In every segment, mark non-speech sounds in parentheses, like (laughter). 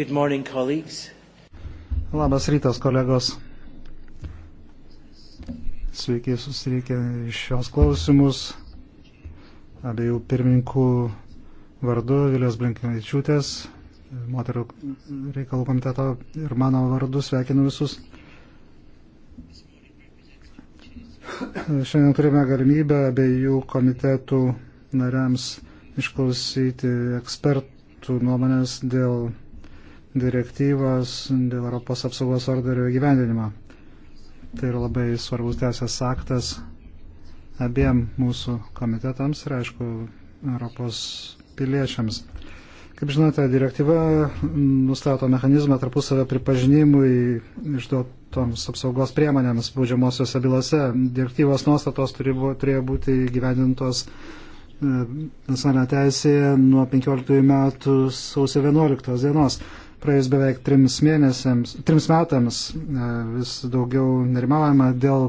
Good morning, colleagues. Labas rytas, kolegos. Sveiki susirinkę iš šios klausimus. Abiejų pirmininkų vardu Vilijos Blinkinavičiūtės, moterų reikalų komiteto ir mano vardu sveikinu visus. Šiandien turime galimybę abiejų komitetų nariams išklausyti ekspertų nuomonės dėl direktyvos dėl Europos apsaugos orderio gyvendinimo. Tai yra labai svarbus teisės aktas abiem mūsų komitetams ir, aišku, Europos piliečiams. Kaip žinote, direktyva nustato mechanizmą tarpusavę pripažinimui išduotoms apsaugos priemonėms baudžiamosiose bylose. Direktyvos nuostatos turėjo būti gyvendintos e, nacionalinė teisė nuo 15 metų sausio 11 dienos praėjus beveik trims, trims metams e, vis daugiau nerimaujama dėl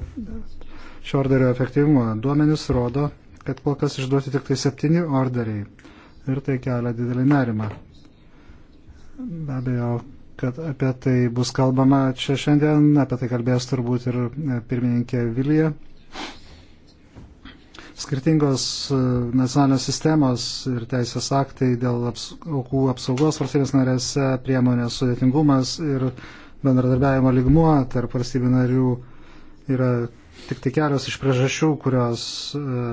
šio orderio efektyvumo. Duomenys rodo, kad kol kas išduoti tik tai septyni orderiai ir tai kelia didelį nerimą. Be abejo, kad apie tai bus kalbama čia šiandien, apie tai kalbės turbūt ir e, pirmininkė Vilija skirtingos e, nacionalinės sistemos ir teisės aktai dėl aps, aukų apsaugos valstybės narėse, priemonės sudėtingumas ir bendradarbiavimo ligmuo tarp valstybių narių yra tik tai kelios iš priežasčių, kurios e,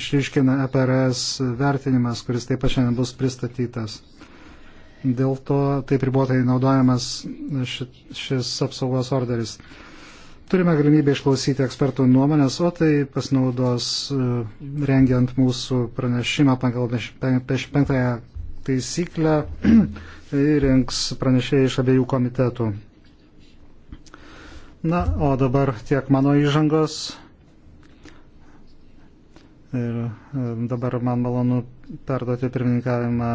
išryškina EPRS vertinimas, kuris taip pat šiandien bus pristatytas. Dėl to taip ribotai naudojamas šis, šis apsaugos orderis. Turime galimybę išklausyti ekspertų nuomonės, o tai pasinaudos e, rengiant mūsų pranešimą pagal 55 taisyklę įrengs (clears throat) tai pranešėjai iš abiejų komitetų. Na, o dabar tiek mano įžangos. Ir e, dabar man malonu perduoti pirmininkavimą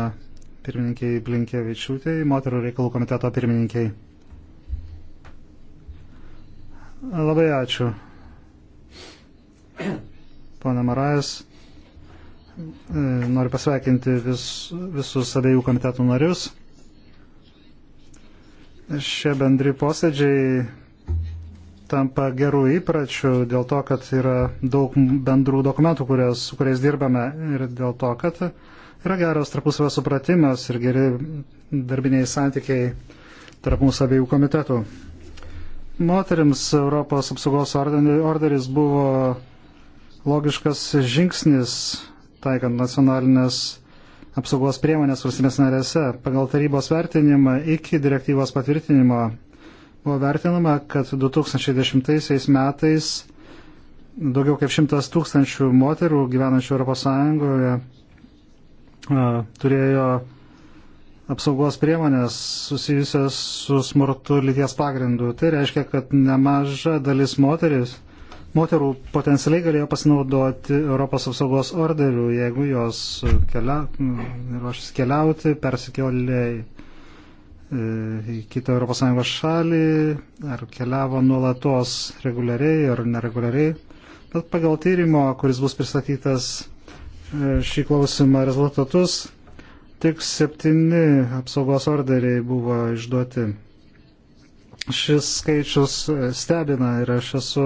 pirmininkiai Blinkievičiūtėjai, moterų reikalų komiteto pirmininkiai. Labai ačiū. Pana Marais, e, noriu pasveikinti vis, visus abiejų komitetų narius. Šie bendri posėdžiai tampa gerų įpračių dėl to, kad yra daug bendrų dokumentų, kurias, su kuriais dirbame ir dėl to, kad yra geras tarpusavio supratimas ir geri darbiniai santykiai tarp mūsų abiejų komitetų. Moterims Europos apsaugos orderis buvo logiškas žingsnis taikant nacionalinės apsaugos priemonės valstybės narėse. Pagal tarybos vertinimą iki direktyvos patvirtinimo buvo vertinama, kad 2010 metais daugiau kaip šimtas tūkstančių moterų gyvenančių ES turėjo apsaugos priemonės susijusios su smurtu lyties pagrindu. Tai reiškia, kad nemaža dalis moteris, moterų potencialiai galėjo pasinaudoti Europos apsaugos orderių, jeigu jos kelia, ruošis keliauti, persikėlė į kitą ES šalį ar keliavo nuolatos reguliariai ar nereguliariai. Bet pagal tyrimo, kuris bus pristatytas e, šį klausimą rezultatus, Tik septyni apsaugos orderiai buvo išduoti. Šis skaičius stebina ir aš esu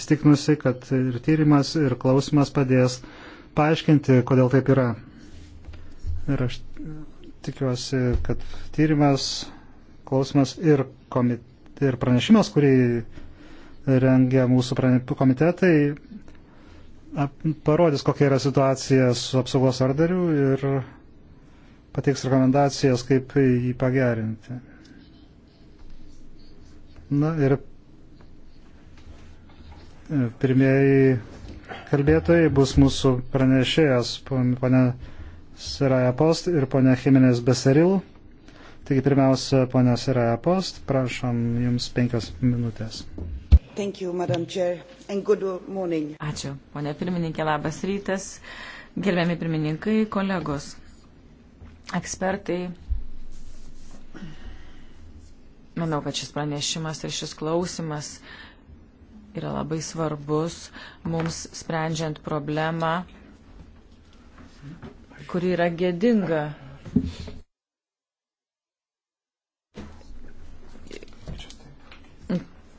įstiknusi, kad ir tyrimas, ir klausimas padės paaiškinti, kodėl taip yra. Ir aš tikiuosi, kad tyrimas, klausimas ir, komit, ir pranešimas, kurį rengia mūsų komitetai, ap, parodys, kokia yra situacija su apsaugos orderiu ir pateiks rekomendacijas, kaip jį pagerinti. Na ir e, pirmieji kalbėtojai bus mūsų pranešėjas, ponė Siraja Post ir ponė Jimenez Beseril. Taigi pirmiausia, ponė Siraja Post, prašom jums penkias minutės. Thank you, Madam Chair, and good morning. Ačiū, ponė pirmininkė, labas rytas, gerbiami pirmininkai, kolegos. Ekspertai. Manau, kad šis pranešimas ir šis klausimas yra labai svarbus mums sprendžiant problemą, kuri yra gėdinga.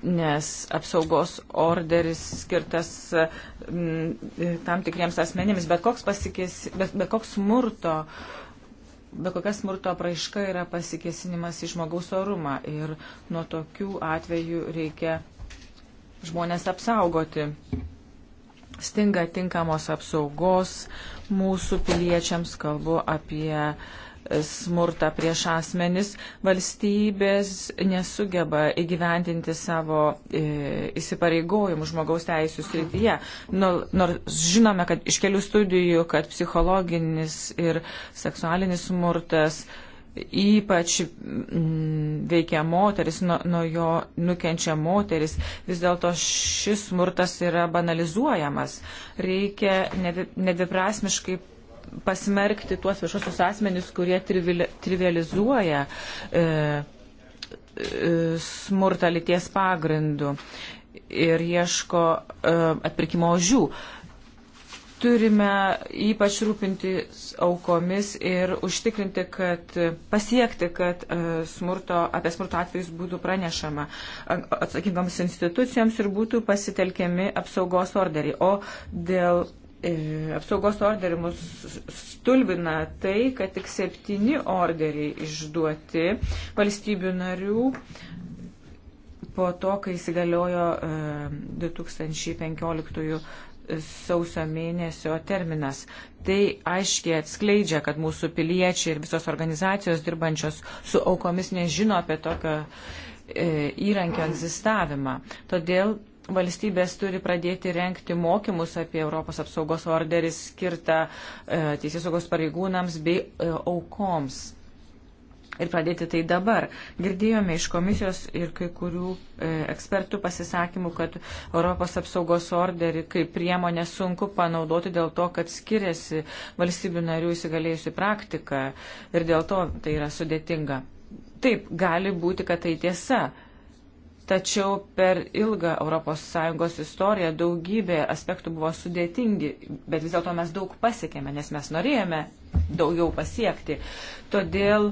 Nes apsaugos orderis skirtas m, mm, tam tikriems asmenims, bet koks, pasikės, bet, bet koks smurto uh, be kokias smurto apraiška yra pasikesinimas į žmogaus orumą ir nuo tokių atvejų reikia žmonės apsaugoti. Stinga tinkamos apsaugos mūsų piliečiams, kalbu apie smurtą prieš asmenis, valstybės nesugeba įgyvendinti savo e, įsipareigojimų žmogaus teisų srityje. Nu, nors žinome, kad iš kelių studijų, kad psichologinis ir seksualinis smurtas ypač m, mm, veikia moteris, nuo, nuo jo nukenčia moteris, vis dėlto šis smurtas yra banalizuojamas. Reikia nedviprasmiškai pasmerkti tuos viešosius asmenys, kurie trivializuoja e, e smurtą lities pagrindų ir ieško e, atpirkimo žių. Turime ypač rūpinti aukomis ir užtikrinti, kad pasiekti, kad e, smurto, apie smurto atvejus būtų pranešama atsakingoms institucijoms ir būtų pasitelkiami apsaugos orderiai. O dėl E, apsaugos orderių mus stulbina tai, kad tik septyni orderiai išduoti valstybių narių po to, kai įsigaliojo 2015 e, sausio mėnesio terminas. Tai aiškiai atskleidžia, kad mūsų piliečiai ir visos organizacijos dirbančios su aukomis nežino apie tokio e, įrankio egzistavimą. Todėl valstybės turi pradėti renkti mokymus apie Europos apsaugos orderį skirtą e, teisėsaugos pareigūnams bei e, aukoms. Ir pradėti tai dabar. Girdėjome iš komisijos ir kai kurių e, ekspertų pasisakymų, kad Europos apsaugos orderį kaip priemonę sunku panaudoti dėl to, kad skiriasi valstybių narių įsigalėjusi praktika ir dėl to tai yra sudėtinga. Taip, gali būti, kad tai tiesa, Tačiau per ilgą ES istoriją daugybė aspektų buvo sudėtingi, bet vis dėlto mes daug pasiekėme, nes mes norėjome daugiau pasiekti. Todėl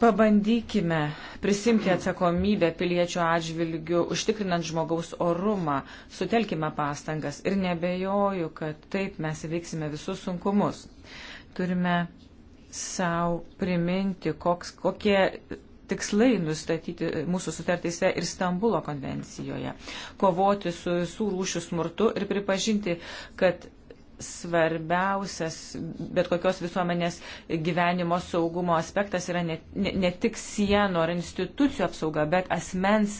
pabandykime prisimti atsakomybę piliečių atžvilgių, užtikrinant žmogaus orumą, sutelkime pastangas ir nebejoju, kad taip mes įveiksime visus sunkumus. Turime savo priminti, koks, kokie tikslai nustatyti mūsų sutartyse ir Stambulo konvencijoje. Kovoti su visų rūšių smurtu ir pripažinti, kad svarbiausias bet kokios visuomenės gyvenimo saugumo aspektas yra ne, ne, ne tik sienų ar institucijų apsauga, bet asmens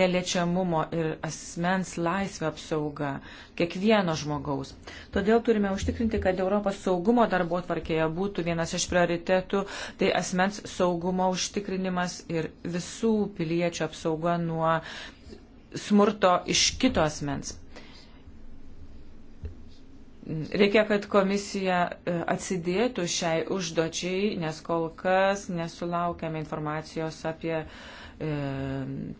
neliečiamumo ir asmens laisvė apsauga kiekvieno žmogaus. Todėl turime užtikrinti, kad Europos saugumo darbo tvarkėje būtų vienas iš prioritetų, tai asmens saugumo užtikrinimas ir visų piliečių apsauga nuo smurto iš kito asmens. Reikia, kad komisija e, atsidėtų šiai užduočiai, nes kol kas nesulaukėme informacijos apie e,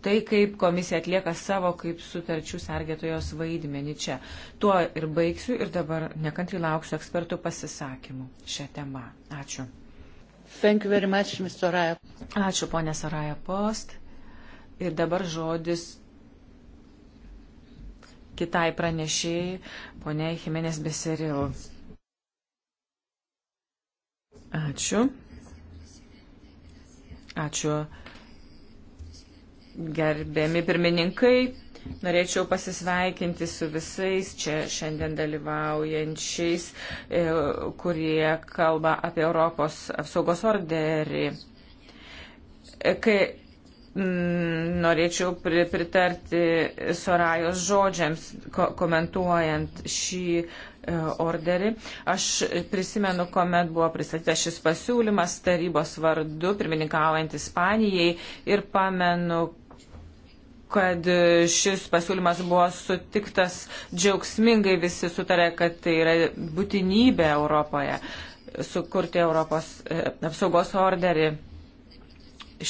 tai, kaip komisija atlieka savo kaip sutarčių sergėtojos vaidmenį čia. Tuo ir baigsiu ir dabar nekantri lauksiu ekspertų pasisakymų šią temą. Ačiū. Much, Ačiū, ponė Saraja Post. Ir dabar žodis kitai pranešėjai, ponė Jimenės Beseril. Ačiū. Ačiū. Gerbėmi pirmininkai, norėčiau pasisveikinti su visais čia šiandien dalyvaujančiais, e, kurie kalba apie Europos apsaugos orderį. E, kai Mm, norėčiau pritarti Sorajos žodžiams, komentuojant šį e, orderį. Aš prisimenu, kuomet buvo pristatytas šis pasiūlymas tarybos vardu, pirmininkaujant Ispanijai, ir pamenu, kad šis pasiūlymas buvo sutiktas džiaugsmingai, visi sutarė, kad tai yra būtinybė Europoje sukurti Europos e, apsaugos orderį.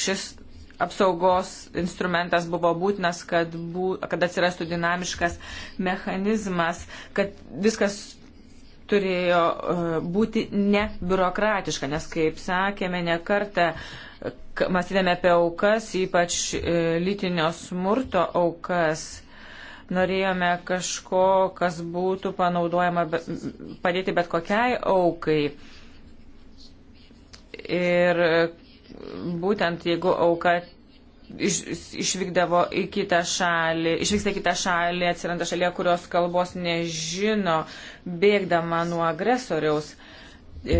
Šis apsaugos instrumentas buvo būtinas, kad, bū, kad atsirastų dinamiškas mechanizmas, kad viskas turėjo e, būti nebiurokratiška, nes, kaip sakėme, ne kartą e, mąstydami apie aukas, ypač e, lytinio smurto aukas, norėjome kažko, kas būtų panaudojama padėti bet kokiai aukai. Ir būtent jeigu auka iš, išvykdavo į kitą šalį, išvyksta į kitą šalį, atsiranda šalia, kurios kalbos nežino, bėgdama nuo agresoriaus. E,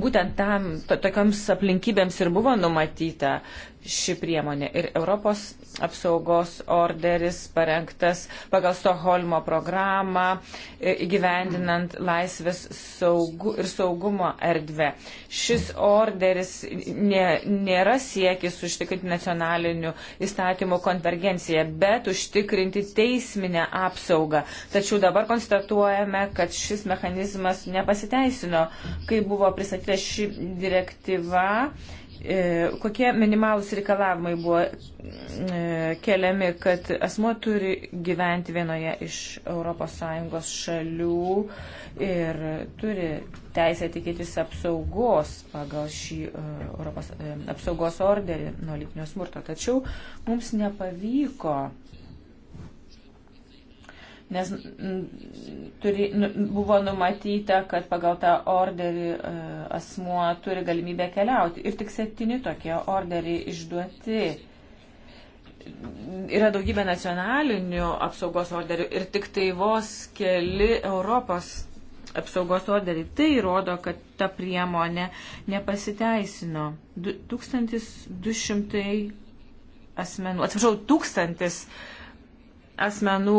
būtent tam, to, tokiams aplinkybėms ir buvo numatyta ši priemonė. Ir Europos apsaugos orderis parengtas pagal Stoholmo programą, e, įgyvendinant laisvės saugu ir saugumo erdvę. Šis orderis nė, nėra siekis užtikrinti nacionalinių įstatymų konvergenciją, bet užtikrinti teisminę apsaugą. Tačiau dabar konstatuojame, kad šis mechanizmas nepasiteisino, kai buvo pristatyta ši direktyva E, kokie minimalus reikalavimai buvo e, keliami, kad asmo turi gyventi vienoje iš ES šalių ir turi teisę tikėtis apsaugos pagal šį e, Europos apsaugos orderį nuo lytinio smurto. Tačiau mums nepavyko nes mm, turi, nu, buvo numatyta, kad pagal tą orderį e, asmuo turi galimybę keliauti. Ir tik septyni tokie orderiai išduoti. Yra daugybė nacionalinių apsaugos orderių ir tik tai vos keli Europos apsaugos orderiai. Tai rodo, kad ta priemonė nepasiteisino. 1200 asmenų, atsiprašau, 1000 asmenų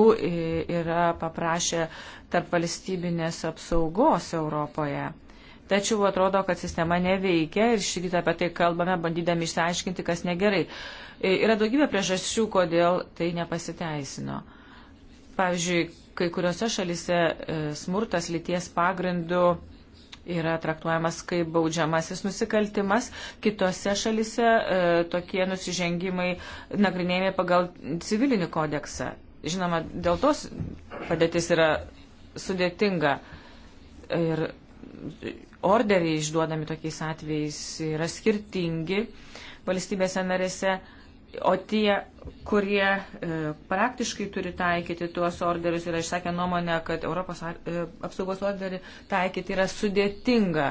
yra paprašę tarp valstybinės apsaugos Europoje. Tačiau atrodo, kad sistema neveikia ir šį rytą apie tai kalbame, bandydami išsiaiškinti, kas negerai. Yra daugybė priežasčių, kodėl tai nepasiteisino. Pavyzdžiui, kai kuriuose šalise e, smurtas lyties pagrindu yra traktuojamas kaip baudžiamasis nusikaltimas, kitose šalise e, tokie nusižengimai nagrinėjami pagal civilinį kodeksą. Žinoma, dėl tos padėtis yra sudėtinga ir orderiai išduodami tokiais atvejais yra skirtingi valstybėse narėse, o tie, kurie e, praktiškai turi taikyti tuos orderius, yra išsakę nuomonę, kad Europos ar, e, apsaugos orderį taikyti yra sudėtinga.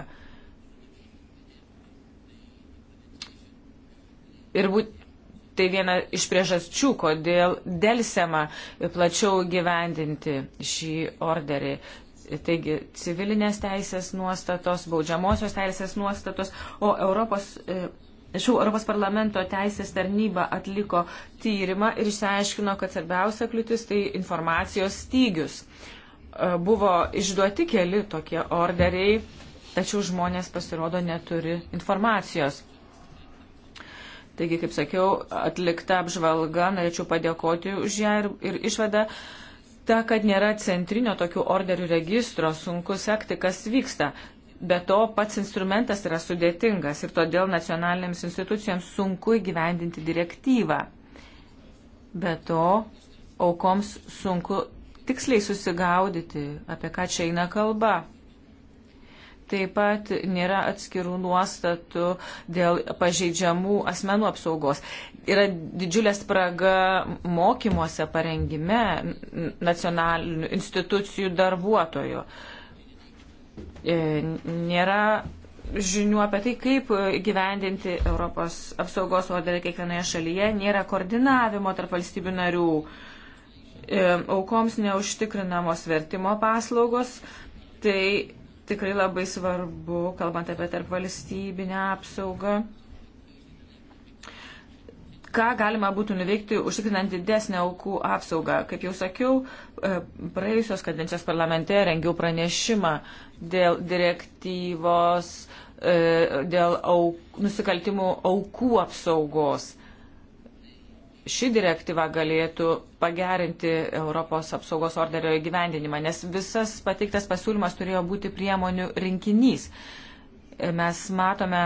Ir būt, tai viena iš priežasčių, kodėl dėlsiama plačiau gyvendinti šį orderį. Taigi civilinės teisės nuostatos, baudžiamosios teisės nuostatos, o Europos. E, šių Europos parlamento teisės tarnyba atliko tyrimą ir išsiaiškino, kad svarbiausia kliūtis tai informacijos stygius. E, buvo išduoti keli tokie orderiai, tačiau žmonės pasirodo neturi informacijos. Taigi, kaip sakiau, atlikta apžvalga, norėčiau padėkoti už ją ir, ir išvada. Ta, kad nėra centrinio tokių orderių registro, sunku sekti, kas vyksta. Be to, pats instrumentas yra sudėtingas ir todėl nacionalinėms institucijoms sunku įgyvendinti direktyvą. Be to, aukoms sunku tiksliai susigaudyti, apie ką čia eina kalba. Taip pat nėra atskirų nuostatų dėl pažeidžiamų asmenų apsaugos. Yra didžiulė spraga mokymuose parengime nacionalinių institucijų darbuotojų. E, nėra žinių apie tai, kaip gyvendinti Europos apsaugos orderį kiekvienoje šalyje, nėra koordinavimo tarp valstybių narių. E, aukoms neužtikrinamos vertimo paslaugos, tai tikrai labai svarbu, kalbant apie tarp valstybinę apsaugą. Ką galima būtų nuveikti, užtikrinant didesnę aukų apsaugą? Kaip jau sakiau, e, praėjusios kadencijos parlamente rengiau pranešimą dėl direktyvos, e, dėl auk, nusikaltimų aukų apsaugos ši direktyva galėtų pagerinti Europos apsaugos orderio įgyvendinimą, nes visas pateiktas pasiūlymas turėjo būti priemonių rinkinys. Mes matome,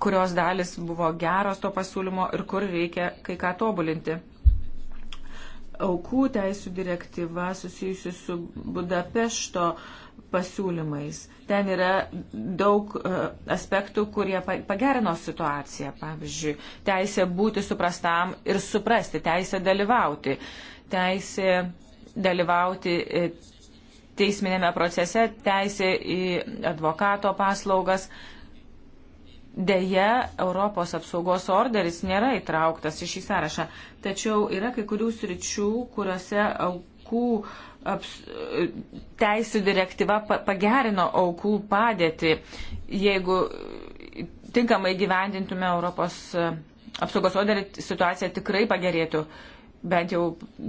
kurios dalis buvo geros to pasiūlymo ir kur reikia kai ką tobulinti. Aukų teisų direktyva susijusi su Budapešto uh, pasiūlymais. Ten yra daug e, aspektų, kurie pagerino situaciją. Pavyzdžiui, teisė būti suprastam ir suprasti, teisė dalyvauti, teisė dalyvauti e, teisminėme procese, teisė į advokato paslaugas. Deja, Europos apsaugos orderis nėra įtrauktas į šį sąrašą, tačiau yra kai kurių sričių, kuriuose aukų uh, aps, teisų direktyva pagerino aukų padėtį, jeigu tinkamai gyvendintume Europos e, apsaugos orderį, situacija tikrai pagerėtų, bent jau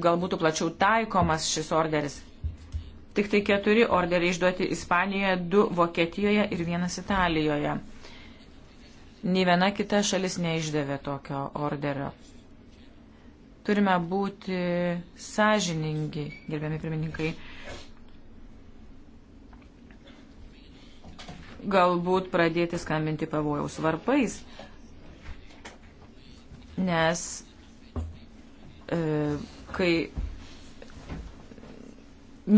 galbūt plačiau taikomas šis orderis. Tik tai keturi orderiai išduoti Ispanijoje, du Vokietijoje ir vienas Italijoje. Nė viena kita šalis neišdavė tokio orderio. Turime būti sąžiningi, gerbiami pirmininkai. Galbūt pradėti skambinti pavojaus varpais, nes e, kai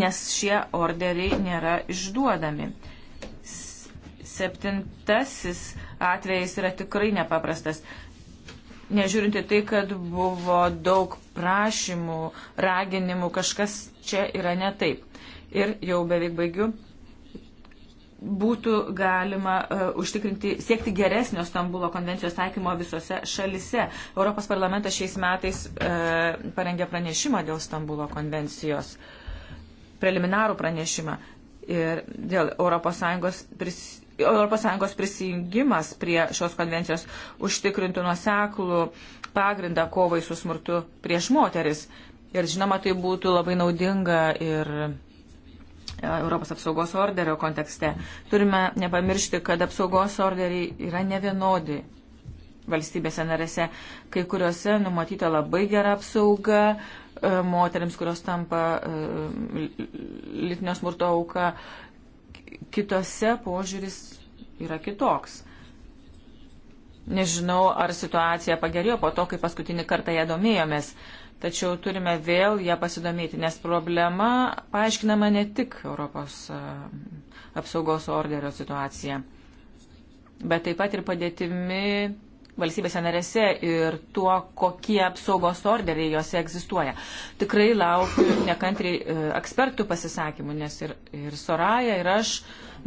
nes šie orderiai nėra išduodami. Septintasis atvejais yra tikrai nepaprastas nežiūrinti tai, kad buvo daug prašymų, raginimų, kažkas čia yra ne taip. Ir jau beveik baigiu. Būtų galima uh, užtikrinti, siekti geresnio Stambulo konvencijos taikymo visose šalise. Europos parlamentas šiais metais uh, parengė pranešimą dėl Stambulo konvencijos, preliminarų pranešimą ir dėl ES pris, ES prisijungimas prie šios konvencijos užtikrintų nuoseklų pagrindą kovai su smurtu prieš moteris. Ir žinoma, tai būtų labai naudinga ir e, Europos apsaugos orderio kontekste. Turime nepamiršti, kad apsaugos orderiai yra nevienodi valstybėse narėse. Kai kuriuose numatyta labai gera apsauga e, moteriams, kurios tampa e, litinio smurto auka kitose požiūris yra kitoks. Nežinau, ar situacija pagerėjo po to, kai paskutinį kartą ją domėjomės, tačiau turime vėl ją pasidomėti, nes problema paaiškinama ne tik Europos apsaugos orderio situacija, bet taip pat ir padėtimi valstybėse narėse ir tuo, kokie apsaugos orderiai jose egzistuoja. Tikrai laukiu nekantriai e, ekspertų pasisakymų, nes ir, ir Soraja, ir aš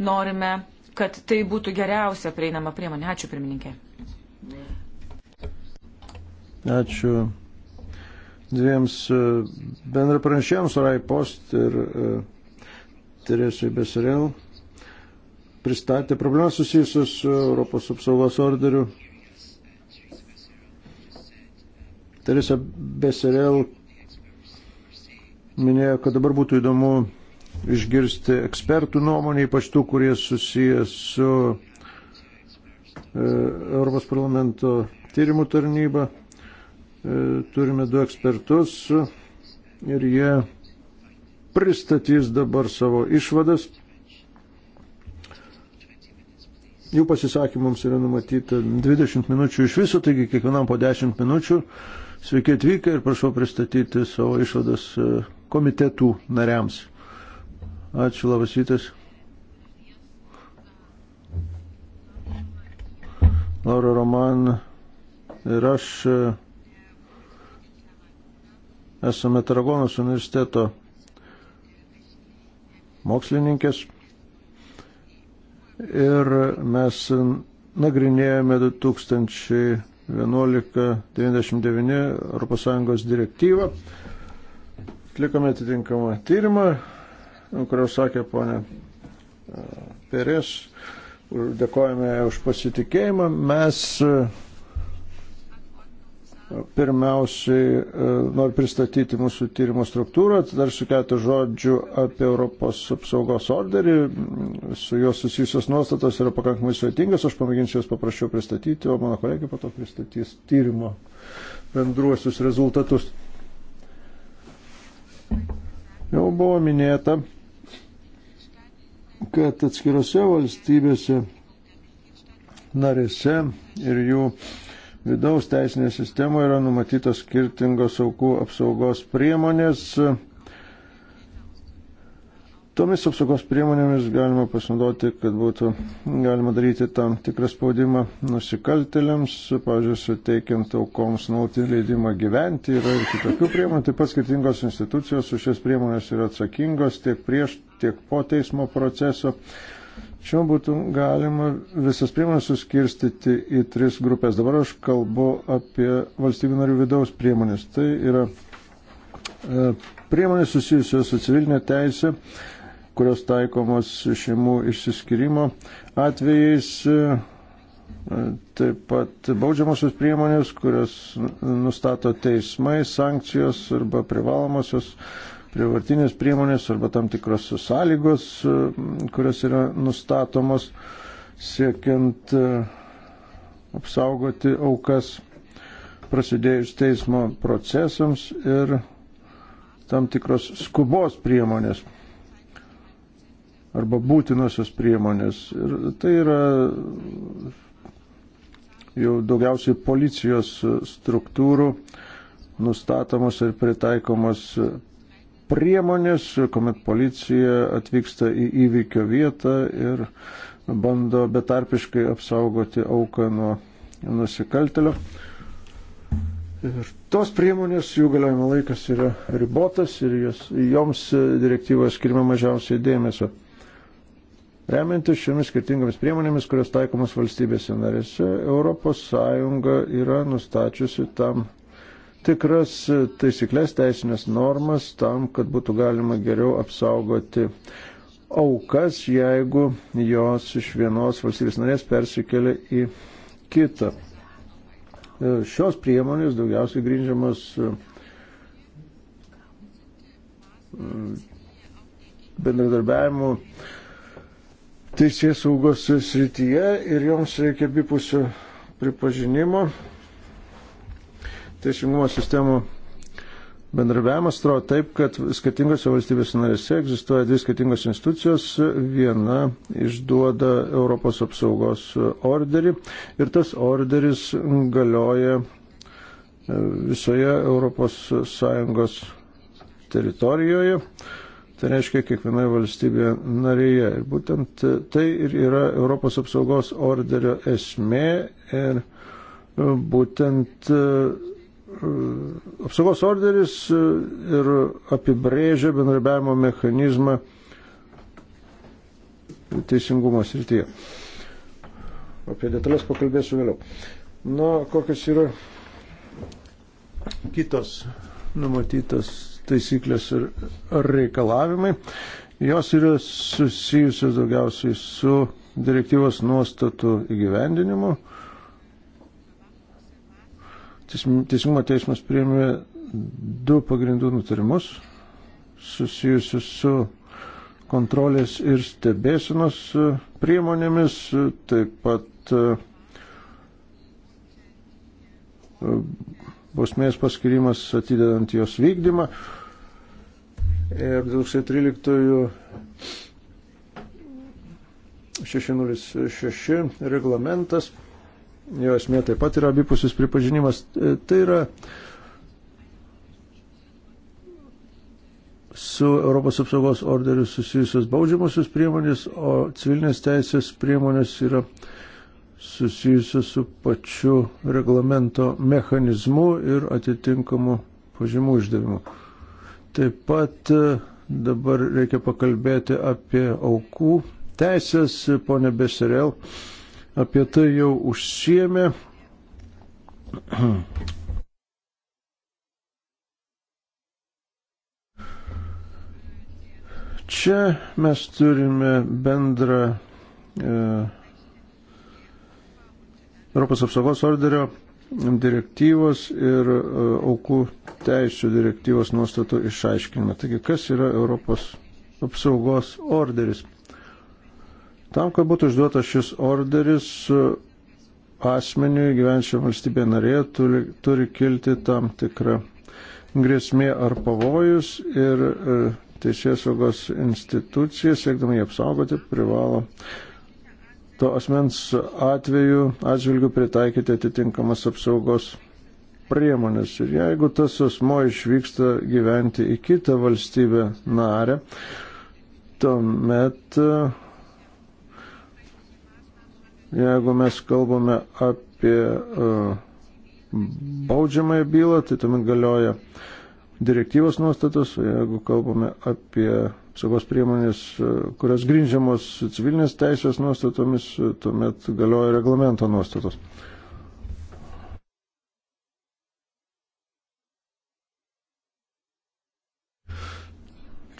norime, kad tai būtų geriausia prieinama priemonė. Ačiū, pirmininkė. Ačiū dviems e, bendra pranešėjams, Sorai Post ir e, Teresui Besarėl pristatė problemas susijusius su Europos apsaugos orderiu Teresa Beserel minėjo, kad dabar būtų įdomu išgirsti ekspertų nuomonį, ypač tų, kurie susijęs su e, Europos parlamento tyrimų tarnyba. E, turime du ekspertus ir jie pristatys dabar savo išvadas. Jų pasisakymams yra numatyta 20 minučių iš viso, taigi kiekvienam po 10 minučių. E, Sveiki atvykę ir prašau pristatyti savo išvadas e, komitetų nariams. Ačiū, labas rytas. Laura Roman ir aš e, esame Taragonos universiteto mokslininkės ir mes nagrinėjome 2000 1199 ES direktyvą. Atlikome atitinkamą tyrimą, kurio sakė ponė e, Perės. Dėkojame už pasitikėjimą. Mes e, Pirmiausiai e, noriu pristatyti mūsų tyrimo struktūrą, dar su keletą žodžių apie Europos apsaugos orderį. Su juo susijusios nuostatos yra pakankamai sveitingas, aš pamėginsiu jas paprašiau pristatyti, o mano kolegė po to pristatys tyrimo bendruosius rezultatus. Jau buvo minėta, kad atskirose valstybėse narėse ir jų Vidaus teisinėje sistemoje yra numatytos skirtingos aukų apsaugos priemonės. Tomis apsaugos priemonėmis galima pasinaudoti, kad būtų galima daryti tam tikrą spaudimą nusikaltėliams, pavyzdžiui, suteikiant aukoms nauti leidimą gyventi, yra ir kitokių priemonių, taip pat skirtingos institucijos už šias priemonės yra atsakingos tiek prieš, tiek po teismo proceso. Šiandien būtų galima visas priemonės suskirstyti į tris grupės. Dabar aš kalbu apie valstybių narių vidaus priemonės. Tai yra e, priemonės susijusios su civilinė teisė, kurios taikomos šeimų išsiskirimo atvejais, e, taip pat baudžiamosios priemonės, kurios nustato teismai, sankcijos arba privalomosios. E, prievartinės priemonės arba tam tikros sąlygos, e, kurios yra nustatomos siekiant e, apsaugoti aukas prasidėjus teismo procesams ir tam tikros skubos priemonės arba būtinosios priemonės. Ir tai yra jau daugiausiai policijos struktūrų nustatomos ir pritaikomos priemonės, kuomet policija atvyksta į įvykio vietą ir bando betarpiškai apsaugoti auką nuo nusikaltelio. Ir tos priemonės, jų galiojimo laikas yra ribotas ir jos, joms direktyvoje skirima mažiausiai dėmesio. Remiantis šiomis skirtingomis priemonėmis, kurios taikomas valstybėse narėse, ES yra nustačiusi tam tikras taisyklės, teisinės normas tam, kad būtų galima geriau apsaugoti aukas, jeigu jos iš vienos valstybės narės persikelia į kitą. Šios priemonės daugiausiai grindžiamas mm, bendradarbiavimu teisės saugos srityje ir joms reikia abipusio pripažinimo teisingumo sistemų bendravimas atrodo taip, kad skirtingose valstybės narėse egzistuoja dvi skirtingos institucijos. Viena išduoda Europos apsaugos orderį ir tas orderis galioja e, visoje ES teritorijoje. Tai reiškia kiekvienoje valstybėje narėje. Ir būtent tai ir yra Europos apsaugos orderio esmė ir e, būtent e, apsaugos orderis e, ir apibrėžia bendrabiavimo mechanizmą teisingumo srityje. Apie detalės pakalbėsiu vėliau. Na, kokios yra kitos numatytos taisyklės ir reikalavimai. Jos yra susijusios daugiausiai su direktyvos nuostatų įgyvendinimu Teisingumo teismas priėmė du pagrindų nutarimus susijusius su kontrolės ir stebėsinos e, priemonėmis, e, taip pat e, bausmės paskirimas atidedant jos vykdymą. Ir 2013 606 reglamentas jo esmė taip pat yra abipusis pripažinimas. E, tai yra su Europos apsaugos orderiu susijusios baudžiamosios priemonės, o civilinės teisės priemonės yra susijusios su pačiu reglamento mechanizmu ir atitinkamu pažymų išdavimu. Taip pat e, dabar reikia pakalbėti apie aukų teisės, ponė Beserel. Uh, apie tai jau užsiemė. Čia mes turime bendrą e, Europos apsaugos orderio direktyvos ir e, aukų teisų direktyvos nuostatų išaiškinimą. Taigi, kas yra Europos apsaugos orderis? Tam, kad būtų užduotas šis orderis, asmeniui gyvenčiam valstybė narėje turi, turi kilti tam tikra grėsmė ar pavojus ir e, teisės saugos institucija, siekdama jį apsaugoti, privalo to asmens atveju atžvilgių pritaikyti atitinkamas apsaugos priemonės. Ir jeigu tas asmo išvyksta gyventi į kitą valstybę narę, tuomet uh, Jeigu mes kalbame apie e, baudžiamąją bylą, tai tuomet galioja direktyvos nuostatos, jeigu kalbame apie apsaugos priemonės, e, kurios grindžiamos civilinės teisės nuostatomis, e, tuomet galioja reglamento nuostatos.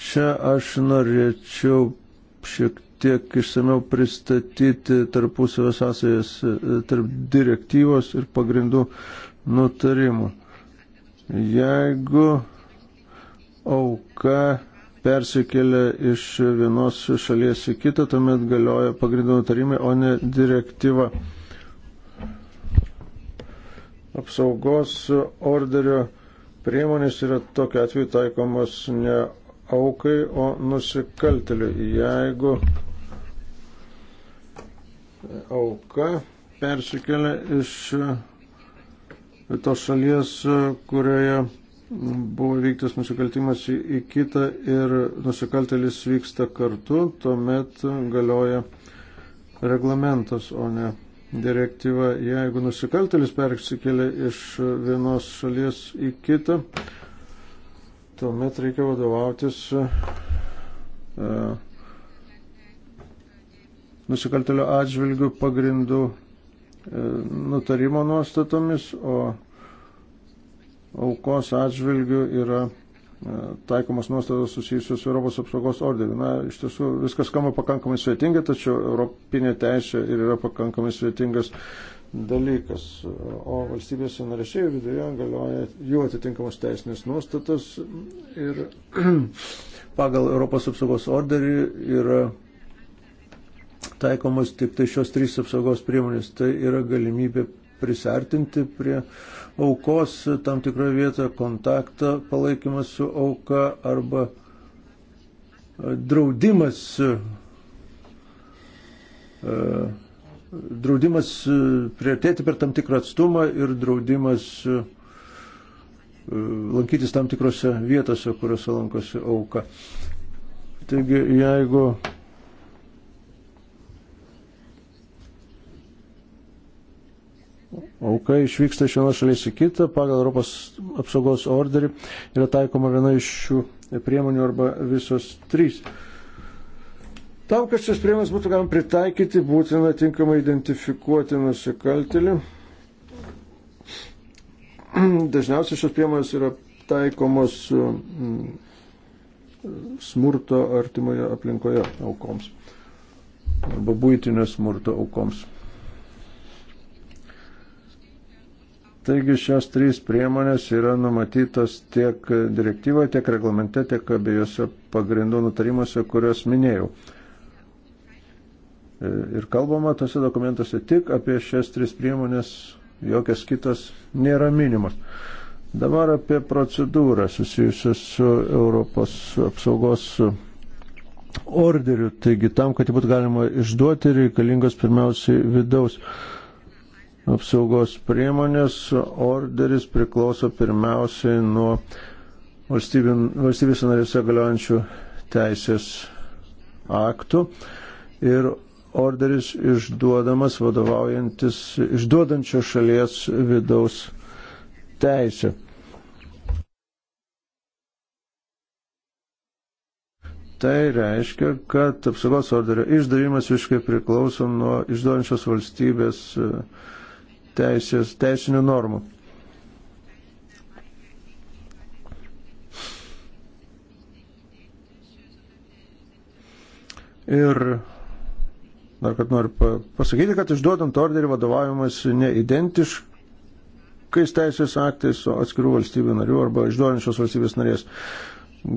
Čia aš norėčiau šiek kiek išsameu pristatyti tarpusavio sąsajas e, tarp direktyvos ir pagrindų nutarimų. Jeigu auka persikelia iš vienos šalies į kitą, tuomet galioja pagrindų nutarimai, o ne direktyva. Apsaugos orderio priemonės yra tokia atveju taikomos ne aukai, o nusikalteliui. Jeigu auka persikelia iš e, tos šalies, e, kurioje buvo vyktas nusikaltimas į kitą ir nusikaltelis vyksta kartu, tuomet galioja reglamentas, o ne direktyva. Jeigu nusikaltelis persikelia iš vienos šalies į kitą, tuomet reikia vadovautis. Uh, nusikaltelio atžvilgių pagrindų e, nutarimo nuostatomis, o aukos atžvilgių yra e, taikomas nuostatos susijusios su Europos apsaugos orderiu. Na, iš tiesų viskas skamba pakankamai svetingai, tačiau europinė teisė ir yra pakankamai svetingas dalykas. O valstybės narėšiai viduje galioja jų atitinkamos teisinės nuostatos ir (clears throat) pagal Europos apsaugos orderį yra taikomos tik tai šios trys apsaugos priemonės. Tai yra galimybė prisartinti prie aukos tam tikroje vietoje, kontaktą palaikymas su auka arba e, draudimas. E, draudimas e, prieartėti per tam tikrą atstumą ir draudimas lankytis tam tikrose vietose, kuriuose lankosi auka. Taigi, jeigu auka išvyksta iš vienos šalies į kitą, pagal Europos apsaugos orderį yra taikoma viena iš šių priemonių arba visos trys. Tam, kad šias priemonės būtų galima pritaikyti, būtina tinkamai identifikuoti nusikaltelį. Dažniausiai šios priemonės yra taikomos mm, smurto artimoje aplinkoje aukoms arba būtinio smurto aukoms. Taigi šios trys priemonės yra numatytos tiek direktyvoje, tiek reglamente, tiek abiejose pagrindų nutarimuose, kuriuos minėjau. E, ir kalbama tose dokumentuose tik apie šias tris priemonės, jokios kitos nėra minimos. Dabar apie procedūrą susijusią su Europos apsaugos orderiu. Taigi tam, kad jį būtų galima išduoti, reikalingos pirmiausiai vidaus apsaugos priemonės orderis priklauso pirmiausiai nuo valstybės narėse galiojančių teisės aktų ir orderis išduodamas vadovaujantis išduodančio šalies vidaus teisė. Tai reiškia, kad apsaugos orderio išdavimas visiškai priklauso nuo išduodančios valstybės uh, teisės, teisinių normų. Ir dar kad noriu pasakyti, kad išduodant orderį vadovavimas ne identiškais teisės aktais, o atskirų valstybių narių arba išduodančios valstybės narės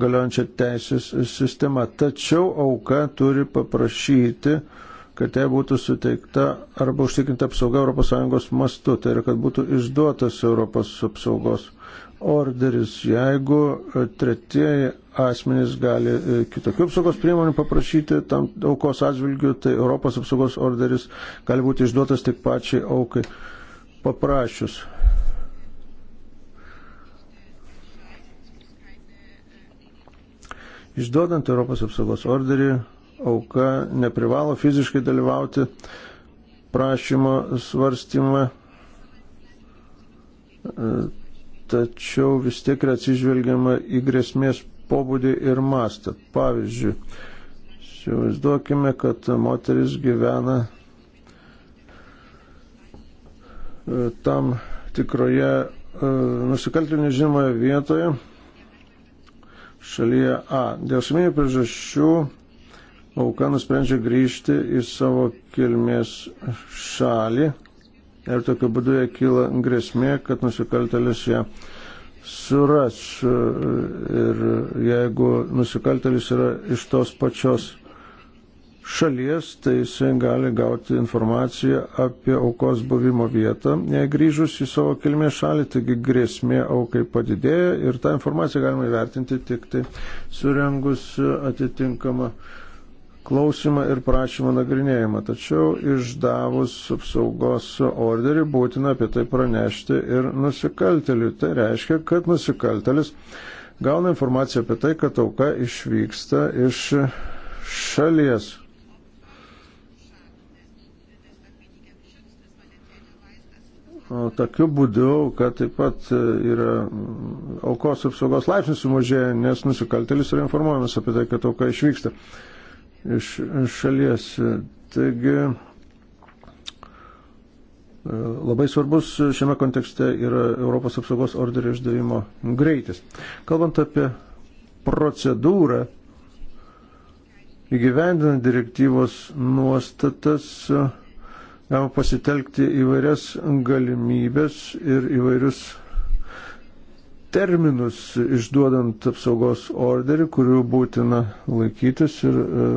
galiojančia teisės sistema. Tačiau auka turi paprašyti uh, kad jai būtų suteikta arba užtikrinta apsauga ES mastu, tai yra, kad būtų išduotas Europos apsaugos orderis, jeigu e, tretieji asmenys gali e, kitokių apsaugos priemonių paprašyti tam aukos atžvilgių, tai Europos apsaugos orderis gali būti išduotas tik pačiai aukai paprašius. Išduodant Europos apsaugos orderį, auka neprivalo fiziškai dalyvauti prašymo svarstymą, e, tačiau vis tiek yra atsižvelgiama į grėsmės pobūdį ir mastą. Pavyzdžiui, Įsivaizduokime, kad moteris gyvena e, tam tikroje e, nusikaltėlių nežinomoje vietoje šalyje A. Dėl asmeninių priežasčių auka nusprendžia grįžti į savo kilmės šalį ir tokiu būdu jie kyla grėsmė, kad nusikaltelis ją suras. Ir jeigu nusikaltelis yra iš tos pačios šalies, tai jisai gali gauti informaciją apie aukos buvimo vietą, jei grįžus į savo kilmės šalį, taigi grėsmė aukai padidėja ir tą informaciją galima įvertinti tik tai surengus atitinkamą klausimą ir prašymo nagrinėjimą. Tačiau išdavus apsaugos orderį būtina apie tai pranešti ir nusikalteliui. Tai reiškia, kad nusikaltelis gauna informaciją apie tai, kad auka išvyksta iš šalies. O tokiu būdu, kad taip pat yra aukos apsaugos laipsnis sumažėja, nes nusikaltelis yra informuojamas apie tai, kad auka išvyksta iš šalies. Taigi e, labai svarbus šiame kontekste yra Europos apsaugos orderio išdavimo greitis. Kalbant apie procedūrą, įgyvendinant direktyvos nuostatas, e, galima pasitelkti įvairias galimybės ir įvairius terminus išduodant apsaugos orderį, kurių būtina laikytis ir e,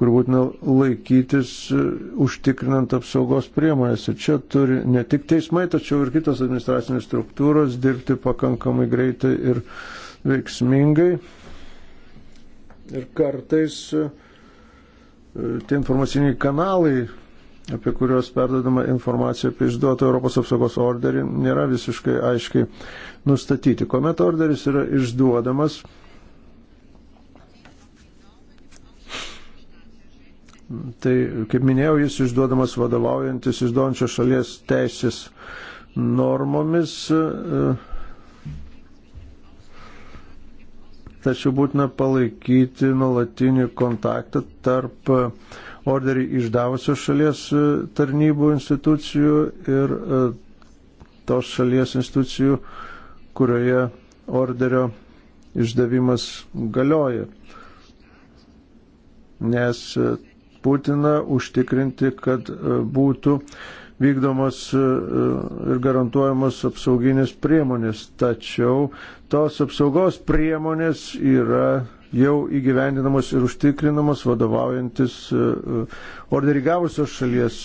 kur būtina laikytis e, užtikrinant apsaugos priemonės. Ir čia turi ne tik teismai, tačiau ir kitos administracinės struktūros dirbti pakankamai greitai ir veiksmingai. Ir kartais e, tie informaciniai kanalai apie kuriuos perdodama informacija apie išduotą Europos apsaugos orderį, nėra visiškai aiškiai nustatyti. Komet orderis yra išduodamas, tai, kaip minėjau, jis išduodamas vadovaujantis išduodančios šalies teisės normomis. Tačiau būtina palaikyti nuolatinį kontaktą tarp uh, orderį išdavusios šalies e, tarnybų institucijų ir e, tos šalies institucijų, kurioje orderio išdavimas galioja. Nes būtina e, užtikrinti, kad būtų vykdomos ir garantuojamos apsauginės priemonės. Tačiau tos apsaugos priemonės yra jau įgyvendinamos ir užtikrinamos vadovaujantis e, e, orderį gavusios šalies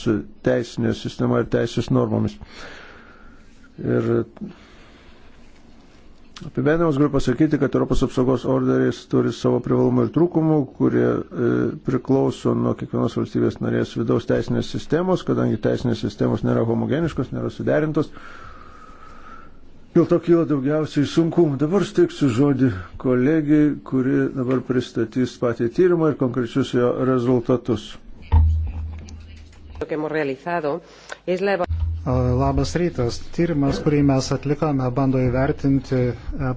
teisinė sistema ir teisės normomis. Ir apibendrinamas galiu pasakyti, kad Europos apsaugos orderis turi savo privalumų ir trūkumų, kurie e, priklauso nuo kiekvienos valstybės narės vidaus teisinės sistemos, kadangi teisinės sistemos nėra homogeniškos, nėra suderintos. Dėl to kyla daugiausiai sunkumų. Dabar steiksiu žodį kolegijai, kuri dabar pristatys patį tyrimą ir konkrečius jo rezultatus. Labas rytas. Tyrimas, kurį mes atlikome, bando įvertinti e,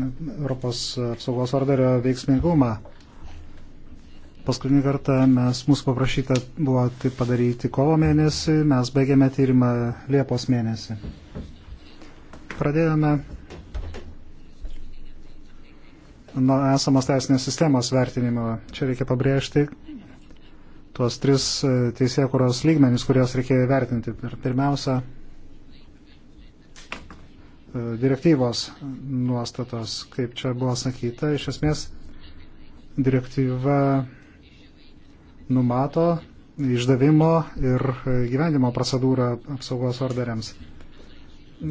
Europos apsaugos orderio veiksmingumą. Paskutinį kartą mes mūsų paprašyta buvo tai padaryti kovo mėnesį, mes baigėme tyrimą Liepos mėnesį. Pradėjome nuo esamos teisinės sistemos vertinimo. Čia reikia pabrėžti tuos tris e, teisėkuros lygmenys, kuriuos reikėjo vertinti. Pirmiausia, e, direktyvos nuostatos, kaip čia buvo sakyta, iš esmės direktyva numato išdavimo ir e, gyvendimo procedūrą apsaugos orderiams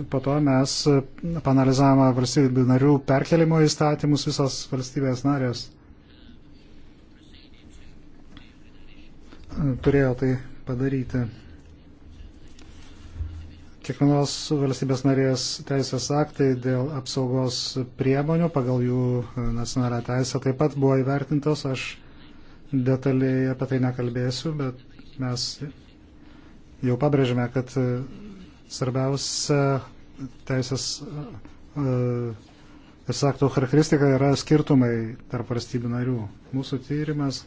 po to mes e, panalizavome valstybių narių perkelimo įstatymus visos valstybės narės. E, turėjo tai padaryti. Kiekvienos valstybės narės teisės aktai dėl apsaugos priemonių pagal jų e, nacionalią teisę taip pat buvo įvertintos. Aš detaliai apie tai nekalbėsiu, bet mes jau pabrėžėme, kad Svarbiausia teisės e, e, teisės aktų charakteristika yra skirtumai tarp valstybių narių. Mūsų tyrimas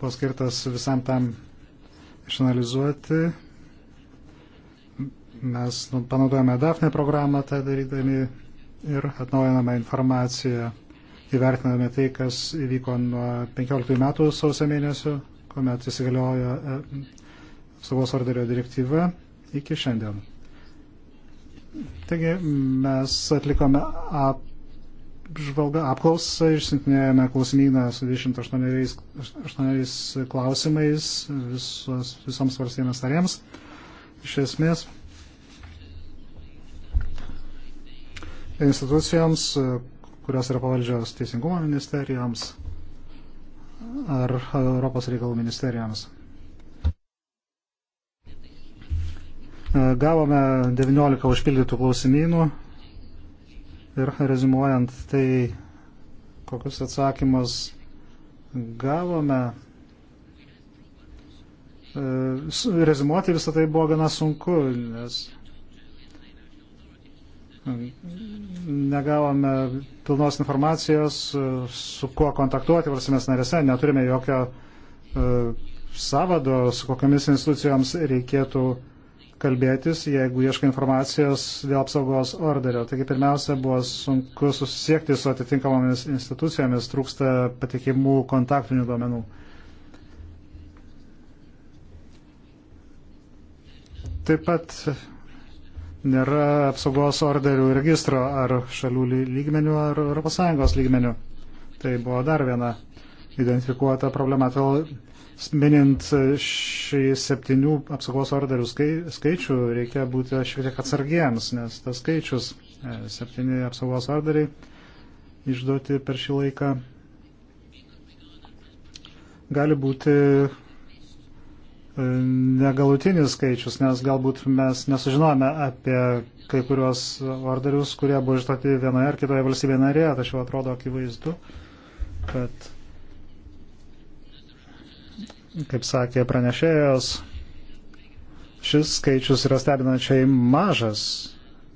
buvo skirtas visam tam išanalizuoti. Mes nu, panaudojame DAFNE programą tą darydami ir atnaujiname informaciją, įvertiname tai, kas įvyko nuo 15 metų sausio mėnesio, kuomet įsigaliojo e, apsaugos orderio direktyva iki šiandien. Taigi mes atlikome apžvalgą, apklausą, išsintinėjome klausimyną su 28 klausimais visos, visoms valstybėms narėms. Iš esmės institucijoms, kurios yra pavaldžios Teisingumo ministerijoms ar Europos reikalų ministerijoms. E, gavome 19 užpildytų klausimynų ir rezimuojant tai, kokius atsakymus gavome, e, rezimuoti visą tai buvo gana sunku, nes negavome pilnos informacijos, e, su kuo kontaktuoti valstybės narėse, neturime jokio savado, su kokiamis institucijoms reikėtų uh, kalbėtis, jeigu ieško informacijos dėl apsaugos orderio. Taigi pirmiausia buvo sunku susisiekti su atitinkamomis institucijomis, trūksta patikimų kontaktinių duomenų. Taip pat nėra apsaugos orderių registro ar šalių lygmenių ar ES lygmenių. Tai buvo dar viena identifikuota problema. Todėl minint šį septynių apsaugos orderių skaičių, reikia būti šiek tiek atsargiems, nes tas skaičius, e, septyni apsaugos orderiai išduoti per šį laiką, gali būti e, negalutinis skaičius, nes galbūt mes nesužinojame apie kai kuriuos orderius, kurie buvo išduoti vienoje ar kitoje valstybėje narėje, tačiau atrodo akivaizdu, kad kaip sakė pranešėjos, šis skaičius yra stebinančiai mažas.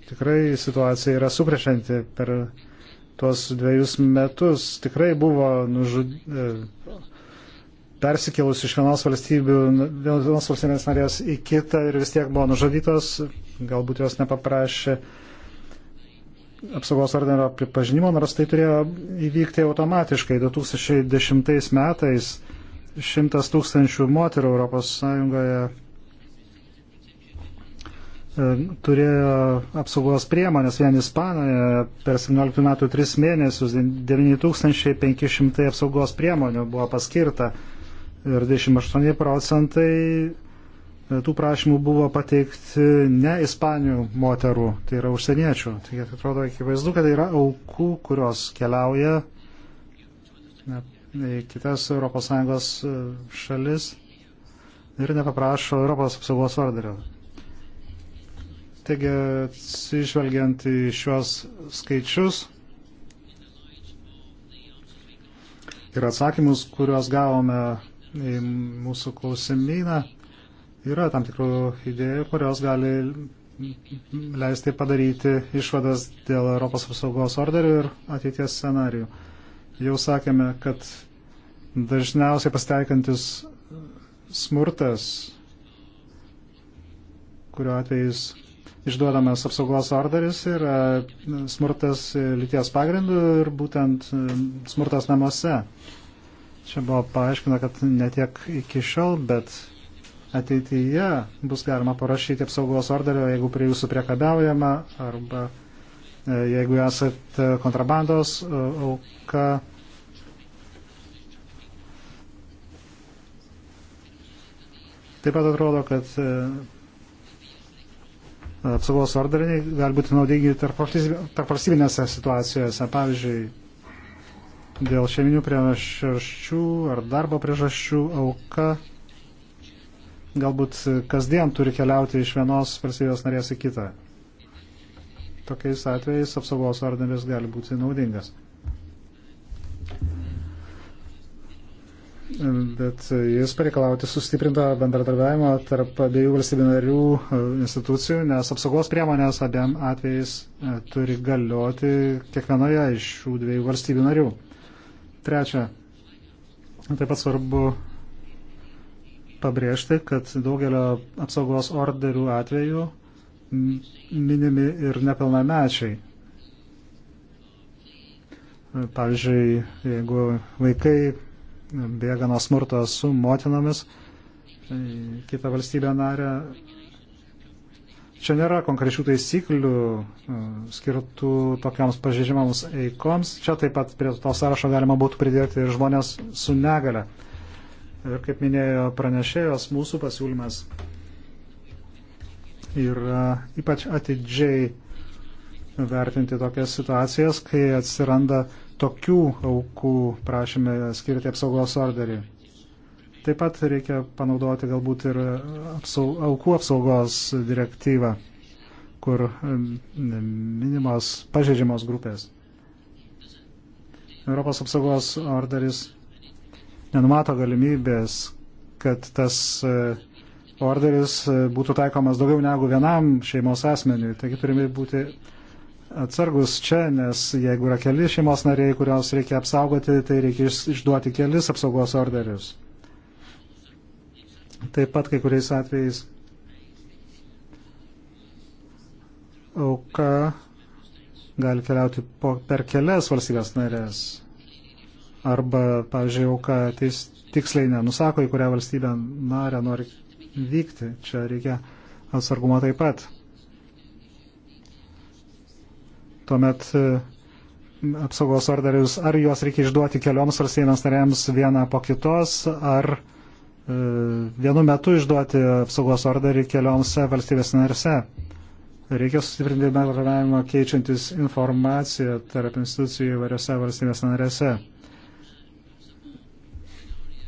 Tikrai situacija yra sukrešianti per tuos dviejus metus. Tikrai buvo nužud... E, persikėlus iš vienos, vienos valstybės narės į kitą ir vis tiek buvo nužudytos. Galbūt jos nepaprašė apsaugos ordinerio pripažinimo, nors tai turėjo įvykti automatiškai 2010 metais šimtas tūkstančių moterų Europos Sąjungoje e, turėjo apsaugos priemonės, vien Ispanijoje per 17 metų 3 mėnesius 9500 apsaugos priemonių buvo paskirta ir 28 procentai e, tų prašymų buvo pateikti ne ispanių moterų, tai yra užsieniečių. Taigi tai atrodo akivaizdu, kad tai yra aukų, kurios keliauja į kitas ES e, šalis ir nepaprašo Europos apsaugos orderio. Taigi, atsižvelgiant į šios skaičius ir atsakymus, kuriuos gavome į mūsų klausimyną, yra tam tikrų idėjų, kurios gali leisti padaryti išvadas dėl Europos apsaugos orderių ir ateities scenarijų jau sakėme, kad dažniausiai pasteikantis smurtas, kurio atvejais išduodamas apsaugos orderis, yra smurtas lyties pagrindų ir būtent e, smurtas namuose. Čia buvo paaiškina, kad ne tiek iki šiol, bet ateityje bus galima parašyti apsaugos orderio, jeigu prie jūsų priekabiaujama arba E, jeigu esate kontrabandos e, auka. Taip pat atrodo, kad e, apsaugos orderiai gali būti naudingi tarp valstybinėse situacijose. Pavyzdžiui, dėl šeiminių priežasčių ar darbo priežasčių auka galbūt kasdien turi keliauti iš vienos valstybės narės į kitą tokiais atvejais apsaugos orderis gali būti naudingas. Bet jis pareikalauti sustiprinto bendradarbiavimo tarp abiejų valstybių narių e, institucijų, nes apsaugos priemonės abiem atvejais e, turi galioti kiekvienoje iš šių dviejų valstybių narių. Trečia, taip pat svarbu pabrėžti, kad daugelio apsaugos orderių atveju minimi ir nepilnamečiai. Pavyzdžiui, jeigu vaikai bėga nuo smurto su motinomis, tai kitą valstybę narę. Čia nėra konkrečių taisyklių e, skirtų tokiams pažeidžiamams eikoms. Čia taip pat prie to sąrašo galima būtų pridėti ir žmonės su negale. Ir kaip minėjo pranešėjos, mūsų pasiūlymas yra ypač atidžiai vertinti tokias situacijas, kai atsiranda tokių aukų prašymė skirti apsaugos orderį. Taip pat reikia panaudoti galbūt ir apsau, aukų apsaugos direktyvą, kur minimos pažeidžiamos grupės. Europos apsaugos orderis nenumato galimybės, kad tas uh, orderis e, būtų taikomas daugiau negu vienam šeimos asmeniui. Taigi turime būti atsargus čia, nes jeigu yra keli šeimos nariai, kurios reikia apsaugoti, tai reikia išduoti kelis apsaugos orderius. Taip pat kai kuriais atvejais auka gali keliauti po, per kelias valstybės narės. Arba, pavyzdžiui, auka teis, tiksliai nenusako, į kurią valstybę narę nori vykti. Čia reikia atsargumo taip pat. Tuomet e, apsaugos orderius, ar juos reikia išduoti kelioms valstybėms narėms vieną po kitos, ar e, vienu metu išduoti apsaugos orderį kelioms valstybės narėse. Reikia sustiprinti bendravimą keičiantis informaciją tarp institucijų įvairiose valstybės narėse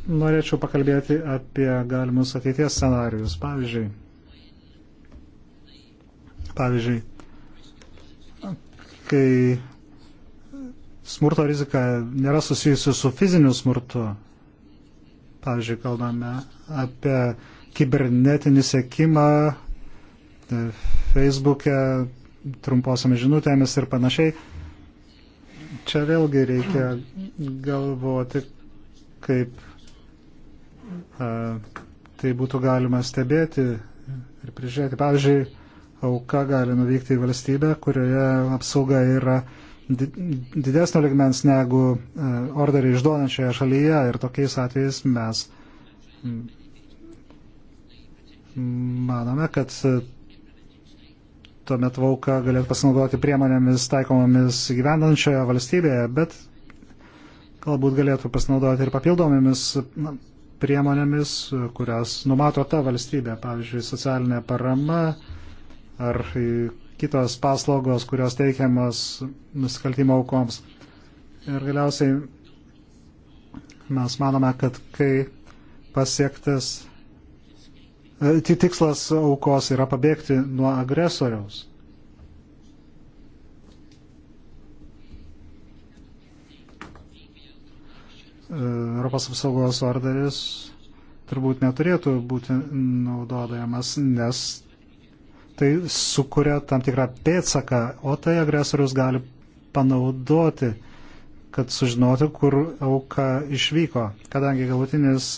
norėčiau pakalbėti apie galimus ateities scenarius. Pavyzdžiui, pavyzdžiui kai smurto rizika nėra susijusi su fiziniu smurtu, pavyzdžiui, kalbame apie kibernetinį sekimą e, Facebook'e, trumposiam žinutėmis ir panašiai. Čia vėlgi reikia galvoti, kaip tai būtų galima stebėti ir prižiūrėti. Pavyzdžiui, auka gali nuvykti į valstybę, kurioje apsauga yra didesnio ligmens negu orderį išduodančioje šalyje ir tokiais atvejais mes manome, kad tuomet auka galėtų pasinaudoti priemonėmis taikomomis gyvenančioje valstybėje, bet galbūt galėtų pasinaudoti ir papildomomis priemonėmis, kurias numato ta valstybė, pavyzdžiui, socialinė parama ar kitos paslaugos, kurios teikiamos nusikaltimo aukoms. Ir galiausiai mes manome, kad kai pasiektas e, tikslas aukos yra pabėgti nuo agresoriaus. Europos apsaugos orderis turbūt neturėtų būti naudojamas, nes tai sukuria tam tikrą pėtsaką, o tai agresorius gali panaudoti, kad sužinoti, kur auka išvyko. Kadangi galutinis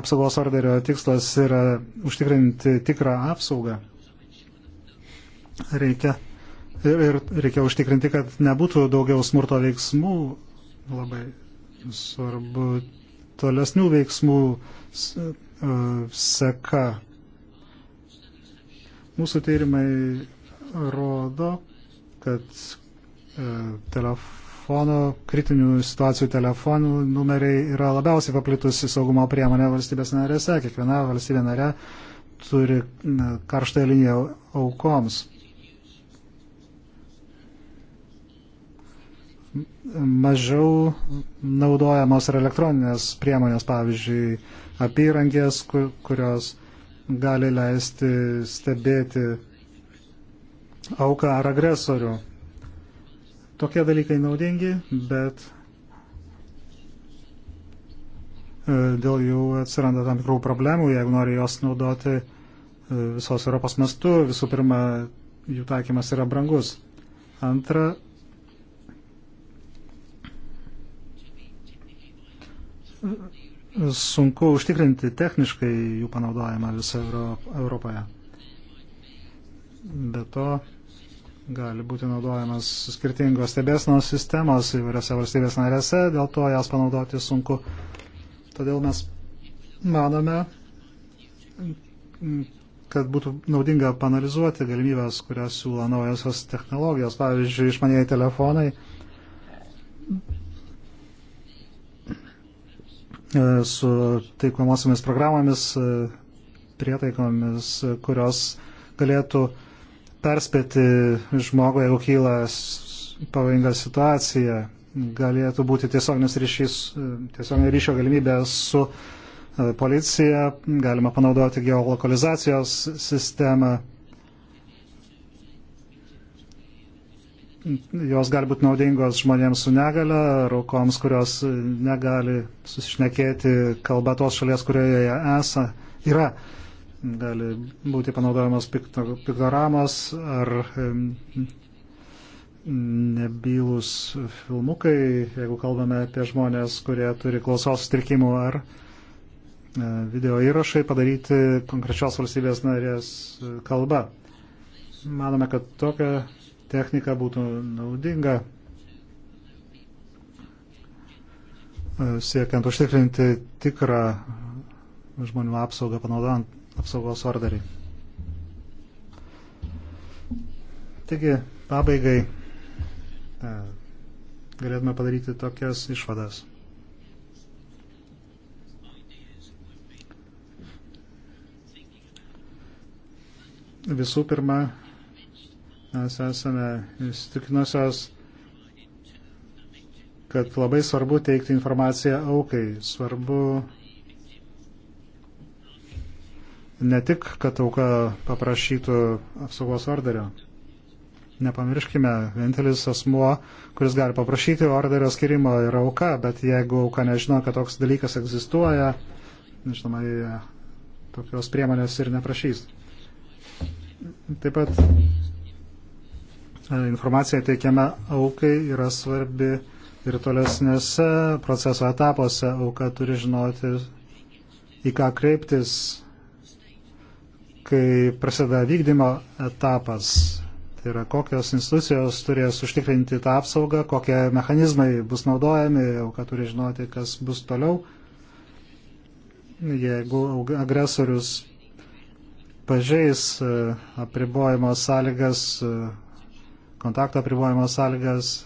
apsaugos orderio tikslas yra užtikrinti tikrą apsaugą, reikia, ir, ir reikia užtikrinti, kad nebūtų daugiau smurto veiksmų labai svarbu tolesnių veiksmų e, seka. Mūsų tyrimai rodo, kad e, telefono, kritinių situacijų telefonų numeriai yra labiausiai paplitusi saugumo priemonė valstybės narėse. Kiekviena valstybė narė turi e, karštąją liniją aukoms. mažiau naudojamos ir elektroninės priemonės, pavyzdžiui, apyrankės, kurios gali leisti stebėti auką ar agresorių. Tokie dalykai naudingi, bet e, dėl jų atsiranda tam tikrų problemų, jeigu nori jos naudoti e, visos Europos mastu, visų pirma, jų taikymas yra brangus. Antra, sunku užtikrinti techniškai jų panaudojimą visą Europoje. Be to, gali būti naudojamas skirtingos stebėsnos sistemos įvairiose valstybės narėse, dėl to jas panaudoti sunku. Todėl mes manome, kad būtų naudinga panalizuoti galimybės, kurias siūlo naujosios technologijos, pavyzdžiui, išmaniai telefonai E, su taikomosiomis programomis, e, prietaikomis, e, kurios galėtų perspėti žmogų, jeigu kyla pavojinga situacija, galėtų būti tiesioginis ryšys, tiesioginio ryšio galimybė su policija, galima panaudoti geolokalizacijos sistemą jos gali būti naudingos žmonėms su negale ar aukoms, kurios negali susišnekėti kalba tos šalies, kurioje esą, yra. Gali būti panaudojamos piktogramos ar nebylus filmukai, jeigu kalbame apie žmonės, kurie turi klausos sutrikimų ar e, video įrašai padaryti konkrečios valstybės narės e, kalba. Manome, kad tokia technika būtų naudinga e, siekiant užtikrinti tikrą žmonių apsaugą panaudojant apsaugos orderį. Taigi, pabaigai e, galėtume padaryti tokias išvadas. Visų pirma, Mes esame įstikinusios, kad labai svarbu teikti informaciją aukai. Svarbu ne tik, kad auka paprašytų apsaugos orderio. Nepamirškime, vienintelis asmuo, kuris gali paprašyti orderio skirimo, yra auka, bet jeigu auka nežino, kad toks dalykas egzistuoja, žinoma, tokios priemonės ir neprašys. Taip pat E, informacija teikiama aukai yra svarbi ir tolesnėse proceso etapuose auka turi žinoti, į ką kreiptis, kai prasideda vykdymo etapas. Tai yra, kokios institucijos turės užtikrinti tą apsaugą, kokie mechanizmai bus naudojami, auka turi žinoti, kas bus toliau. Jeigu agresorius pažeis e, apribojimo sąlygas, e, kontakto apribojimo sąlygas,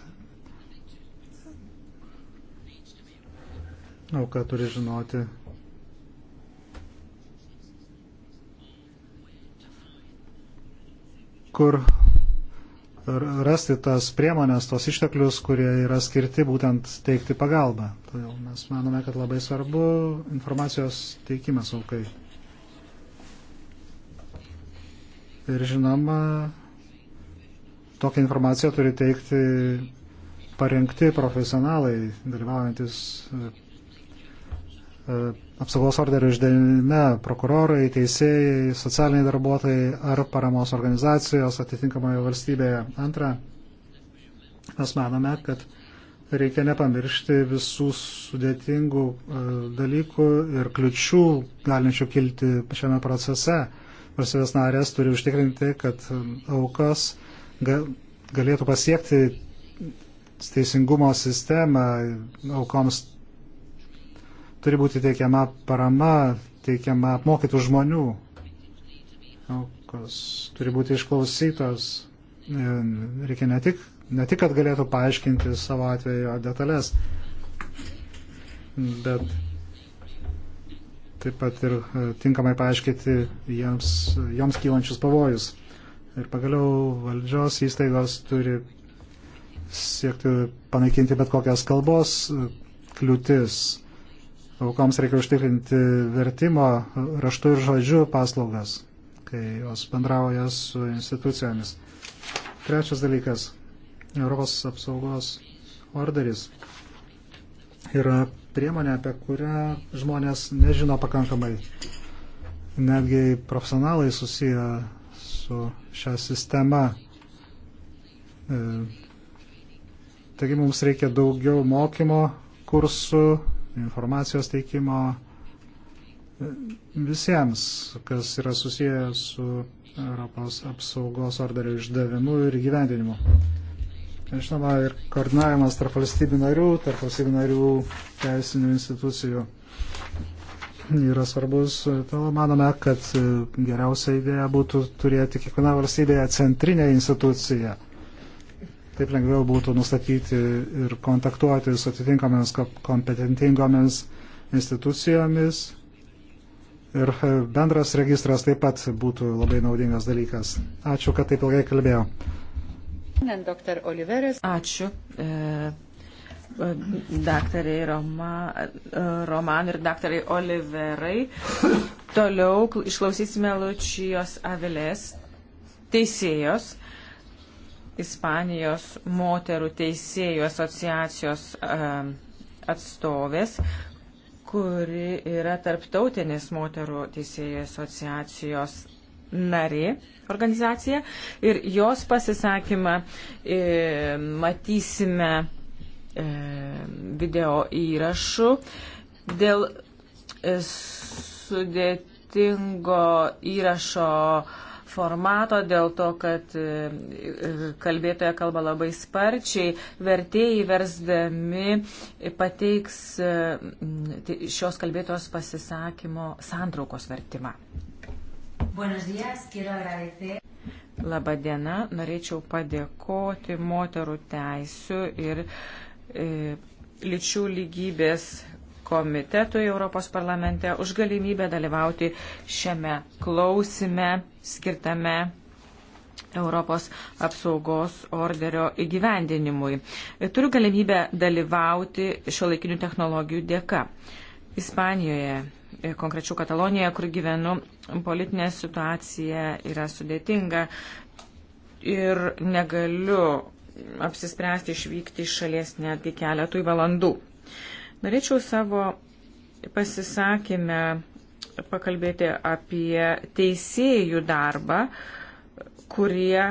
auka turi žinoti. kur rasti tas priemonės, tos išteklius, kurie yra skirti būtent teikti pagalbą. Todėl mes manome, kad labai svarbu informacijos teikimas aukai. Ir žinoma, Tokią informaciją turi teikti parengti profesionalai, dalyvaujantis e, e, apsaugos orderio išdėlime prokurorai, teisėjai, socialiniai darbuotojai ar paramos organizacijos atitinkamoje valstybėje. Antra, mes manome, kad reikia nepamiršti visų sudėtingų e, dalykų ir kliučių galinčių kilti šiame procese. Valstybės narės turi užtikrinti, kad aukas galėtų pasiekti teisingumo sistemą, aukoms turi būti teikiama parama, teikiama apmokytų žmonių, aukos turi būti išklausytos. Reikia ne tik, ne tik, kad galėtų paaiškinti savo atvejo detalės, bet taip pat ir e, tinkamai paaiškinti jiems, joms kylančius pavojus. Ir pagaliau valdžios įstaigos turi siekti panaikinti bet kokias kalbos kliūtis. Aukoms reikia užtikrinti vertimo raštu ir žodžiu paslaugas, kai jos bendrauja su institucijomis. Trečias dalykas - Europos apsaugos orderis yra priemonė, apie kurią žmonės nežino pakankamai. Netgi profesionalai susiję su šią sistemą. E, taigi mums reikia daugiau mokymo kursų, informacijos teikimo e, visiems, kas yra susiję su Europos apsaugos orderio išdavimu ir įgyvendinimu. E, žinoma, ir koordinavimas tarp valstybių narių, tarp valstybių narių teisinių institucijų yra svarbus. Todėl manome, kad geriausia idėja būtų turėti kiekvieną valstybėje centrinę instituciją. Taip lengviau būtų nustatyti ir kontaktuoti su atitinkomis kompetentingomis institucijomis. Ir bendras registras taip pat būtų labai naudingas dalykas. Ačiū, kad taip ilgai kalbėjau. Ačiū. E daktarai Roma, Roman ir daktarai Oliverai. Toliau išklausysime Lučijos Avilės, teisėjos, Ispanijos moterų teisėjų asociacijos atstovės, kuri yra tarptautinės moterų teisėjų asociacijos nari organizacija ir jos pasisakymą e, matysime E, video įrašų dėl e, sudėtingo įrašo formato, dėl to, kad e, kalbėtoja kalba labai sparčiai, vertėjai versdami pateiks tai šios kalbėtojos pasisakymo santraukos vertimą. Labą dieną, norėčiau padėkoti moterų teisų ir uh, E, lyčių lygybės komitetui Europos parlamente už galimybę dalyvauti šiame klausime skirtame Europos apsaugos orderio įgyvendinimui. E, turiu galimybę dalyvauti šio laikinių technologijų dėka. Ispanijoje, e, konkrečiau Katalonijoje, kur gyvenu, politinė situacija yra sudėtinga ir negaliu apsispręsti išvykti iš šalies netgi keletui valandų. Norėčiau savo pasisakymę pakalbėti apie teisėjų darbą, kurie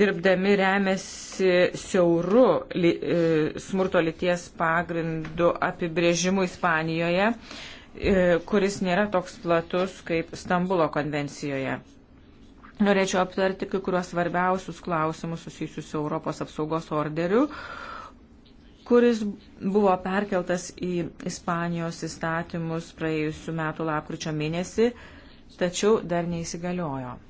dirbdami remiasi siauru li, e, smurto lyties pagrindu apibrėžimu Ispanijoje, e, kuris nėra toks platus kaip Stambulo konvencijoje. Norėčiau aptarti kai kuriuos svarbiausius klausimus susijusius su Europos apsaugos orderiu, kuris buvo perkeltas į Ispanijos įstatymus praėjusiu metu lapkričio mėnesį, tačiau dar neįsigaliojo.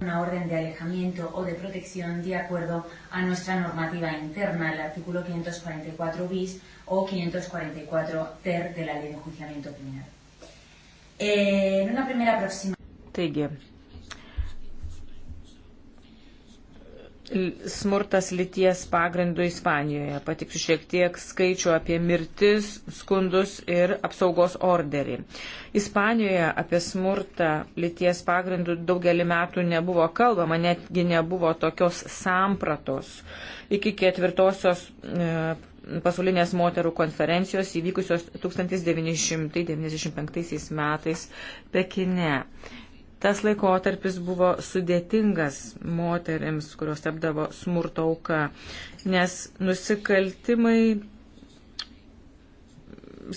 una orden de alejamiento o de protección de acuerdo a nuestra normativa interna, el artículo 544 bis o 544 ter de la Ley de Enjuiciamiento Criminal. Eh, en una primera aproximación. Taigi, smurtas lyties pagrindu Ispanijoje. Patiksiu šiek tiek skaičių apie mirtis, skundus ir apsaugos orderį. Ispanijoje apie smurtą lyties pagrindu daugelį metų nebuvo kalbama, netgi nebuvo tokios sampratos. Iki ketvirtosios e, pasaulinės moterų konferencijos įvykusios 1995 metais Pekine. Tas laikotarpis buvo sudėtingas moteriams, kurios tapdavo smurto auka, nes nusikaltimai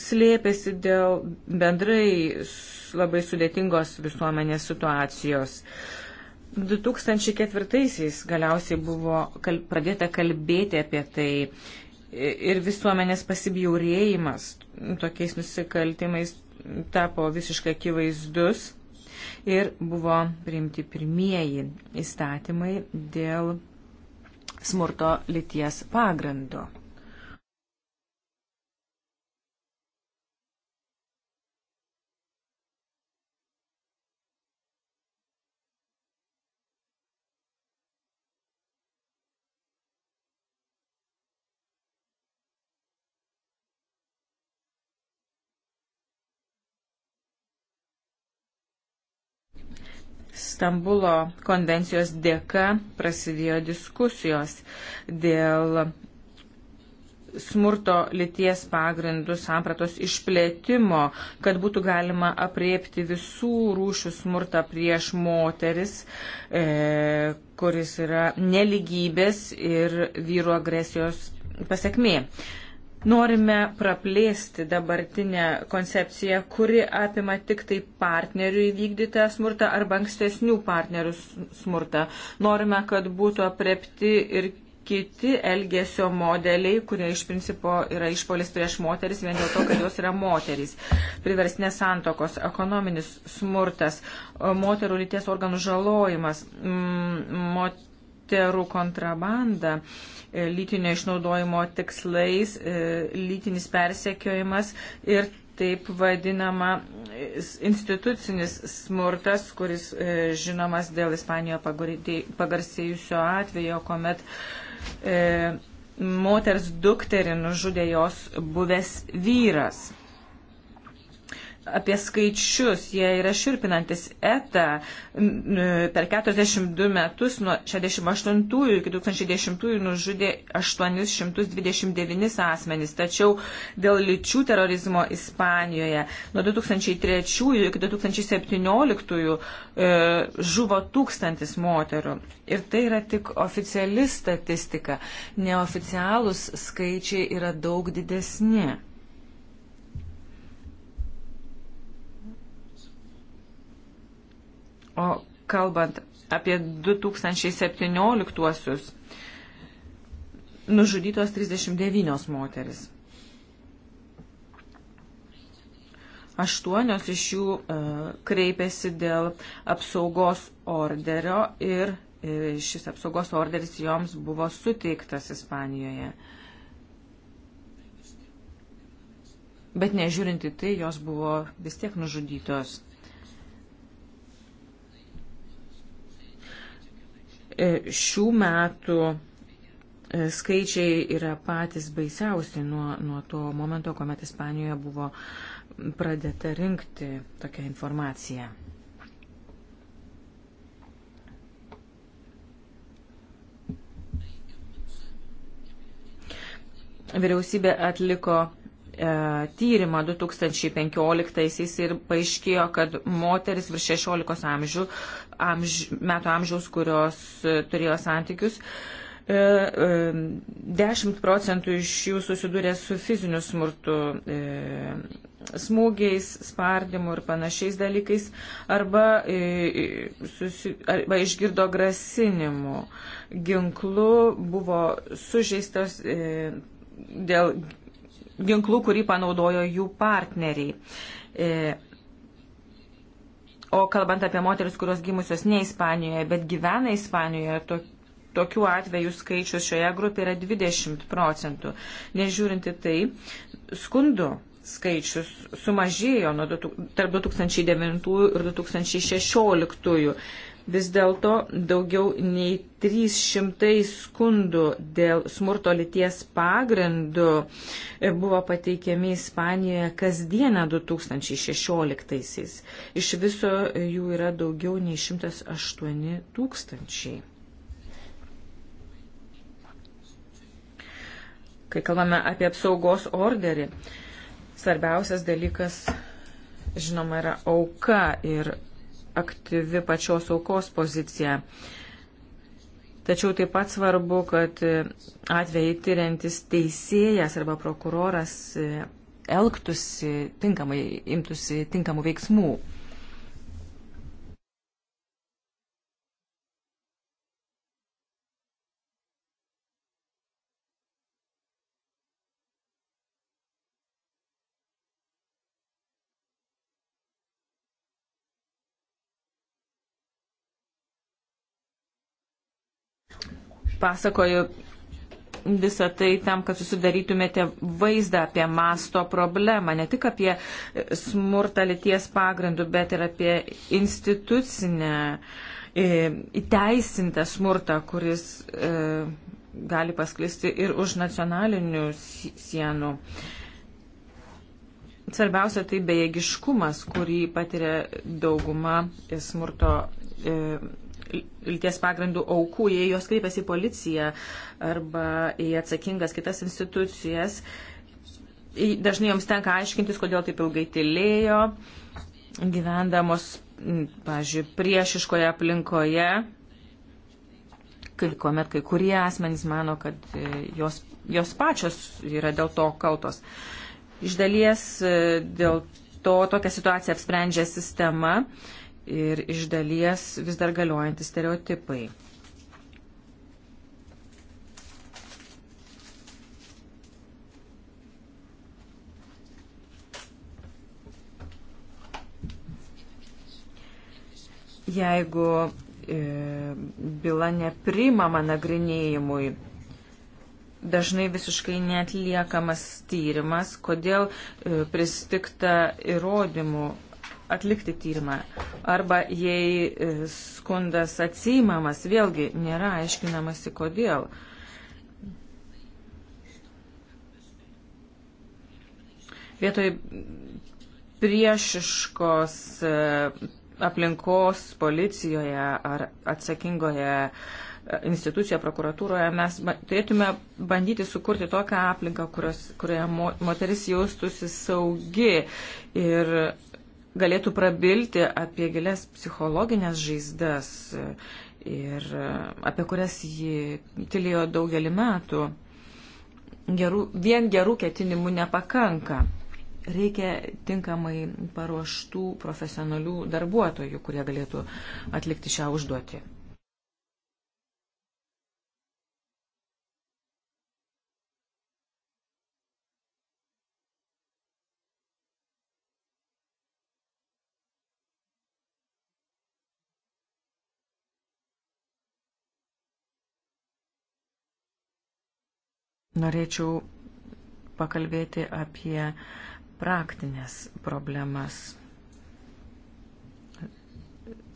slėpėsi dėl bendrai labai sudėtingos visuomenės situacijos. 2004-aisiais galiausiai buvo kal pradėta kalbėti apie tai ir visuomenės pasibjaurėjimas tokiais nusikaltimais tapo visiškai akivaizdus ir buvo priimti pirmieji įstatymai dėl smurto lyties pagrindo. Stambulo konvencijos dėka prasidėjo diskusijos dėl smurto lities pagrindų sampratos išplėtimo, kad būtų galima apriepti visų rūšių smurtą prieš moteris, e, kuris yra neligybės ir vyru agresijos pasiekmė. E, Norime praplėsti dabartinę koncepciją, kuri apima tik tai partnerių įvykdytą smurtą arba ankstesnių partnerių smurtą. Norime, kad būtų aprepti ir kiti elgesio modeliai, kurie iš principo yra išpolis prieš moteris vien dėl to, kad jos yra moterys. Priversinės santokos, ekonominis smurtas, moterų lyties organų žalojimas, mm, moterų kontrabanda. Mm, E, lytinio išnaudojimo tikslais, e, lytinis persekiojimas ir taip vadinama e, institucinis smurtas, kuris žinomas dėl Ispanijoje pagarsėjusio atvejo, kuomet e, moters dukterį nužudė jos buvęs vyras apie skaičius, jie yra širpinantis. ETA per 42 metus nuo 68 iki 2010 nužudė 829 asmenys, tačiau dėl lyčių terorizmo Ispanijoje nuo 2003 iki 2017 e, žuvo tūkstantis moterų. Ir tai yra tik oficiali statistika. Neoficialūs skaičiai yra daug didesni. O kalbant apie 2017-uosius, nužudytos 39 moteris. Aštuonios iš jų uh, kreipėsi dėl apsaugos orderio ir, ir e, šis apsaugos orderis joms buvo suteiktas Ispanijoje. Bet nežiūrinti tai, jos buvo vis tiek nužudytos. E, šių metų e, skaičiai yra patys baisiausi nuo, nuo to momento, kuomet Ispanijoje buvo pradėta rinkti tokią informaciją. Vyriausybė atliko e, tyrimą 2015-aisiais ir paaiškėjo, kad moteris virš 16 amžių amž, metų amžiaus, kurios e, turėjo santykius. 10 e, e, procentų iš jų susidūrė su fiziniu smurtu, smūgiais, spardimu ir panašiais dalykais, arba, susi, arba išgirdo grasinimu. Ginklu buvo sužeistas dėl ginklų, kurį panaudojo jų partneriai. O kalbant apie moteris, kurios gimusios ne Ispanijoje, bet gyvena Ispanijoje, to, tokių atvejų skaičius šioje grupėje yra 20 procentų. Nežiūrinti tai, skundų skaičius sumažėjo nuo, tarp 2009 ir 2016. Vis dėlto daugiau nei 300 skundų dėl smurto lyties pagrindų e, buvo pateikiami Ispanijoje kasdieną 2016-aisiais. Iš viso jų yra daugiau nei 108 tūkstančiai. kai kalbame apie apsaugos orderį, svarbiausias dalykas, žinoma, yra auka ir aktyvi pačios aukos pozicija. Tačiau taip pat svarbu, kad atvejai tyriantis teisėjas arba prokuroras e, elgtųsi tinkamai, imtųsi tinkamų veiksmų. Pasakoju visą tai tam, kad susidarytumėte vaizdą apie masto problemą, ne tik apie smurtą lities pagrindų, bet ir apie institucinę e, įteisintą smurtą, kuris e, gali pasklisti ir už nacionalinių sienų. Svarbiausia tai bejėgiškumas, kurį patiria dauguma smurto e, lyties pagrindų aukų, jei jos kreipiasi į policiją arba į atsakingas kitas institucijas, dažnai joms tenka aiškintis, kodėl taip ilgai tylėjo, gyvendamos, pažiūrėjau, priešiškoje aplinkoje, kai, kuomet kai kurie asmenys mano, kad e, jos, jos pačios yra dėl to kaltos. Iš dalies e, dėl to tokią situaciją apsprendžia sistema. Uh, ir iš dalies vis dar galiojantys stereotipai. Jeigu e, byla neprimama nagrinėjimui, dažnai visiškai netliekamas tyrimas, kodėl e, pristikta įrodymų atlikti tyrimą. Arba jei e, skundas atsimamas, vėlgi nėra aiškinamasi kodėl. Vietoj priešiškos e, aplinkos policijoje ar atsakingoje e, institucijoje, prokuratūroje mes turėtume bandyti sukurti tokią aplinką, kurios, kurioje mo, moteris jaustųsi saugi ir galėtų prabilti apie gilias psichologinės žaizdas ir e, apie kurias ji tylėjo daugelį metų. Gerų, vien gerų ketinimų nepakanka. Reikia tinkamai paruoštų profesionalių darbuotojų, kurie galėtų atlikti šią užduotį. Norėčiau pakalbėti apie praktinės problemas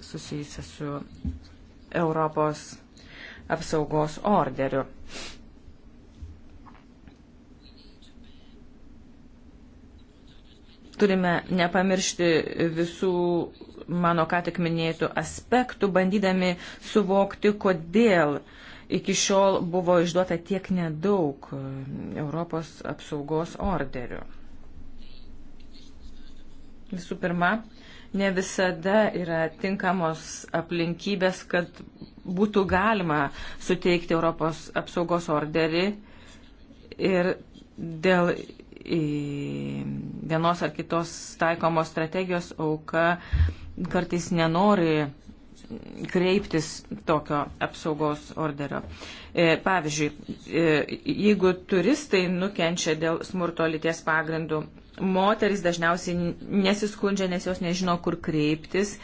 susijusią su Europos apsaugos orderiu. Turime nepamiršti visų mano ką tik minėtų aspektų, bandydami suvokti, kodėl uh, iki šiol buvo išduota tiek nedaug e, Europos apsaugos orderių. Visų pirma, ne visada yra tinkamos aplinkybės, kad būtų galima suteikti Europos apsaugos orderį ir dėl vienos ar kitos taikomos strategijos auka kartais nenori kreiptis tokio apsaugos orderio. E, pavyzdžiui, e, jeigu turistai nukenčia dėl smurto lyties pagrindų, moteris dažniausiai nesiskundžia, nes jos nežino, kur kreiptis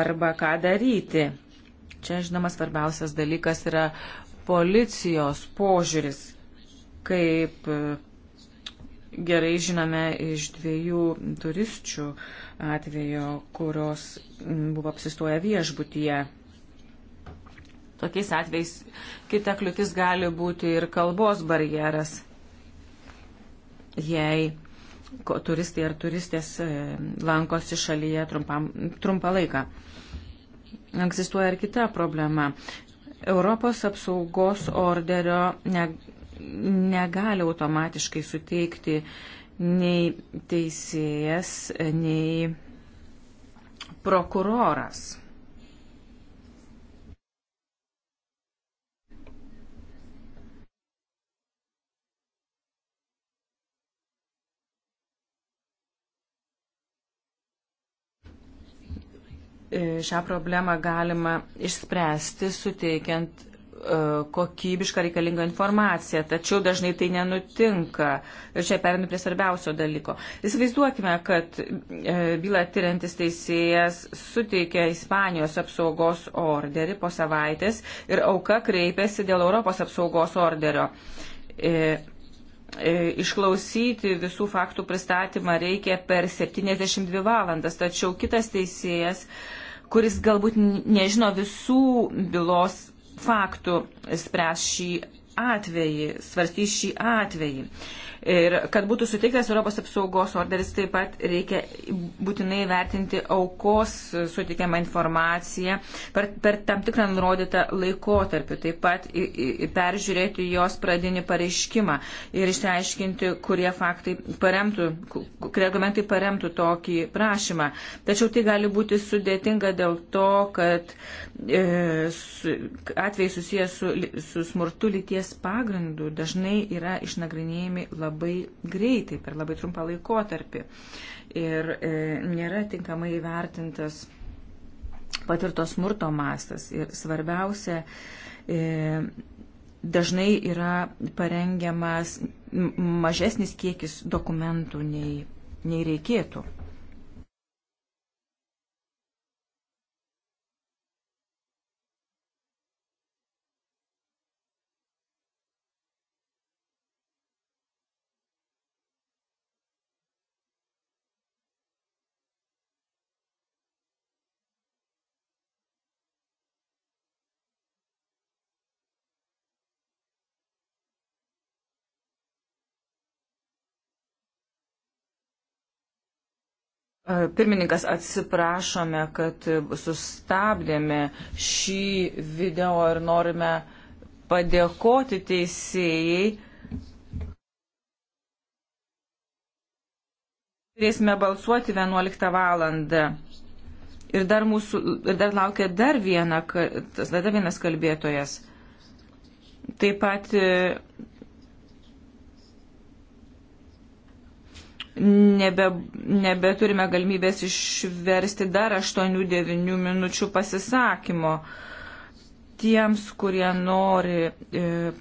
arba ką daryti. Čia, žinoma, svarbiausias dalykas yra policijos požiūris, kaip e, gerai žinome iš dviejų turisčių atvejo, kurios mm, buvo apsistoję viešbutyje. Tokiais atvejais kita kliūtis gali būti ir kalbos barjeras, jei turistai ar turistės e, lankosi šalyje trumpam, trumpą laiką. Egzistuoja ir kita problema. Europos apsaugos orderio ne, negali automatiškai suteikti uh, nei teisėjas, nei prokuroras. E, šią problemą galima išspręsti suteikiant E, kokybišką reikalingą informaciją, tačiau dažnai tai nenutinka. Ir čia perinu prie svarbiausio dalyko. Įsivaizduokime, kad e, bylą tyriantis teisėjas suteikia Ispanijos apsaugos orderį po savaitės ir auka kreipiasi dėl Europos apsaugos orderio. E, išklausyti visų faktų pristatymą reikia per 72 valandas, tačiau kitas teisėjas kuris galbūt nežino visų bylos faktų spręs šį atvejį, svarstys šį atvejį. Ir kad būtų suteiktas Europos apsaugos orderis, taip pat reikia būtinai vertinti aukos suteikiamą informaciją per, per tam tikrą nurodytą laikotarpį, taip pat į, į, peržiūrėti jos pradinį pareiškimą ir išsiaiškinti, kurie faktai paremtų, kurie argumentai paremtų tokį prašymą. Tačiau tai gali būti sudėtinga dėl to, kad e, su, atvejai susijęs su, su smurtu lyties pagrindu dažnai yra išnagrinėjami labai labai greitai, per labai trumpą laikotarpį. Ir e, nėra tinkamai įvertintas patirto smurto mastas. Ir svarbiausia, e, dažnai yra parengiamas mažesnis kiekis dokumentų nei, nei reikėtų. Pirmininkas, atsiprašome, kad sustabdėme šį video ir norime padėkoti teisėjai. Turėsime balsuoti 11 valandą. Ir dar, mūsų, ir dar laukia dar, viena, dar vienas kalbėtojas. Taip pat nebe, nebeturime galimybės išversti dar 8-9 minučių pasisakymo. Tiems, kurie nori e,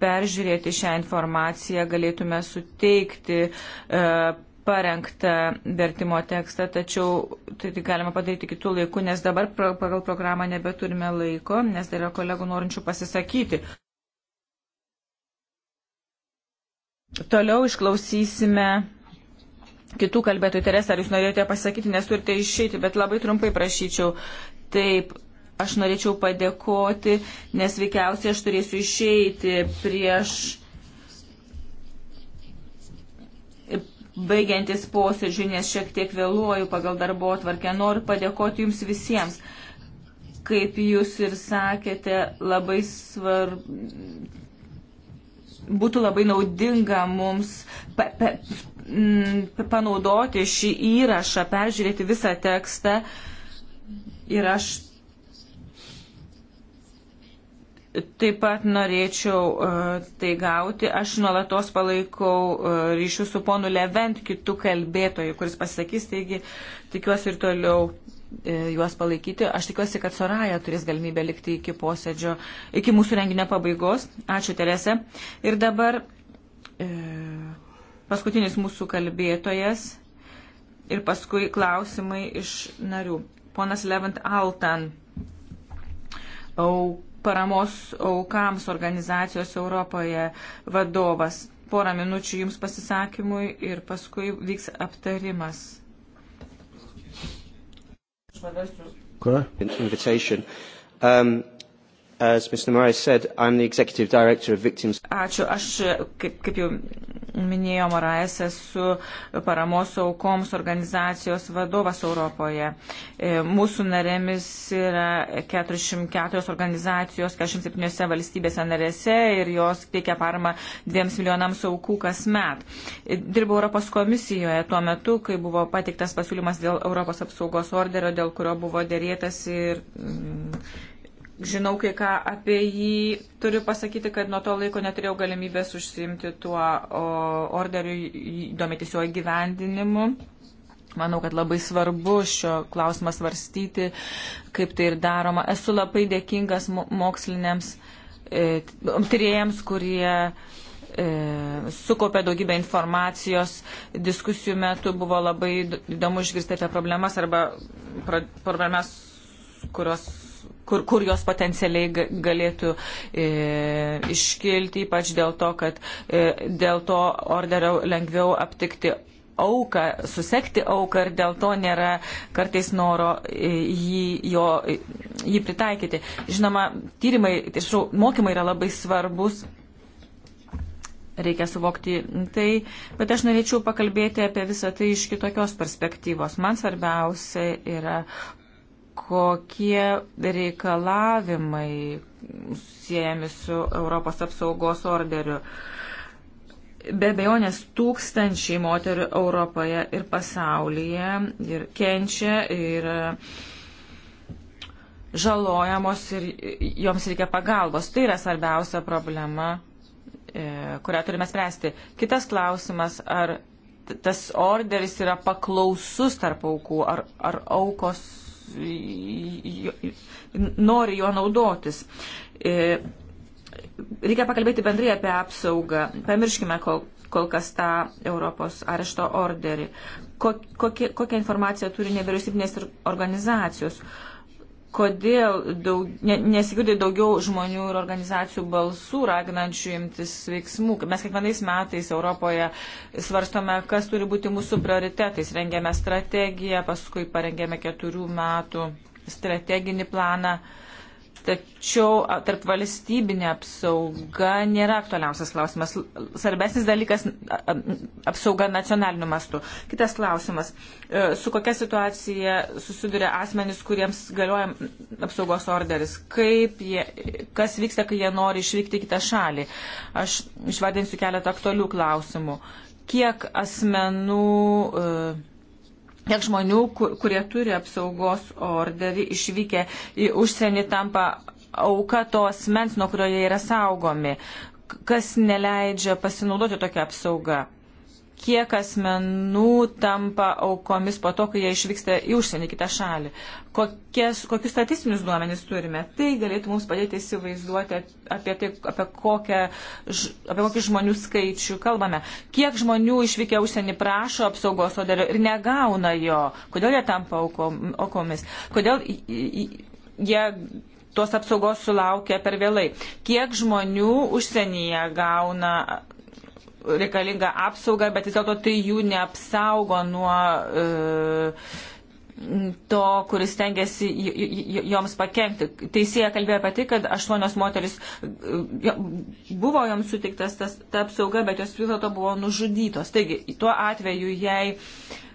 peržiūrėti šią informaciją, galėtume suteikti e, parengtą vertimo tekstą, tačiau tai, tai galima padaryti kitų laikų, nes dabar pro, pagal programą nebeturime laiko, nes dar yra kolegų norinčių pasisakyti. Toliau išklausysime kitų kalbėtojų. Teresa, ar jūs norėjote pasakyti, nes turite išeiti, bet labai trumpai prašyčiau. Taip, aš norėčiau padėkoti, nes veikiausiai aš turėsiu išeiti prieš baigiantis posėdžiui, nes šiek tiek vėluoju pagal darbo atvarkę. Noriu padėkoti jums visiems. Kaip jūs ir sakėte, labai svarbu būtų labai naudinga mums pa, pa, Mm, panaudoti šį įrašą, peržiūrėti visą tekstą. Ir aš taip pat norėčiau uh, tai gauti. Aš nuolatos palaikau uh, ryšių su ponu Levent kitų kalbėtojų, kuris pasakys, taigi tikiuosi ir toliau uh, juos palaikyti. Aš tikiuosi, kad Soraja turės galimybę likti iki posėdžio, iki mūsų renginio pabaigos. Ačiū, Terese. Ir dabar. Uh, paskutinis mūsų kalbėtojas ir paskui klausimai iš narių. Ponas Levant Altan, au, paramos aukams organizacijos Europoje vadovas. Porą minučių jums pasisakymui ir paskui vyks aptarimas. Ką? As Mr. Morris said, I'm the executive director of Victims. Ačiū. Aš, kaip, kaip jau minėjo Morais, esu paramos aukoms organizacijos vadovas Europoje. E, mūsų narėmis yra 404 organizacijos 47 valstybėse narėse ir jos teikia paramą 2 milijonams aukų kasmet. E, dirbau Europos komisijoje tuo metu, kai buvo patiktas pasiūlymas dėl Europos apsaugos orderio, dėl kurio buvo dėrėtas ir. Mm, žinau kai ką apie jį. Turiu pasakyti, kad nuo to laiko neturėjau galimybės užsiimti tuo orderiu, domėtis jo įgyvendinimu. Manau, kad labai svarbu šio klausimą svarstyti, kaip tai ir daroma. Esu labai dėkingas moksliniams e, tyriejams, kurie e, sukopė daugybę informacijos, diskusijų metu buvo labai įdomu išgirsti apie problemas arba problemas, kurios kur, kur jos potencialiai galėtų e, iškilti, ypač dėl to, kad e, dėl to orderio lengviau aptikti auką, susekti auką ir dėl to nėra kartais noro e, jį, jo, e, jį pritaikyti. Žinoma, tyrimai, tiesiog mokymai yra labai svarbus. Reikia suvokti tai, bet aš norėčiau pakalbėti apie visą tai iš kitokios perspektyvos. Man svarbiausia yra kokie reikalavimai siejami su Europos apsaugos orderiu. Be bejonės tūkstančiai moterių Europoje ir pasaulyje ir kenčia ir žalojamos ir joms reikia pagalbos. Tai yra svarbiausia problema, e, kurią turime spręsti. Kitas klausimas, ar tas orderis yra paklausus tarp aukų, ar, ar aukos nori juo naudotis. E, reikia pakalbėti bendrai apie apsaugą. Pamirškime kol, kol kas tą Europos arešto orderį. Kokie, kokią informaciją turi nevyriausybinės organizacijos? Uh, kodėl daug, ne, nesigirdė daugiau žmonių ir organizacijų balsų raginančių imtis veiksmų. Mes kiekvienais metais Europoje svarstome, kas turi būti mūsų prioritetais. Rengėme strategiją, paskui parengėme keturių metų strateginį planą. Uh, Tačiau tarp valstybinė apsauga nėra aktualiausias klausimas. Svarbesnis dalykas - apsauga nacionaliniu mastu. Kitas klausimas e, - su kokia situacija susiduria asmenys, kuriems galioja apsaugos orderis? Kaip jie, kas vyksta, kai jie nori išvykti į kitą šalį? Aš išvadinsiu keletą aktualių klausimų. Kiek asmenų. Uh, Tiek žmonių, kur, kurie turi apsaugos orderį, išvykę į užsienį tampa auka to asmens, nuo kurio jie yra saugomi. Kas neleidžia pasinaudoti tokią apsaugą? kiek asmenų tampa aukomis po to, kai jie išvyksta į užsienį kitą šalį. Kokies, kokius statistinius duomenys turime? Tai galėtų mums padėti įsivaizduoti apie, tai, apie, kokią, apie kokį žmonių skaičių kalbame. Kiek žmonių išvykę užsienį prašo apsaugos odelio ir negauna jo? Kodėl jie tampa aukomis? Kodėl jie tos apsaugos sulaukia per vėlai. Kiek žmonių užsienyje gauna reikalingą apsaugą, bet vis dėlto tai jų neapsaugo nuo e, to, kuris tengiasi joms pakengti. Teisėja kalbėjo apie tai, kad aštuonios moteris e, buvo joms sutiktas tas, ta apsauga, bet jos vis dėlto buvo nužudytos. Taigi, tuo atveju, jei uh,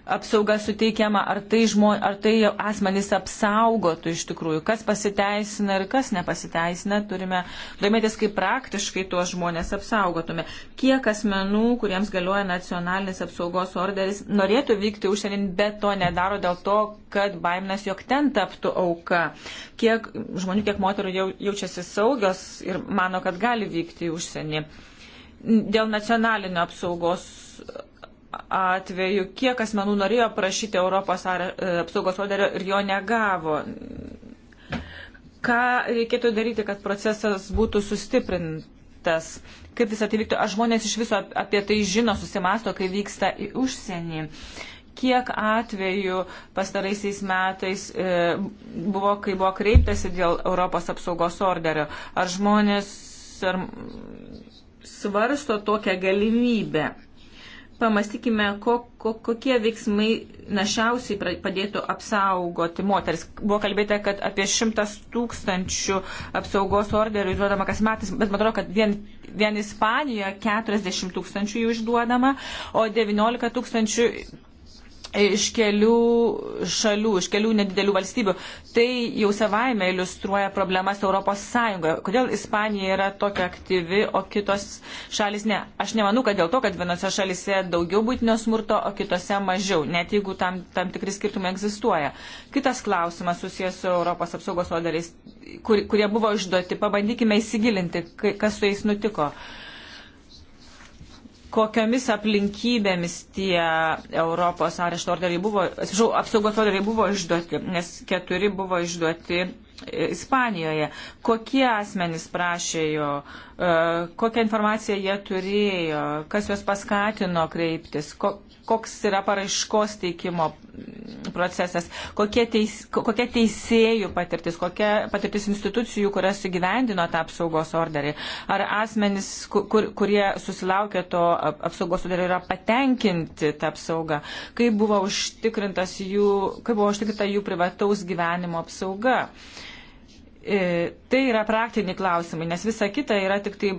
apsauga suteikiama, ar tai, žmo, ar tai asmenys apsaugotų iš tikrųjų, kas pasiteisina ir kas nepasiteisina, turime domėtis, kaip praktiškai tuos žmonės apsaugotume. Kiek asmenų, kuriems galioja nacionalinis apsaugos orderis, norėtų vykti užsienin, bet to nedaro dėl to, kad baiminas, jog ten taptų auka. Kiek žmonių, kiek moterų jau, jaučiasi saugios ir mano, kad gali vykti į užsienį. Dėl nacionalinio apsaugos atveju, kiek asmenų norėjo prašyti Europos e, apsaugos orderio ir jo negavo. Ką reikėtų daryti, kad procesas būtų sustiprintas? Kaip visą tai vyktų? Ar žmonės iš viso apie tai žino, susimasto, kai vyksta į užsienį? Kiek atvejų pastaraisiais metais e, buvo, kai buvo kreiptasi dėl Europos apsaugos orderio? Ar žmonės ar svarsto tokią galimybę? pamastykime, ko, ko, kokie veiksmai našiausiai padėtų apsaugoti moteris. Buvo kalbėta, kad apie šimtas tūkstančių apsaugos orderių išduodama kas metais, bet man atrodo, kad vien, vien Ispanijoje 40 tūkstančių jų išduodama, o 19 tūkstančių iš kelių šalių, iš kelių nedidelių valstybių. Tai jau savaime iliustruoja problemas Europos Sąjungoje. Kodėl Ispanija yra tokia aktyvi, o kitos šalis ne? Aš nemanau, kad dėl to, kad vienose šalise daugiau būtinio smurto, o kitose mažiau, net jeigu tam, tam tikri skirtumai egzistuoja. Kitas klausimas susijęs su Europos apsaugos orderiais, kur, kurie buvo išduoti. Pabandykime įsigilinti, kas su jais nutiko. Uh, kokiamis aplinkybėmis tie Europos arešto orderiai buvo, atsiprašau, apsaugos orderiai buvo išduoti, nes keturi buvo išduoti e, Ispanijoje. Kokie asmenys prašė jo, e, kokią informaciją jie turėjo, kas juos paskatino kreiptis, ko, koks yra paraiškos teikimo procesas, kokia, teis, kokia teisėjų patirtis, kokia patirtis institucijų, kurias įgyvendino tą apsaugos orderį. Ar asmenys, kur, kurie susilaukė to apsaugos orderio, yra patenkinti tą apsaugą? Kaip buvo, jų, kaip buvo užtikrinta jų privataus gyvenimo apsauga? Uh, E, tai yra praktiniai klausimai, nes visa kita yra tik tai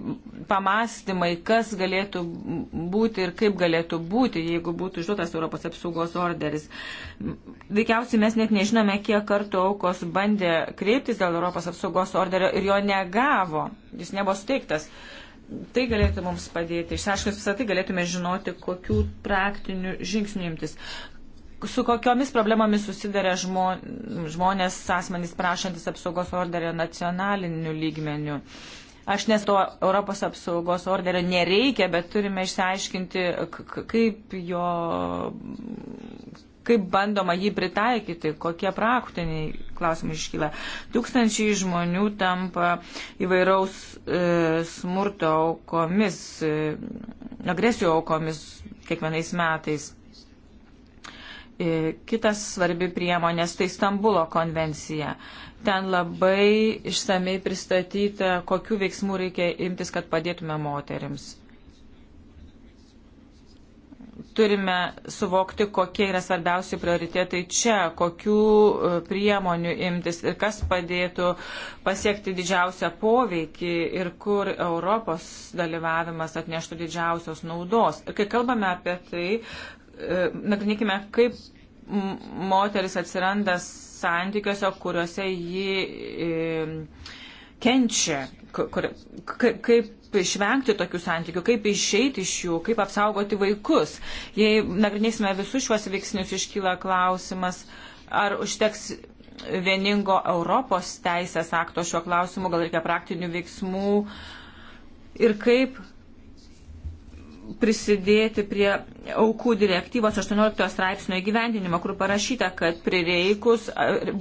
pamastymai, kas galėtų būti ir kaip galėtų būti, jeigu būtų išduotas Europos apsaugos orderis. Veikiausiai mes net nežinome, kiek kartų aukos bandė kreiptis dėl Europos apsaugos orderio ir jo negavo, jis nebuvo suteiktas. Tai galėtų mums padėti, išsiaiškinus visą tai galėtume žinoti, kokių praktinių žingsnių imtis su kokiomis problemomis susidarė žmonės, asmenys prašantis apsaugos orderio nacionaliniu lygmeniu. Aš nes to Europos apsaugos orderio nereikia, bet turime išsiaiškinti, kaip jo, kaip bandoma jį pritaikyti, kokie praktiniai klausimai iškyla. Tūkstančiai žmonių tampa įvairaus e, smurto aukomis, e, agresijų aukomis kiekvienais metais. E, kitas svarbi priemonės tai Stambulo konvencija. Ten labai išsamei pristatyta, kokiu veiksmu reikia imtis, kad padėtume moterims. Turime suvokti, kokie yra svarbiausi prioritetai čia, kokių e, priemonių imtis ir kas padėtų pasiekti didžiausią poveikį ir kur Europos dalyvavimas atneštų didžiausios naudos. Ir kai kalbame apie tai, E, nagrinėkime, kaip moteris atsiranda santykiuose, kuriuose ji e, kenčia, kur, kaip išvengti tokių santykių, kaip išeiti iš jų, kaip apsaugoti vaikus. Jei nagrinėsime visus šiuos veiksnius, iškyla klausimas, ar užteks vieningo Europos teisės akto šiuo klausimu, gal reikia praktinių veiksmų ir kaip prisidėti prie aukų direktyvos 18 straipsnio įgyvendinimo, kur parašyta, kad prireikus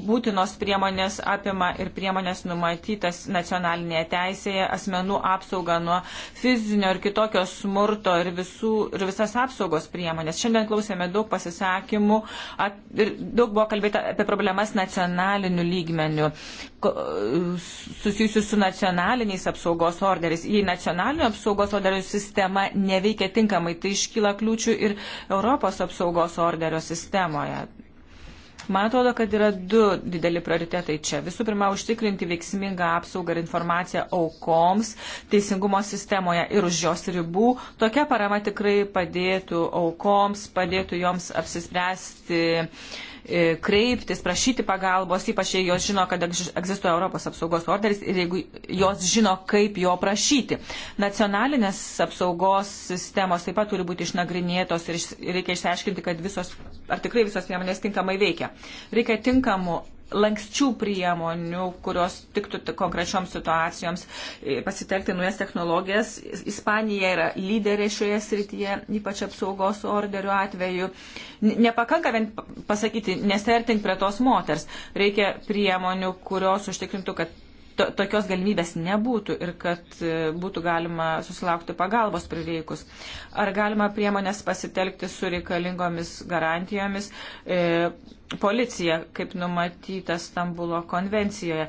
būtinos priemonės apima ir priemonės numatytas nacionalinėje teisėje asmenų apsauga nuo fizinio ir kitokio smurto ir, visų, ir visas apsaugos priemonės. Šiandien klausėme daug pasisakymų ir daug buvo kalbėta apie problemas nacionaliniu lygmeniu susijusius su nacionaliniais apsaugos orderiais. Jei nacionalinio apsaugos orderio sistema neveikia tinkamai, tai iškyla kliūčių ir Europos apsaugos orderio sistemoje. Man atrodo, kad yra du dideli prioritetai čia. Visų pirma, užtikrinti veiksmingą apsaugą ir informaciją aukoms teisingumo sistemoje ir už jos ribų. Tokia parama tikrai padėtų aukoms, padėtų joms apsispręsti E, kreiptis, prašyti pagalbos, ypač jei jos žino, kad egzistuoja Europos apsaugos orderis ir jeigu jos žino, kaip jo prašyti. Nacionalinės apsaugos sistemos taip pat turi būti išnagrinėtos ir reikia išsiaiškinti, kad visos, ar tikrai visos priemonės tinkamai veikia. Reikia tinkamų lankščių priemonių, kurios tiktų konkrečioms situacijoms, e, pasitelkti naujas technologijas. Ispanija yra lyderė šioje srityje, ypač apsaugos orderio atveju. Nepakanka vien pasakyti, nesertink prie tos moters. Reikia priemonių, kurios užtikrintų, kad to, tokios galimybės nebūtų ir kad e, būtų galima susilaukti pagalbos prireikus. Ar galima priemonės pasitelkti su reikalingomis garantijomis, e, policija, kaip numatyta Stambulo konvencijoje.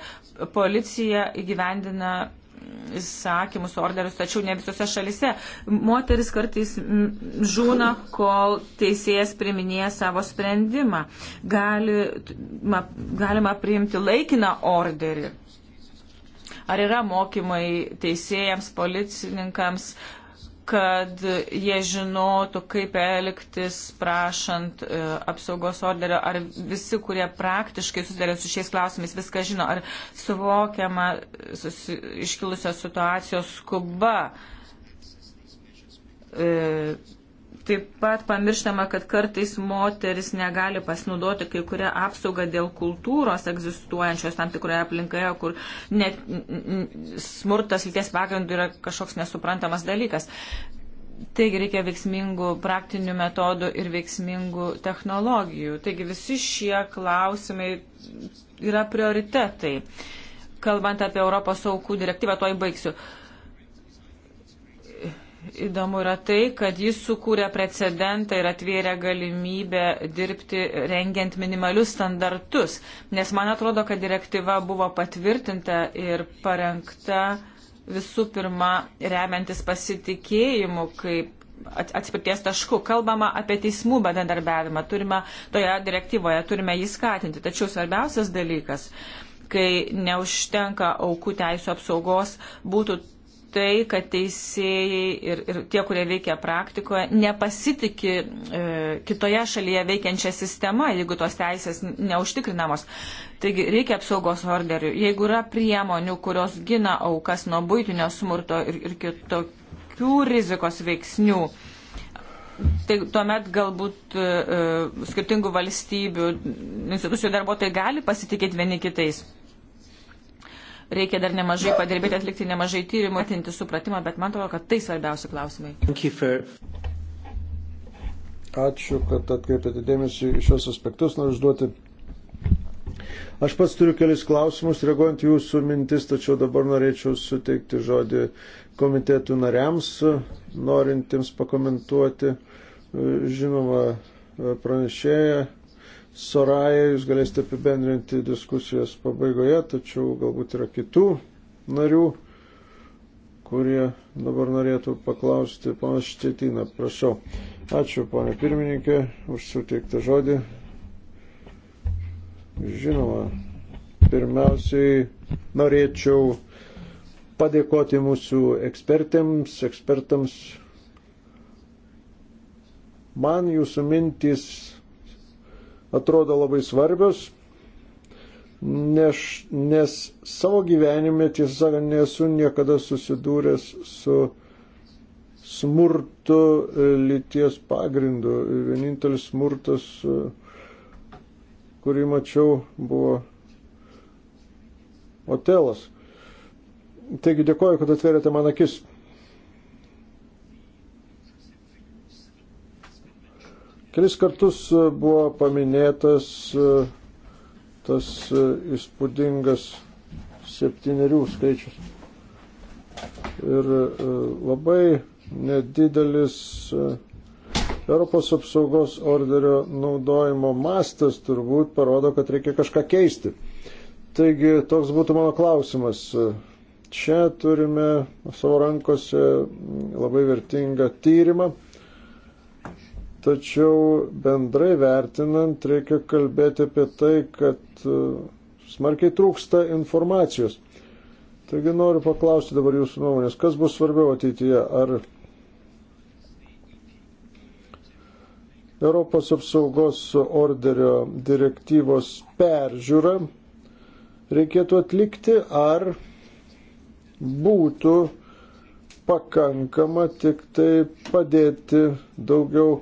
Policija įgyvendina įsakymus, orderius, tačiau ne visose šalise. Moteris kartais žūna, kol teisėjas priminėja savo sprendimą. Gali, ma, galima priimti laikiną orderį. Ar yra mokymai teisėjams, policininkams, uh, kad jie žinotų, kaip elgtis prašant e, apsaugos orderio, ar visi, kurie praktiškai susidarė su šiais klausimais, viską žino, ar suvokiama susi, iškilusios situacijos skuba. E, Taip pat pamirštama, kad kartais moteris negali pasinaudoti kai kurią apsaugą dėl kultūros egzistuojančios tam tikroje aplinkoje, kur net smurtas lyties pagrindų yra kažkoks nesuprantamas dalykas. Taigi reikia veiksmingų praktinių metodų ir veiksmingų technologijų. Taigi visi šie klausimai yra prioritetai. Kalbant apie Europos aukų direktyvą, to įbaigsiu. Uh, Įdomu yra tai, kad jis sukūrė precedentą ir atvėrė galimybę dirbti rengiant minimalius standartus, nes man atrodo, kad direktyva buvo patvirtinta ir parengta visų pirma remiantis pasitikėjimu kaip atspirties tašku. Kalbama apie teismų bendradarbiavimą, turime toje direktyvoje, turime jį skatinti. Tačiau svarbiausias dalykas, kai neužtenka aukų teisų apsaugos, būtų tai, kad teisėjai ir, ir tie, kurie veikia praktikoje, nepasitikė e, kitoje šalyje veikiančią sistemą, jeigu tos teisės neužtikrinamos. Taigi reikia apsaugos orderių. Jeigu yra priemonių, kurios gina aukas nuo būtinio smurto ir, ir kitokių rizikos veiksnių, tai tuomet galbūt e, e skirtingų valstybių institucijų darbuotojai gali pasitikėti vieni kitais reikia dar nemažai padirbėti, atlikti nemažai tyrimų, atinti supratimą, bet man atrodo, kad tai svarbiausi klausimai. Ačiū, kad atkreipėte dėmesį į šios aspektus. Noriu užduoti Aš pats turiu kelis klausimus, reaguojant jūsų mintis, tačiau dabar norėčiau suteikti žodį komitetų nariams, norintiems pakomentuoti, e, žinoma, pranešėją Soraya, jūs galėsite apibendrinti diskusijos pabaigoje, tačiau galbūt yra kitų narių, kurie dabar norėtų paklausti. Pana Štetina, prašau. Ačiū, ponė pirmininkė, už suteiktą žodį. Žinoma, pirmiausiai norėčiau padėkoti mūsų ekspertėms, ekspertams. Man jūsų mintys atrodo labai svarbios, nes, nes savo gyvenime, tiesą sakant, nesu niekada susidūręs su smurtu e, lyties pagrindu. Vienintelis smurtas, e, kurį mačiau, buvo Otelas. Taigi dėkoju, kad atverėte man akis. Kelis kartus e, buvo paminėtas e, tas e, įspūdingas septyniarių skaičius. Ir labai nedidelis Europos apsaugos orderio naudojimo mastas turbūt parodo, kad reikia kažką keisti. Taigi toks būtų mano klausimas. Čia turime savo rankose labai vertingą tyrimą Tačiau bendrai vertinant, reikia kalbėti apie tai, kad e, smarkiai trūksta informacijos. Taigi noriu paklausti dabar jūsų nuomonės, kas bus svarbiau ateityje, ar Europos apsaugos orderio direktyvos peržiūrą reikėtų atlikti, ar būtų pakankama tik tai padėti daugiau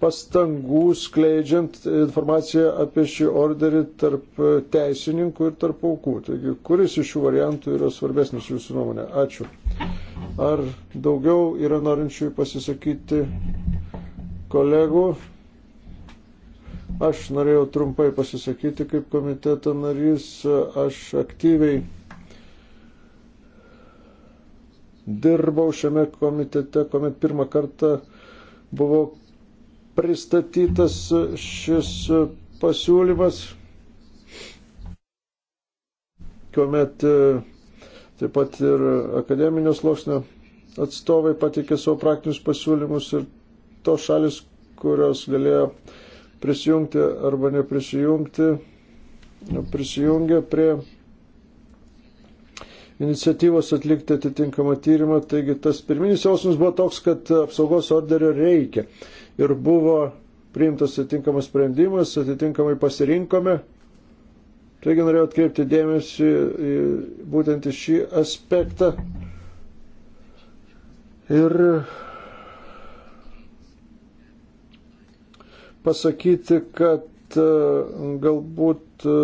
pastangų skleidžiant informaciją apie šį orderį tarp teisininkų ir tarp aukų. Taigi, kuris iš šių variantų yra svarbesnis jūsų nuomonė? Ačiū. Ar daugiau yra norinčių pasisakyti kolegų? Aš norėjau trumpai pasisakyti kaip komiteto narys. Aš aktyviai dirbau šiame komitete, kuomet pirmą kartą buvau pristatytas šis pasiūlymas, kuomet e, taip pat ir akademinio sluoksnio atstovai patikė savo praktinius pasiūlymus ir tos šalis, kurios galėjo prisijungti arba neprisijungti, prisijungė prie iniciatyvos atlikti atitinkamą tyrimą. Taigi tas pirminis jausmas buvo toks, kad apsaugos orderio reikia ir buvo priimtas atitinkamas sprendimas, atitinkamai pasirinkome. Taigi norėjau atkreipti dėmesį į, būtent į šį aspektą. Ir pasakyti, kad e, galbūt e,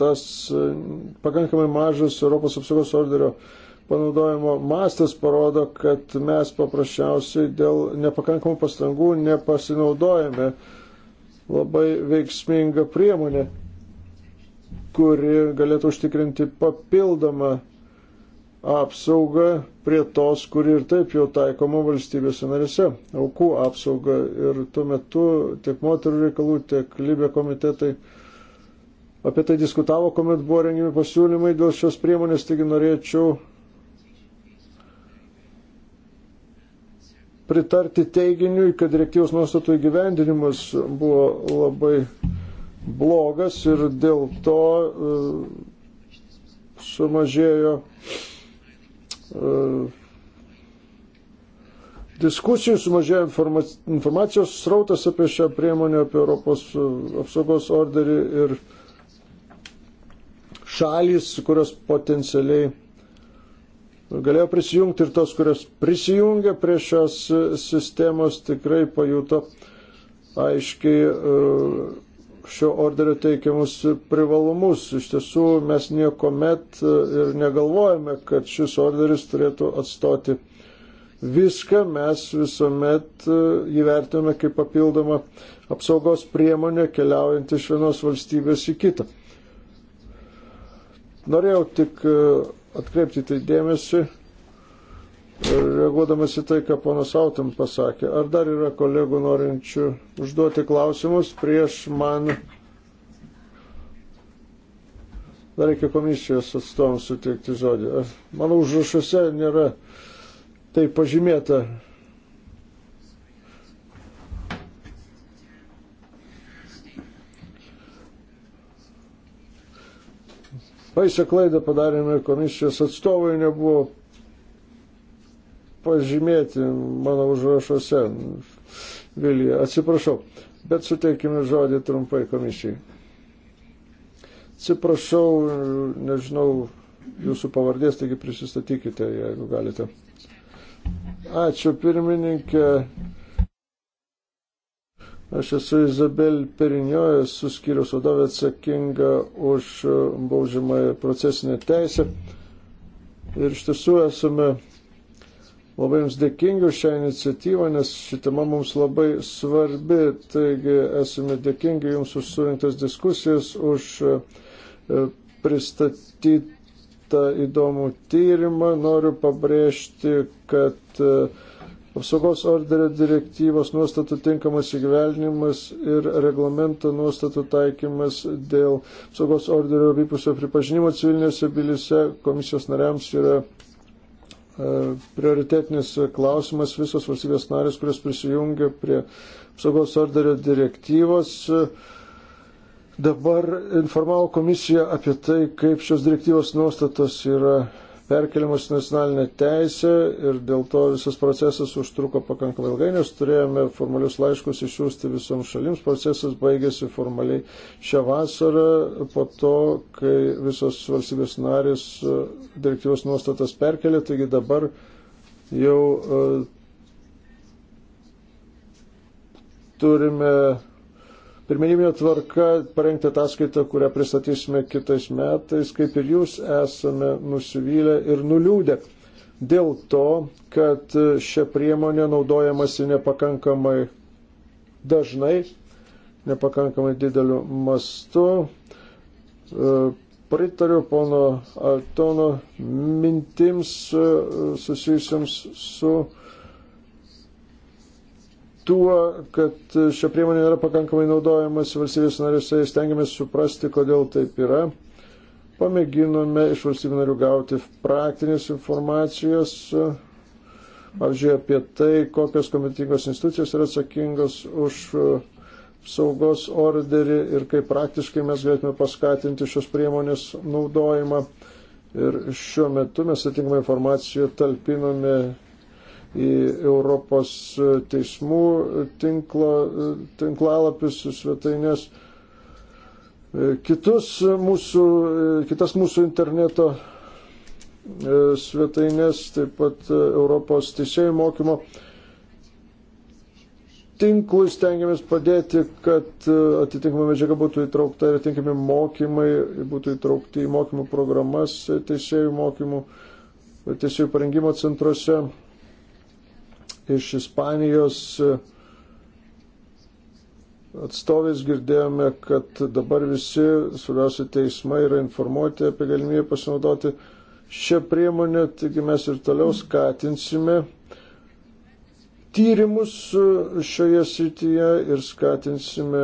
tas e, pakankamai mažas Europos apsaugos orderio uh, panaudojimo mastas parodo, kad mes paprasčiausiai dėl nepakankamų pastangų nepasinaudojame labai veiksmingą priemonę, kuri galėtų užtikrinti papildomą apsaugą prie tos, kuri ir taip jau taikoma valstybėse narise - aukų apsauga. Ir tuo metu tiek moterų reikalų, tiek Libė komitetai apie tai diskutavo, kuomet buvo rengiami pasiūlymai dėl šios priemonės, taigi norėčiau pritarti teiginiui, kad direktyvos nuostatų įgyvendinimas buvo labai blogas ir dėl to e, sumažėjo e, diskusijų, sumažėjo informacijos srautas apie šią priemonę, apie Europos e, apsaugos orderį ir šalis, kurios potencialiai galėjo prisijungti ir tos, kurios prisijungė prie šios e, sistemos, tikrai pajuto aiškiai e, šio orderio teikiamus privalumus. Iš tiesų mes nieko met e, ir negalvojame, kad šis orderis turėtų atstoti viską, mes visuomet įvertiname kaip papildomą apsaugos priemonę keliaujant iš vienos valstybės į kitą. Norėjau tik atkreipti tai dėmesį, e, reaguodamas į tai, ką ponas Autim pasakė. Ar dar yra kolegų norinčių užduoti klausimus prieš man? Dar reikia komisijos atstovams suteikti žodį. Mano užrašuose nėra tai pažymėta Baisę klaidą padarėme komisijos atstovai nebuvo pažymėti mano užrašuose. Vilija, atsiprašau, bet suteikime žodį trumpai komisijai. Atsiprašau, nežinau jūsų pavardės, taigi prisistatykite, jeigu galite. Ačiū pirmininkė. Aš esu Izabel Periniojas, suskyriaus vadovė atsakinga už baudžiamąją procesinę teisę. Ir iš tiesų esame labai jums dėkingi už šią iniciatyvą, nes ši tema mums labai svarbi. Taigi esame dėkingi jums už surinktas diskusijas, už e, pristatytą įdomų tyrimą. Noriu pabrėžti, kad uh, Apsaugos orderio direktyvos nuostatų tinkamas įgyvelnimas ir reglamento nuostatų taikymas dėl apsaugos orderio abipusio pripažinimo civilinėse bylise komisijos nariams yra e, prioritetinis klausimas. Visos valstybės narės, kurios prisijungia prie apsaugos orderio direktyvos, e, dabar informavo komisiją apie tai, kaip šios direktyvos nuostatos yra perkeliamas nacionalinę teisę ir dėl to visas procesas užtruko pakankamai ilgai, nes turėjome formalius laiškus išsiųsti visoms šalims. Procesas baigėsi formaliai šią vasarą po to, kai visos valstybės narės e, direktyvos nuostatas perkelė, taigi dabar jau e, turime pirminybinė tvarka parengti ataskaitą, kurią pristatysime kitais metais, kaip ir jūs esame nusivylę ir nuliūdę. Dėl to, kad šią priemonę naudojamasi nepakankamai dažnai, nepakankamai dideliu mastu. E, pritariu pono Altono mintims e, susijusiams su tuo, kad šią priemonę yra pakankamai naudojamas valstybės narėse, stengiamės suprasti, kodėl taip yra. Pamėginome iš valstybių narių gauti praktinės informacijos, pavyzdžiui, apie tai, kokios kompetingos institucijos yra atsakingos už saugos orderį ir kaip praktiškai mes galėtume paskatinti šios priemonės naudojimą. Ir šiuo metu mes atitinkamą informaciją talpiname į Europos teismų tinklo, tinklalapius, svetainės, e, kitus mūsų, e, kitas mūsų interneto e, svetainės, taip pat Europos teisėjų mokymo tinklui stengiamės padėti, kad atitinkama medžiaga būtų įtraukta ir atitinkami mokymai būtų įtraukti į mokymų programas teisėjų mokymų, teisėjų parengimo centruose iš Ispanijos e, atstovės girdėjome, kad dabar visi svarbiausia teismai yra informuoti apie galimybę pasinaudoti šią priemonę, taigi mes ir toliau skatinsime tyrimus e, šioje srityje ir skatinsime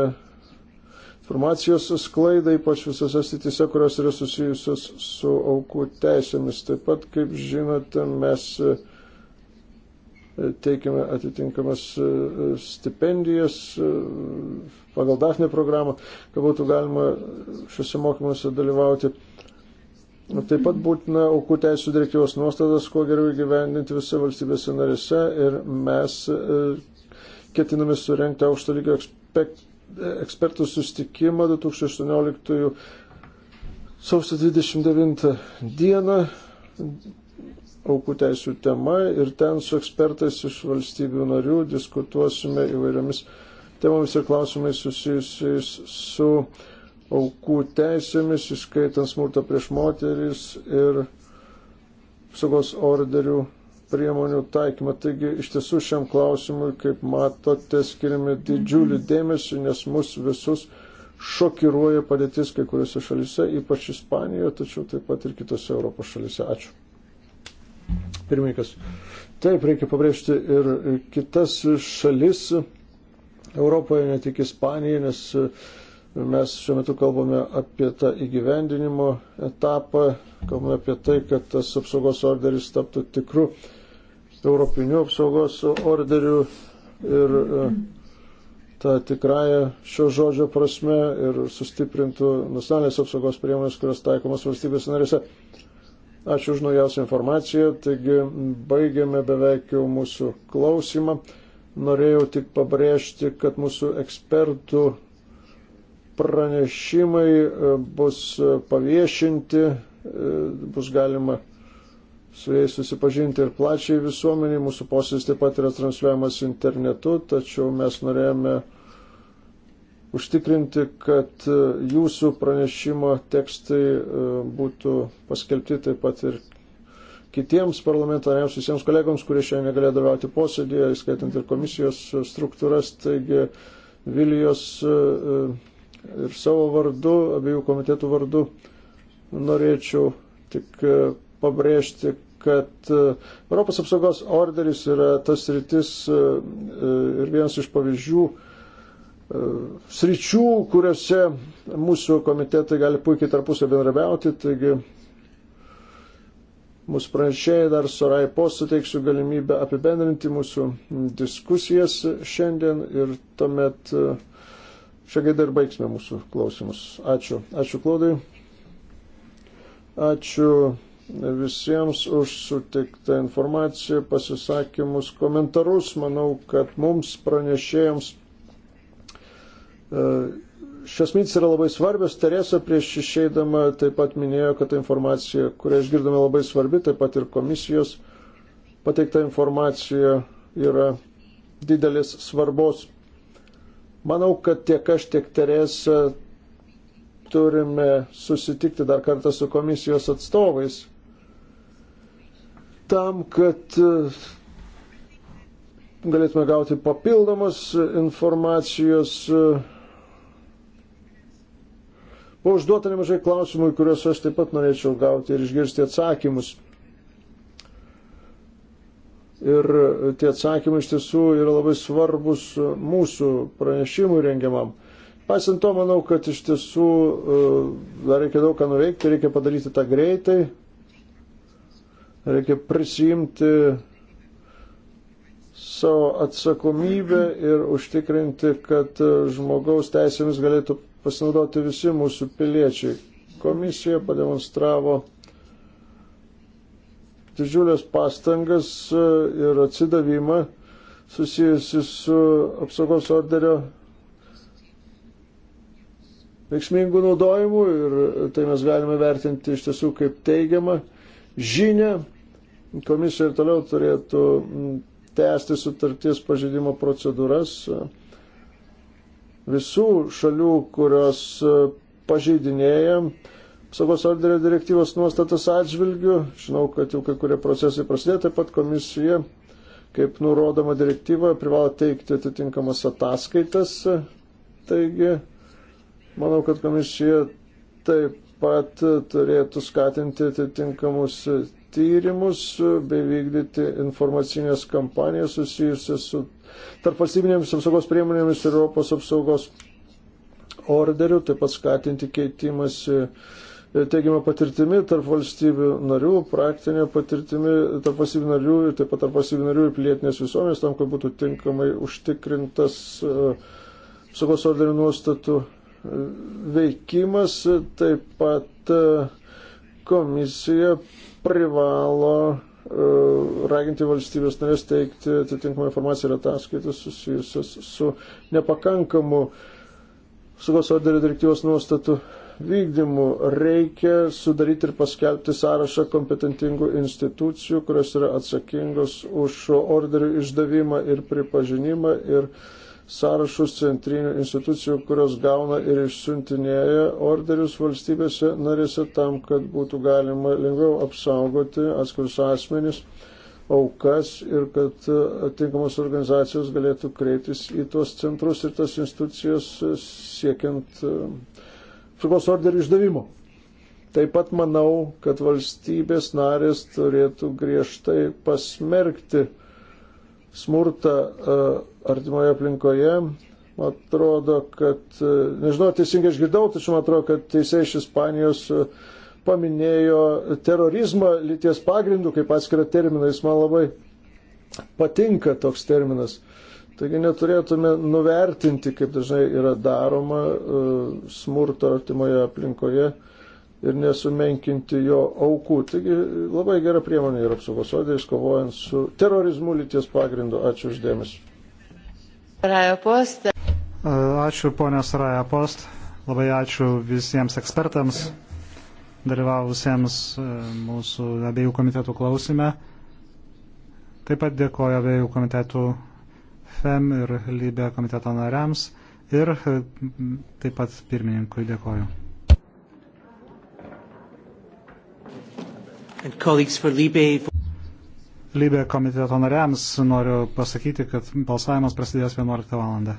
informacijos sklaidą, ypač visose srityse, kurios yra susijusios su aukų teisėmis. Taip pat, kaip žinote, mes e, teikiame atitinkamas e, e, stipendijas e, pagal Dafnį programą, kad būtų galima šiuose mokymuose dalyvauti. Taip pat būtina aukų teisų direktyvos nuostatas, kuo geriau įgyvendinti visose valstybėse narėse ir mes ketiname surenkti aukšto lygio ekspertų sustikimą 2018 sausio 29 dieną aukų teisų tema ir ten su ekspertais iš valstybių narių diskutuosime įvairiomis temomis ir klausimais susijusiais su aukų teisėmis, įskaitant smurtą prieš moteris ir apsaugos orderių priemonių taikymą. Taigi iš tiesų šiam klausimui, kaip matote, skiriame didžiulį dėmesį, nes mus visus šokiruoja padėtis kai kuriuose šalise, ypač Ispanijoje, tačiau taip pat ir kitose Europos šalise. Ačiū. Pirmininkas. Taip, reikia pabrėžti ir kitas šalis Europoje, ne tik Ispaniją, nes mes šiuo metu kalbame apie tą įgyvendinimo etapą, kalbame apie tai, kad tas apsaugos orderis taptų tikrų europinių apsaugos orderių ir e, tą tikrąją šio žodžio prasme ir sustiprintų nacionalinės apsaugos priemonės, kurios taikomas valstybės narėse. Ačiū už naujausią informaciją. Taigi baigiame beveik jau mūsų klausimą. Norėjau tik pabrėžti, kad mūsų ekspertų pranešimai e, bus paviešinti, e, bus galima su jais susipažinti ir plačiai visuomeniai. Mūsų posėdis taip pat yra transliuojamas internetu, tačiau mes norėjome užtikrinti, kad e, jūsų pranešimo tekstai e, būtų paskelbti taip pat ir kitiems parlamentariams, visiems kolegoms, kurie šiandien negalėjo dalyvauti posėdėje, įskaitant ir komisijos struktūras. Taigi Vilijos e, ir savo vardu, abiejų komitetų vardu norėčiau tik pabrėžti, kad Europos apsaugos orderis yra tas rytis ir vienas iš pavyzdžių, sričių, kuriuose mūsų komitetai gali puikiai tarpusą bendrabiauti. Taigi, mūsų pranešėjai dar Sorai Pos suteiksiu galimybę apibendrinti mūsų diskusijas šiandien ir tuomet e, šiagai dar baigsime mūsų klausimus. Ačiū. Ačiū Klaudai. Ačiū visiems už sutiktą informaciją, pasisakymus, komentarus. Manau, kad mums pranešėjams E, šios mintis yra labai svarbios. Teresa prieš išeidama taip pat minėjo, kad ta informacija, kurią išgirdome, labai svarbi, taip pat ir komisijos pateikta informacija yra didelis svarbos. Manau, kad tiek aš, tiek Teresa turime susitikti dar kartą su komisijos atstovais tam, kad e, galėtume gauti papildomos informacijos e, Buvo užduota nemažai klausimų, į kuriuos aš taip pat norėčiau gauti ir išgirsti atsakymus. Ir tie atsakymai iš tiesų yra labai svarbus mūsų pranešimui rengiamam. Pasiant to, manau, kad iš tiesų e, dar reikia daug ką nuveikti, reikia padaryti tą greitai, reikia prisijimti savo atsakomybę ir užtikrinti, kad žmogaus teisėmis galėtų pasinaudoti visi mūsų piliečiai. Komisija pademonstravo didžiulės pastangas e, ir atsidavimą susijusi su apsaugos orderio veiksmingų naudojimų ir tai mes galime vertinti iš tiesų kaip teigiamą žinę. Komisija ir toliau turėtų tęsti sutarties pažeidimo procedūras visų šalių, kurios e, pažeidinėja apsaugos orderio direktyvos nuostatas atžvilgių. Žinau, kad jau kai kurie procesai prasidėjo, taip pat komisija, kaip nurodoma direktyvoje, privalo teikti atitinkamas ataskaitas. Taigi, manau, kad komisija taip pat turėtų skatinti atitinkamus tyrimus bei vykdyti informacinės kampanijas susijusias su tarp valstybinėmis apsaugos priemonėmis ir Europos apsaugos orderių, taip pat skatinti keitimąsi e, teigiamą patirtimi tarp valstybių narių, praktinė patirtimi tarp valstybių narių ir taip pat tarp valstybių narių ir pilietinės visuomenės, tam, kad būtų tinkamai užtikrintas e, apsaugos orderių nuostatų e, veikimas, taip pat komisija privalo E, raginti valstybės narės teikti atitinkamą informaciją ir ataskaitas susijusias su nepakankamu saugos orderio direktyvos nuostatų vykdymu. Reikia sudaryti ir paskelbti sąrašą kompetentingų institucijų, kurios yra atsakingos už orderio išdavimą ir pripažinimą ir uh, sąrašus centrinių institucijų, kurios gauna ir išsiuntinėja orderius valstybėse narėse tam, kad būtų galima lengviau apsaugoti atskirus asmenis, aukas ir kad e, atitinkamos organizacijos galėtų kreiptis į tuos centrus ir tas institucijas e, siekiant e, apsaugos orderių išdavimo. Taip pat manau, kad valstybės narės turėtų griežtai pasmerkti smurtą artimoje aplinkoje. Man atrodo, kad, e, nežinau, teisingai išgirdau, tačiau man atrodo, kad teisėjai iš Ispanijos e, paminėjo terorizmą lyties pagrindų kaip atskirą terminą. Jis man labai patinka toks terminas. Taigi neturėtume nuvertinti, kaip dažnai yra daroma e, smurto artimoje aplinkoje ir nesumenkinti jo aukų. Taigi labai gera priemonė yra apsaugos odės, kovojant su terorizmu lyties pagrindu. Ačiū uždėmesi. Ačiū ponios Raja Post, labai ačiū visiems ekspertams, dalyvavusiems e, mūsų abiejų komitetų klausime. Taip pat dėkoju abiejų komitetų FEM ir Lybė e komiteto nariams ir e, taip pat pirmininkui dėkoju. And colleagues for Libé. Lybė komiteto nariams noriu pasakyti, kad balsavimas prasidės 11 valandą.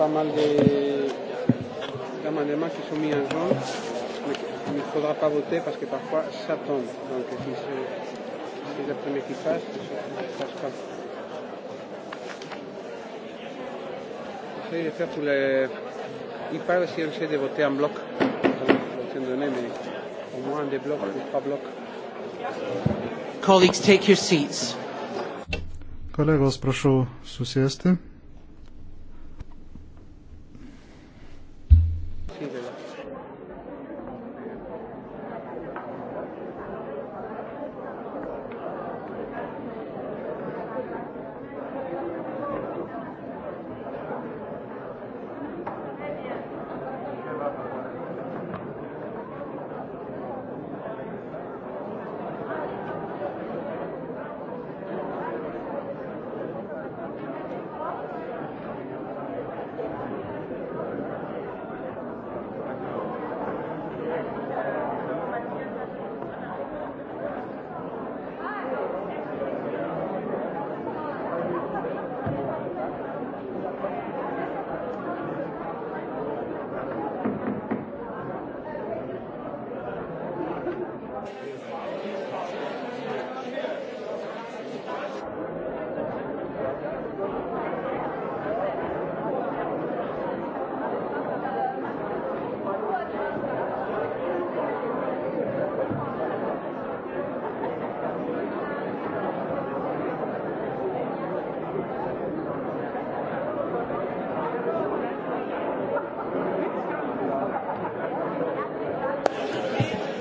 pas mal de d'amendements qui sont mis en jaune, mais il ne faudra pas voter parce que parfois ça tombe. Donc si c'est si le premier qui passe, ça ne passe pas. J'essaie de faire tous les... Il parle si on essaie de voter en bloc, donc, donné, mais au moins des blocs, ouais. trois blocs. Colleagues, take your seats. Kolegos, prašau susėsti.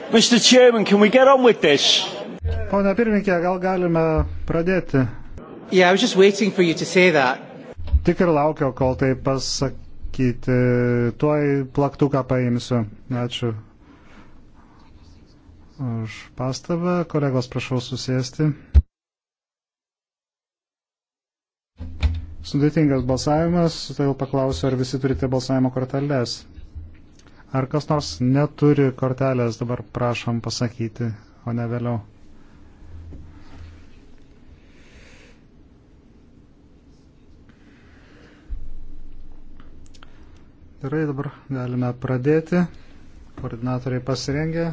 Mr. Chairman, can we get on with this? Pone pirmininkė, gal galime pradėti? Yeah, I was just waiting for you to say that. Tik ir laukiau, kol tai pasakyti. Tuoj plaktuką paimsiu. Ačiū. Už pastabą. Kolegos, prašau susėsti. Sudėtingas balsavimas, todėl paklausiu, ar visi turite balsavimo korteles. Ar kas nors neturi kortelės, dabar prašom pasakyti, o ne vėliau. Gerai, dabar galime pradėti. Koordinatoriai pasirengė.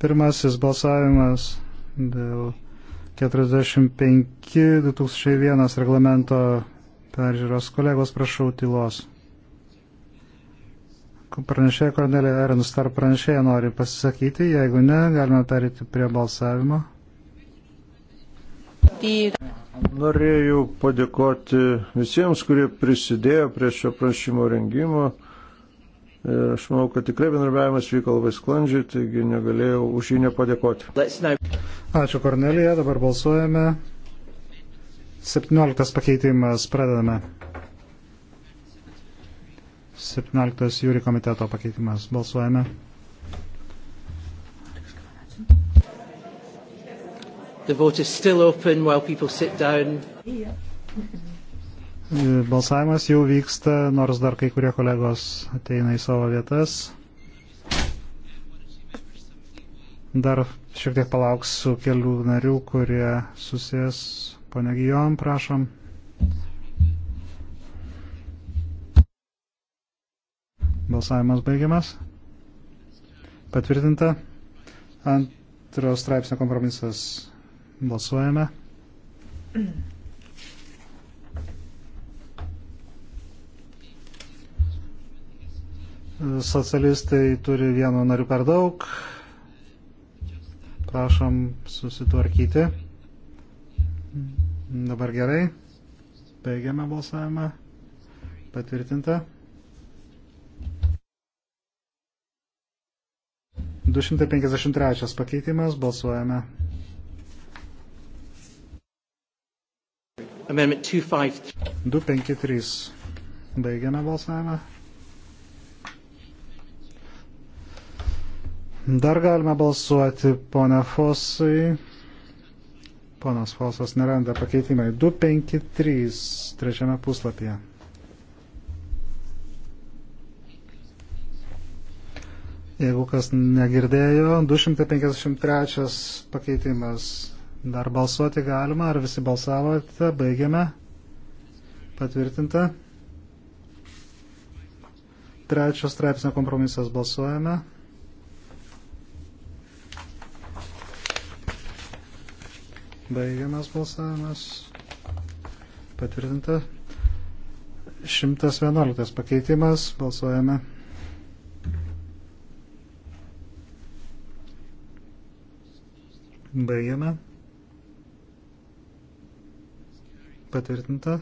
Pirmasis balsavimas dėl 45-2001 reglamento peržiūros. Kolegos, prašau tylos. Pranešėja Kornelė Erinus, ar pranešėja nori pasisakyti? Jeigu ne, galime perėti prie balsavimo. Norėjau padėkoti visiems, kurie prisidėjo prie šio prašymo rengimo. Ir e, aš manau, kad tikrai bendrabiavimas vyko labai sklandžiai, taigi negalėjau už jį nepadėkoti. Ačiū Kornelija, dabar balsuojame. 17 pakeitimas, pradedame. 17 jūri komiteto pakeitimas, balsuojame. The vote is still open while people sit down. Yeah. (laughs) Balsavimas jau vyksta, nors dar kai kurie kolegos ateina į savo vietas. Dar šiek tiek palauksiu kelių narių, kurie susės. Pane Gijom, prašom. Balsavimas baigiamas. Patvirtinta. Antro straipsnio kompromisas. Balsuojame. socialistai turi vienu nariu per daug. Prašom susitvarkyti. Dabar gerai. Baigiame balsavimą. Patvirtinta. 253 pakeitimas. Balsuojame. Amendment 253. Baigiame balsavimą. Dar galime balsuoti ponia Fosui. Ponas Fosas neranda pakeitimai. 253 trečiame puslapyje. Jeigu kas negirdėjo, 253 pakeitimas. Dar balsuoti galima, ar visi balsavote, baigiame. Patvirtinta. Trečios straipsnio kompromisas balsuojame. Baigiamas balsavimas. Patvirtinta. 111 pakeitimas. Balsuojame. Baigiame. Patvirtinta.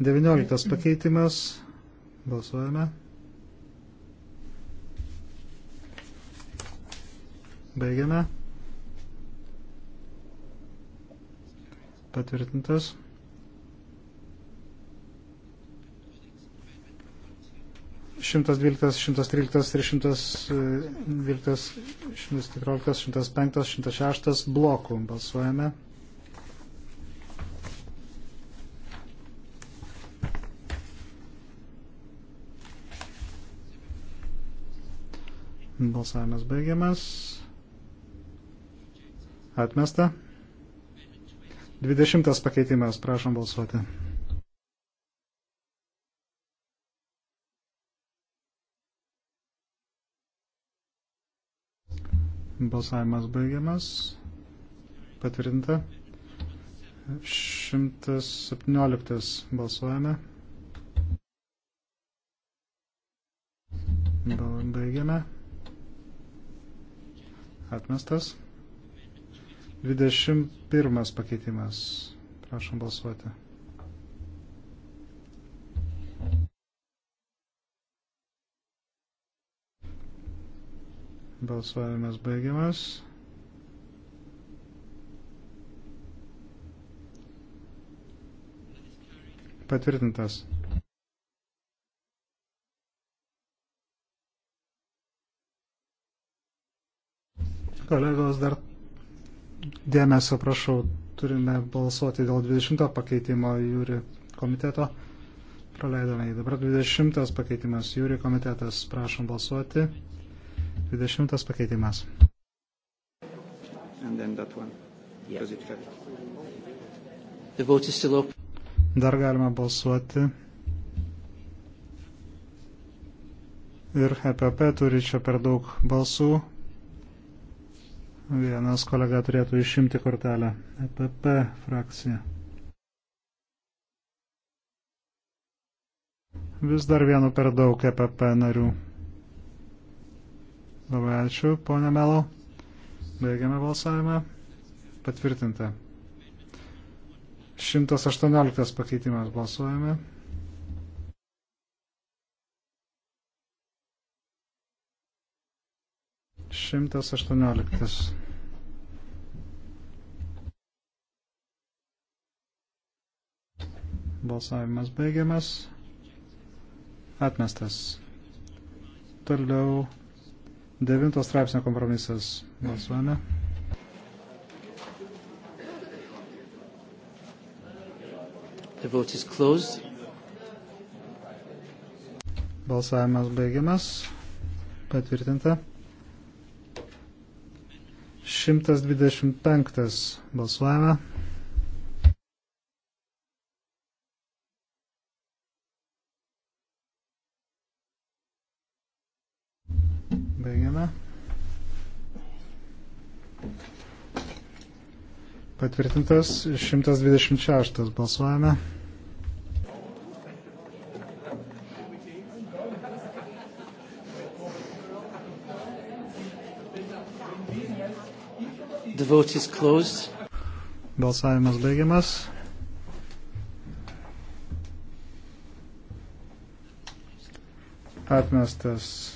19 pakeitimas. Balsuojame. Baigiame. patvirtintas. Šimtas dvyliktas, šimtas tryliktas ir šimtas e, dvyliktas, šimtas keturioliktas, šimtas penktas, šimtas šeštas blokų balsuojame. Balsavimas baigiamas. Atmesta. 20 pakeitimas, prašom balsuoti. Balsavimas baigiamas. Patvirtinta. 117 balsuojame. Baigiame. Atmestas. 21 pakeitimas. Prašom balsuoti. Balsavimas baigiamas. Patvirtintas. Kolegos, dar dėmesio, prašau, turime balsuoti dėl 20 pakeitimo jūri komiteto. Praleidome į dabar 20 pakeitimas jūri komitetas. Prašom balsuoti. 20 pakeitimas. Dar galima balsuoti. Ir EPP turi čia per daug balsų. Vienas kolega turėtų išimti kortelę. EPP frakcija. Vis dar vienu per daug EPP narių. Labai ačiū, ponė Melau. Baigiame balsavimą. Patvirtinta. 118 pakeitimas balsuojame. 118. Balsavimas baigiamas. Atmestas. Toliau 9 straipsnio kompromisas. Balsuojame. The vote is closed. Balsavimas baigiamas. Patvirtinta. 125 balsuojame. Baigiame. Patvirtintas 126 balsuojame. Balsavimas baigiamas. Atmestas.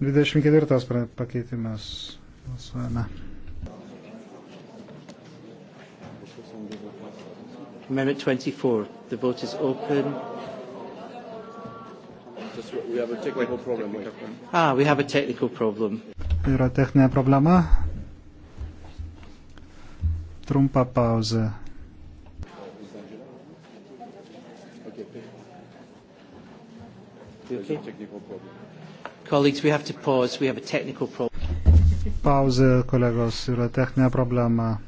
24 pakeitimas. Balsuojame. Amendment 24. The vote is open. Just, we have a technical problem. Ah, we have a technical problem yra techninė problema. Trumpa pauzė. Okay. Colleagues, we have to pause. We have a technical problem. Pauzė, kolegos, yra techninė problema.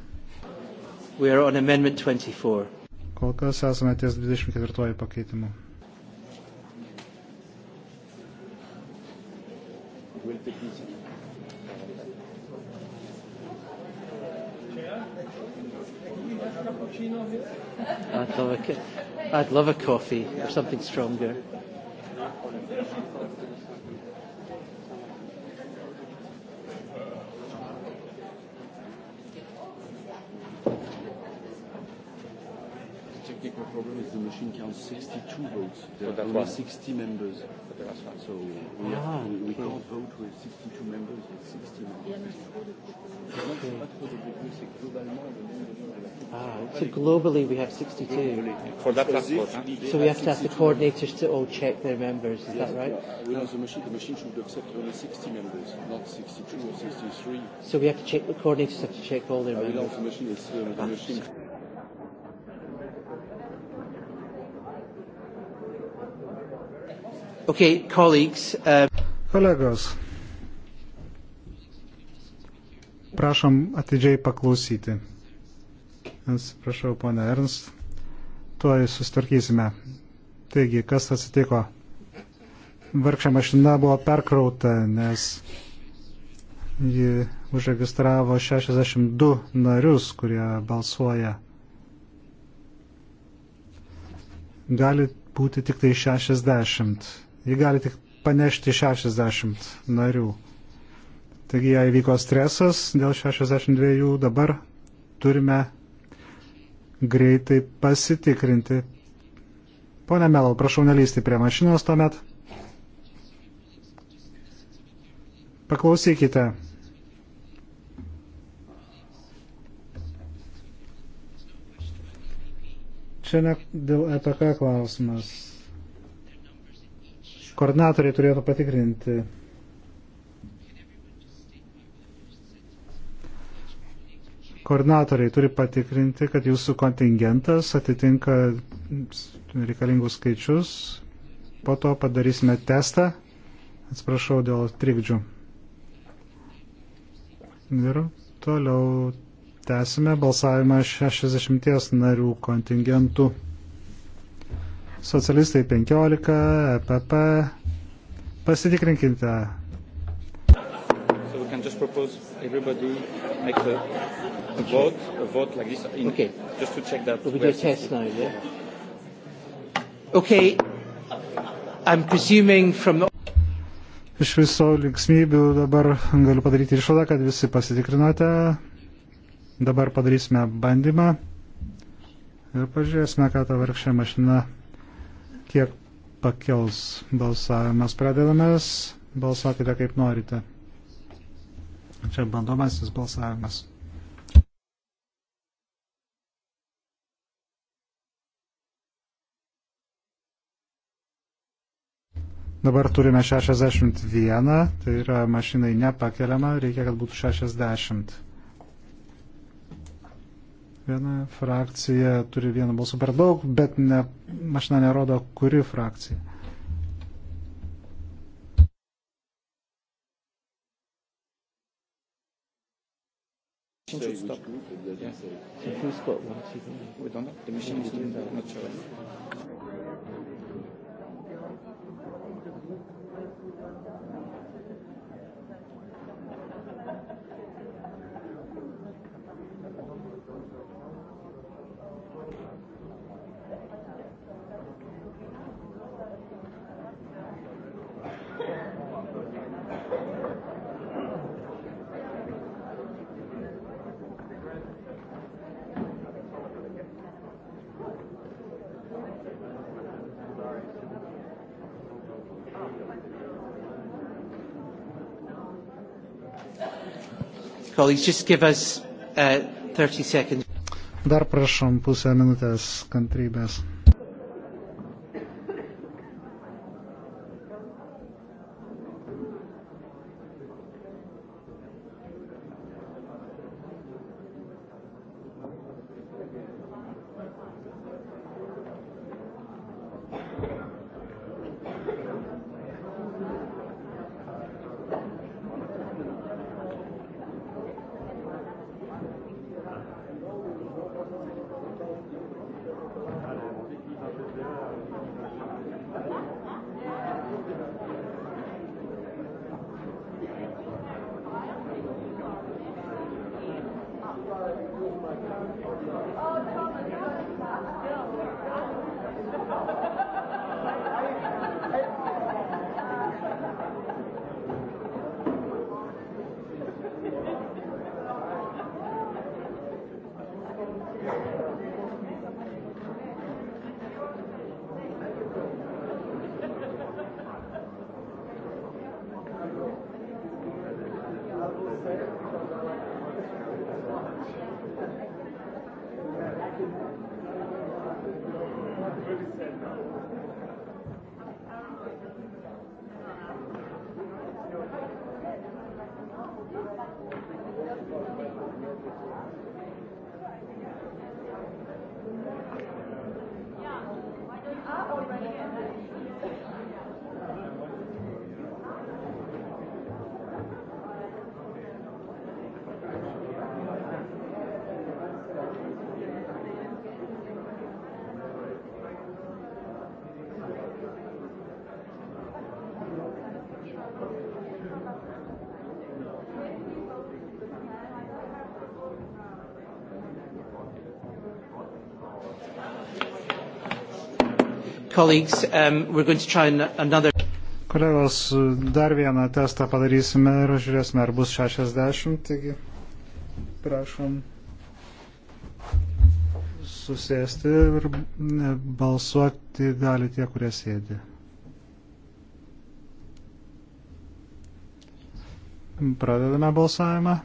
We are on amendment 24. Kol kas esame ties 24 pakeitimu. Will the I'd love a, I'd love a coffee or something stronger. Constitution counts 62 votes. Oh, there so are only one. 60 members. So, there are so we, ah, have, we, we okay. can't vote with 62 members, with 60 members. Okay. Ah, so globally we have 62. For that passport. So we have to ask the coordinators to all check their members, is yes, that right? No, no, the, machine, the machine should accept only 60 members, not 62 or 63. So we have to check, the coordinators have to check all their uh, members. Ah, the machine is, uh, the machine. Okay, colleagues. Uh... Kolegos, prašom atidžiai paklausyti. Prašau, ponia Ernst, tuoj sustarkysime. Taigi, kas atsitiko? Varkšė mašina buvo perkrauta, nes ji užregistravo 62 narius, kurie balsuoja. Gali būti tik tai 60. Ji gali tik panešti 60 narių. Taigi jai vyko stresas dėl 62, dabar turime greitai pasitikrinti. Pone Melau, prašau nelysti prie mašinos tuomet. Paklausykite. Čia ne dėl EPK klausimas. Koordinatoriai turėtų patikrinti. Koordinatoriai turi patikrinti, kad jūsų kontingentas atitinka reikalingus skaičius. Po to padarysime testą. Atsiprašau dėl trikdžių. Ir toliau tęsime balsavimą 60 narių kontingentų socialistai 15, EPP. Pasitikrinkite. So just propose everybody make a, a vote, a vote like this, in, okay. just to check that. We do a test now, yeah. Okay, I'm presuming from. The... Iš viso linksmybių dabar galiu padaryti išvadą, kad visi pasitikrinote. Dabar padarysime bandymą ir pažiūrėsime, ką ta vargšė mašina kiek pakils balsavimas. Pradedamės, balsuokite kaip norite. Čia bandomasis balsavimas. Dabar turime 61, tai yra mašinai nepakeliama, reikia, kad būtų 60. Viena frakcija turi vieną balsą per daug, bet ne, mašina nerodo, kuri frakcija. machine should stop. Yeah. It will stop once you. We don't know. The machine is doing that. Not sure. colleagues, just give us uh, 30 seconds. Dar prašom pusę minutės kantrybės. Colleagues, um, we're going to try another. Kolegos, dar vieną testą padarysime ir žiūrėsime, ar bus 60. Taigi, prašom susėsti ir e, balsuoti gali tie, kurie sėdi. Pradedame balsavimą.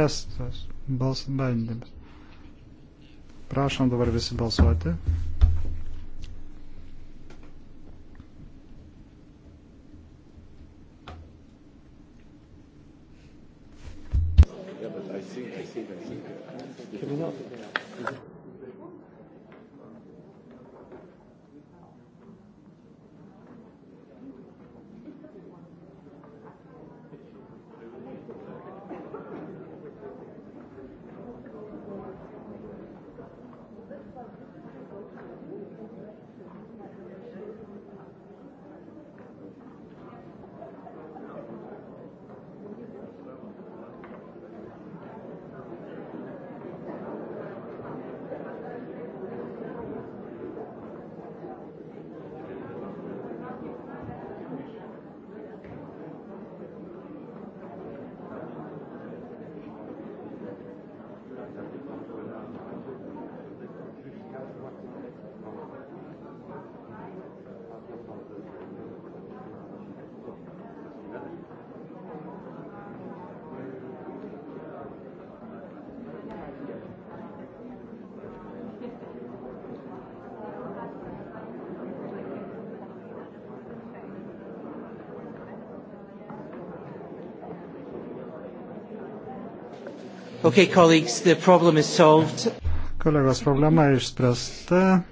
Testas, balsas bandymas. Prašom dabar visi balsuoti. Okay, colleagues, the problem is solved. Kolegos, problema išspręsta,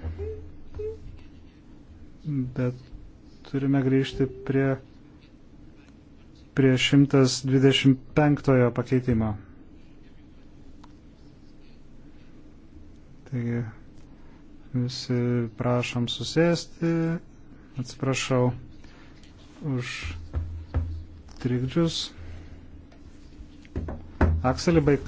bet turime grįžti prie, prie 125 pakeitimo. Taigi, visi prašom susėsti, atsiprašau už trikdžius. Akselį baig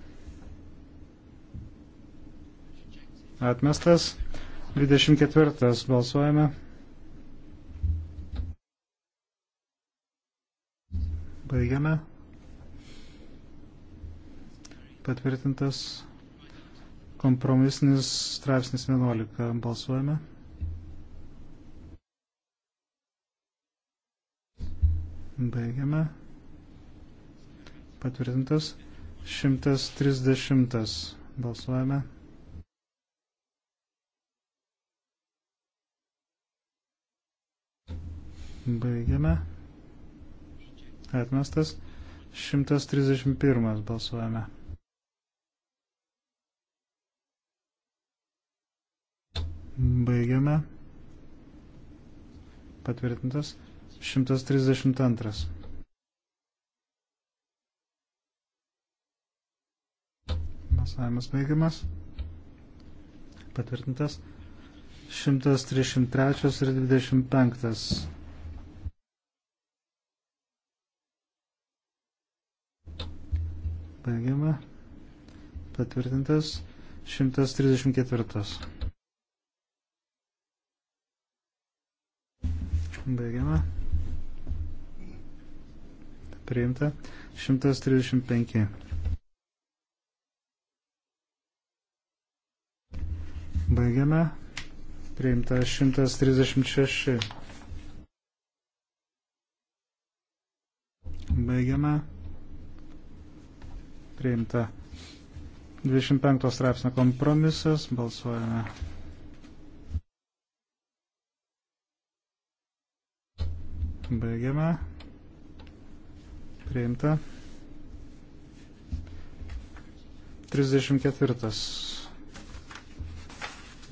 Atmestas. 24 balsuojame. Baigiame. Patvirtintas kompromisinis straipsnis 11. Balsuojame. Baigiame. Patvirtintas 130. Balsuojame. Baigiame. Atmestas. 131 balsuojame. Baigiame. Patvirtintas. 132. Balsavimas baigiamas. Patvirtintas. 133 ir 25. Baigiame. Patvirtintas 134. Baigiame. Priimta 135. Baigiame. Priimta 136. Baigiame priimta 25 straipsnio kompromisas, balsuojame. Baigiame. Priimta. 34.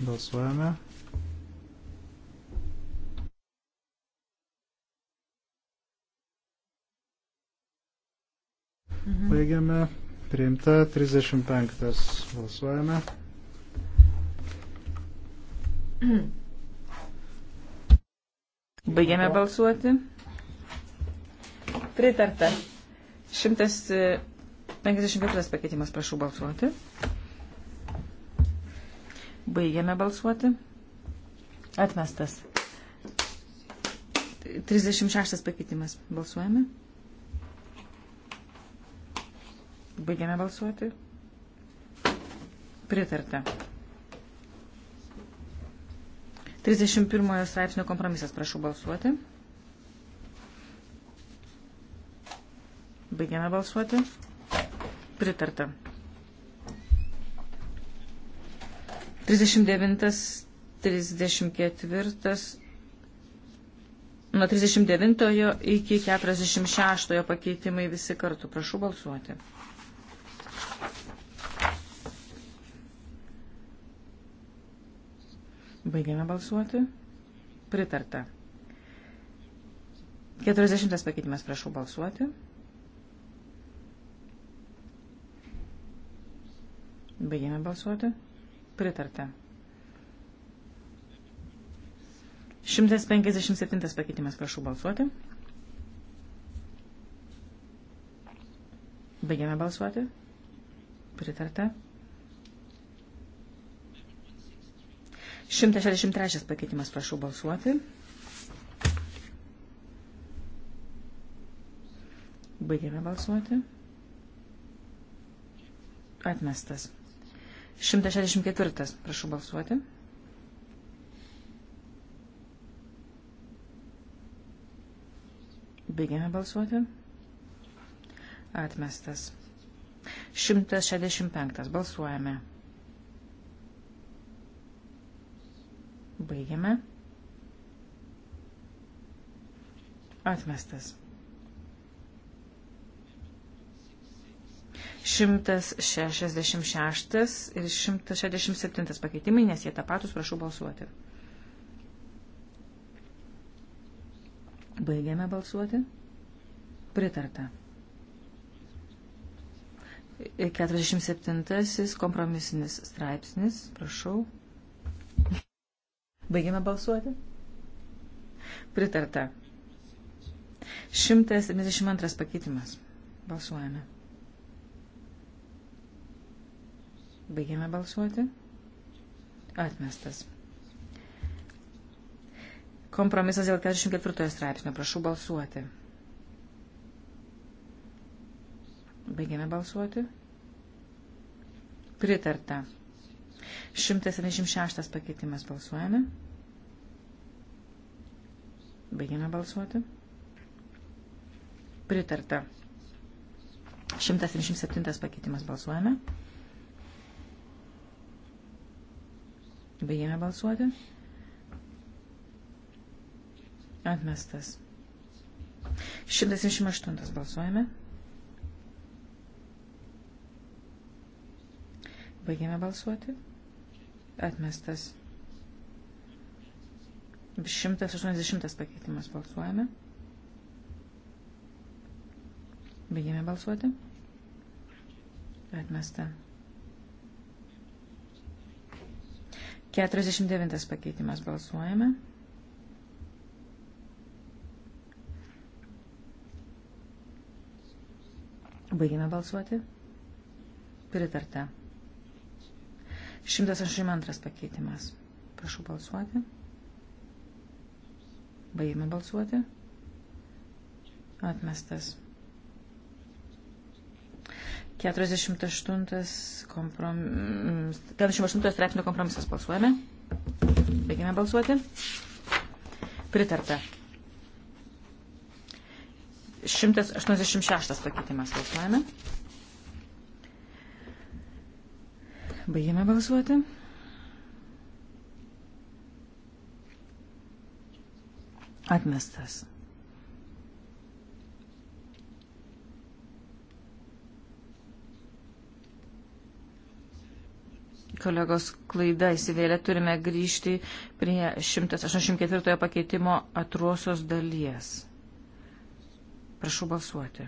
Balsuojame. Mhm. Baigiame Priimta 35. Balsuojame. Baigėme balsuoti. Pritarta. 154 pakeitimas, prašau balsuoti. Baigėme balsuoti. Atmestas. 36 pakeitimas. Balsuojame. Baigiame balsuoti. Pritarta. 31 straipsnio kompromisas, prašau balsuoti. Baigiame balsuoti. Pritarta. 39, 34, nuo 39 iki 46 pakeitimai visi kartu. Prašau balsuoti. Baigiame balsuoti. Pritarta. 40 pakeitimas prašau balsuoti. Baigiame balsuoti. Pritarta. 157 pakeitimas prašau balsuoti. Baigiame balsuoti. Pritarta. 163 pakeitimas, prašau balsuoti. Baigėme balsuoti. Atmestas. 164, prašau balsuoti. Baigėme balsuoti. Atmestas. 165, balsuojame. Baigiame. Atmestas. 166 ir 167 pakeitimai, nes jie tą patus, prašau balsuoti. Baigiame balsuoti. Pritarta. 47 kompromisinis straipsnis, prašau, Baigiame balsuoti. Pritarta. 172 pakeitimas. Balsuojame. Baigiame balsuoti. Atmestas. Kompromisas dėl 44 straipsnio. Prašau balsuoti. Baigiame balsuoti. Pritarta. 176 pakeitimas balsuojame. Baigiame balsuoti. Pritarta. 177 pakeitimas balsuojame. Baigiame balsuoti. Atmestas. 178 balsuojame. Baigiame balsuoti. Atmestas. 180 pakeitimas balsuojame. Baigėme balsuoti. Atmesta. 49 pakeitimas balsuojame. Baigėme balsuoti. Pritarta. 182 pakeitimas. Prašau balsuoti. Baigime balsuoti. Atmestas. 48 komprom... 48 straipsnio kompromisas balsuojame. Baigime balsuoti. Pritarta. 186 pakeitimas balsuojame. Baigėme balsuoti. Atmestas. kolegos klaida įsivėlė, turime grįžti prie 184 pakeitimo atrosios dalies. Prašau balsuoti.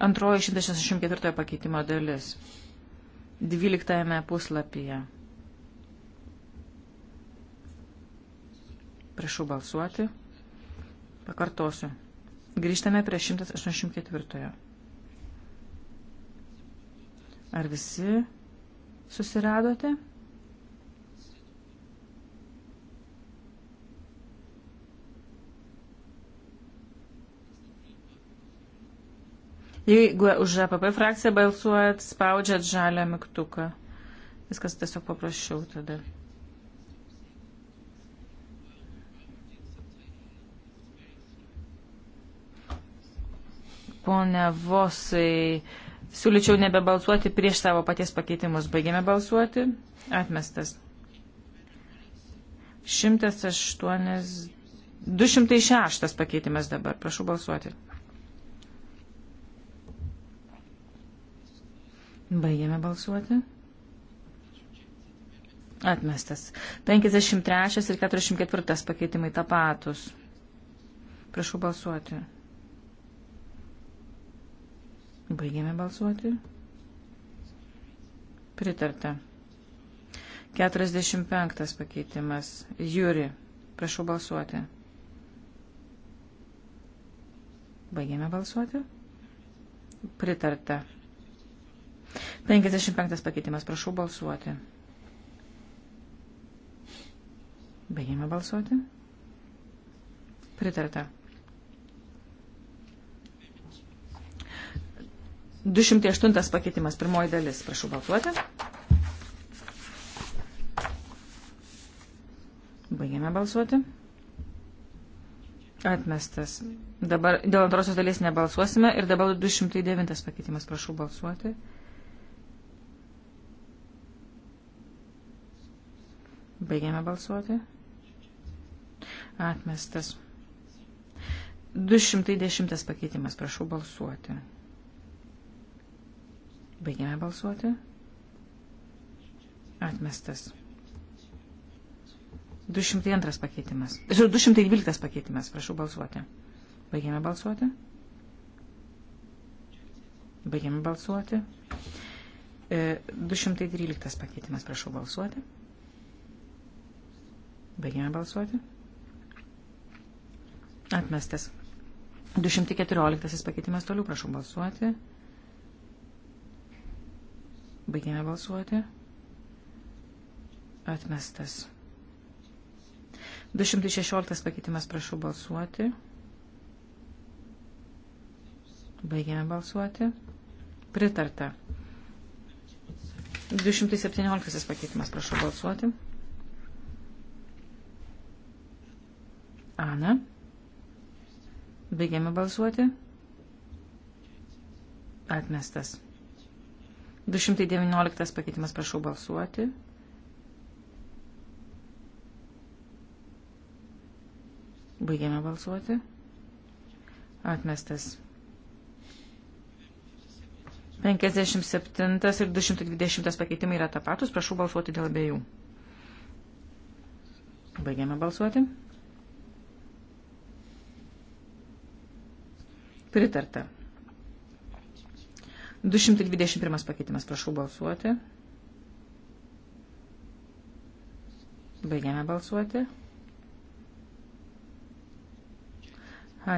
Antroji 164 pakeitimo dalis. 12 puslapyje. Prašau balsuoti. Pakartosiu. Grįžtame prie 184. Ar visi susiradote? Jeigu už APP e frakciją balsuojat, spaudžiat žalią mygtuką. Viskas tiesiog paprasčiau tada. Pone Vosai, siūlyčiau nebebalsuoti prieš savo paties pakeitimus. Baigėme balsuoti. Atmestas. 108. 206 pakeitimas dabar. Prašau balsuoti. Baigiame balsuoti. Atmestas. 53 ir 44 pakeitimai tapatus. Prašau balsuoti. Baigiame balsuoti. Pritarta. 45 pakeitimas. Jūri. Prašau balsuoti. Baigiame balsuoti. Pritarta. 55 pakeitimas, prašau balsuoti. Baigėme balsuoti. Pritarta. 208 pakeitimas, pirmoji dalis, prašau balsuoti. Baigėme balsuoti. Atmestas. Dabar dėl antrosios dalies nebalsuosime ir dabar 209 pakeitimas, prašau balsuoti. Baigiame balsuoti. Atmestas. 210 pakeitimas, prašau balsuoti. Baigiame balsuoti. Atmestas. 202 pakeitimas. 212 pakeitimas, prašau balsuoti. Baigiame balsuoti. Baigiame balsuoti. 213 e, pakeitimas, prašau balsuoti. Baigėme balsuoti. Atmestas. 214 pakeitimas toliau, prašau balsuoti. Baigėme balsuoti. Atmestas. 216 pakeitimas, prašau balsuoti. Baigėme balsuoti. Pritarta. 217 pakeitimas, prašau balsuoti. Ana. Baigiame balsuoti. Atmestas. 219 pakeitimas, prašau balsuoti. Baigiame balsuoti. Atmestas. 57 ir 220 pakeitimai yra tapatus, prašau balsuoti dėl abiejų. Baigiame balsuoti. Pritarta. 221 pakeitimas, prašau balsuoti. Baigiame balsuoti.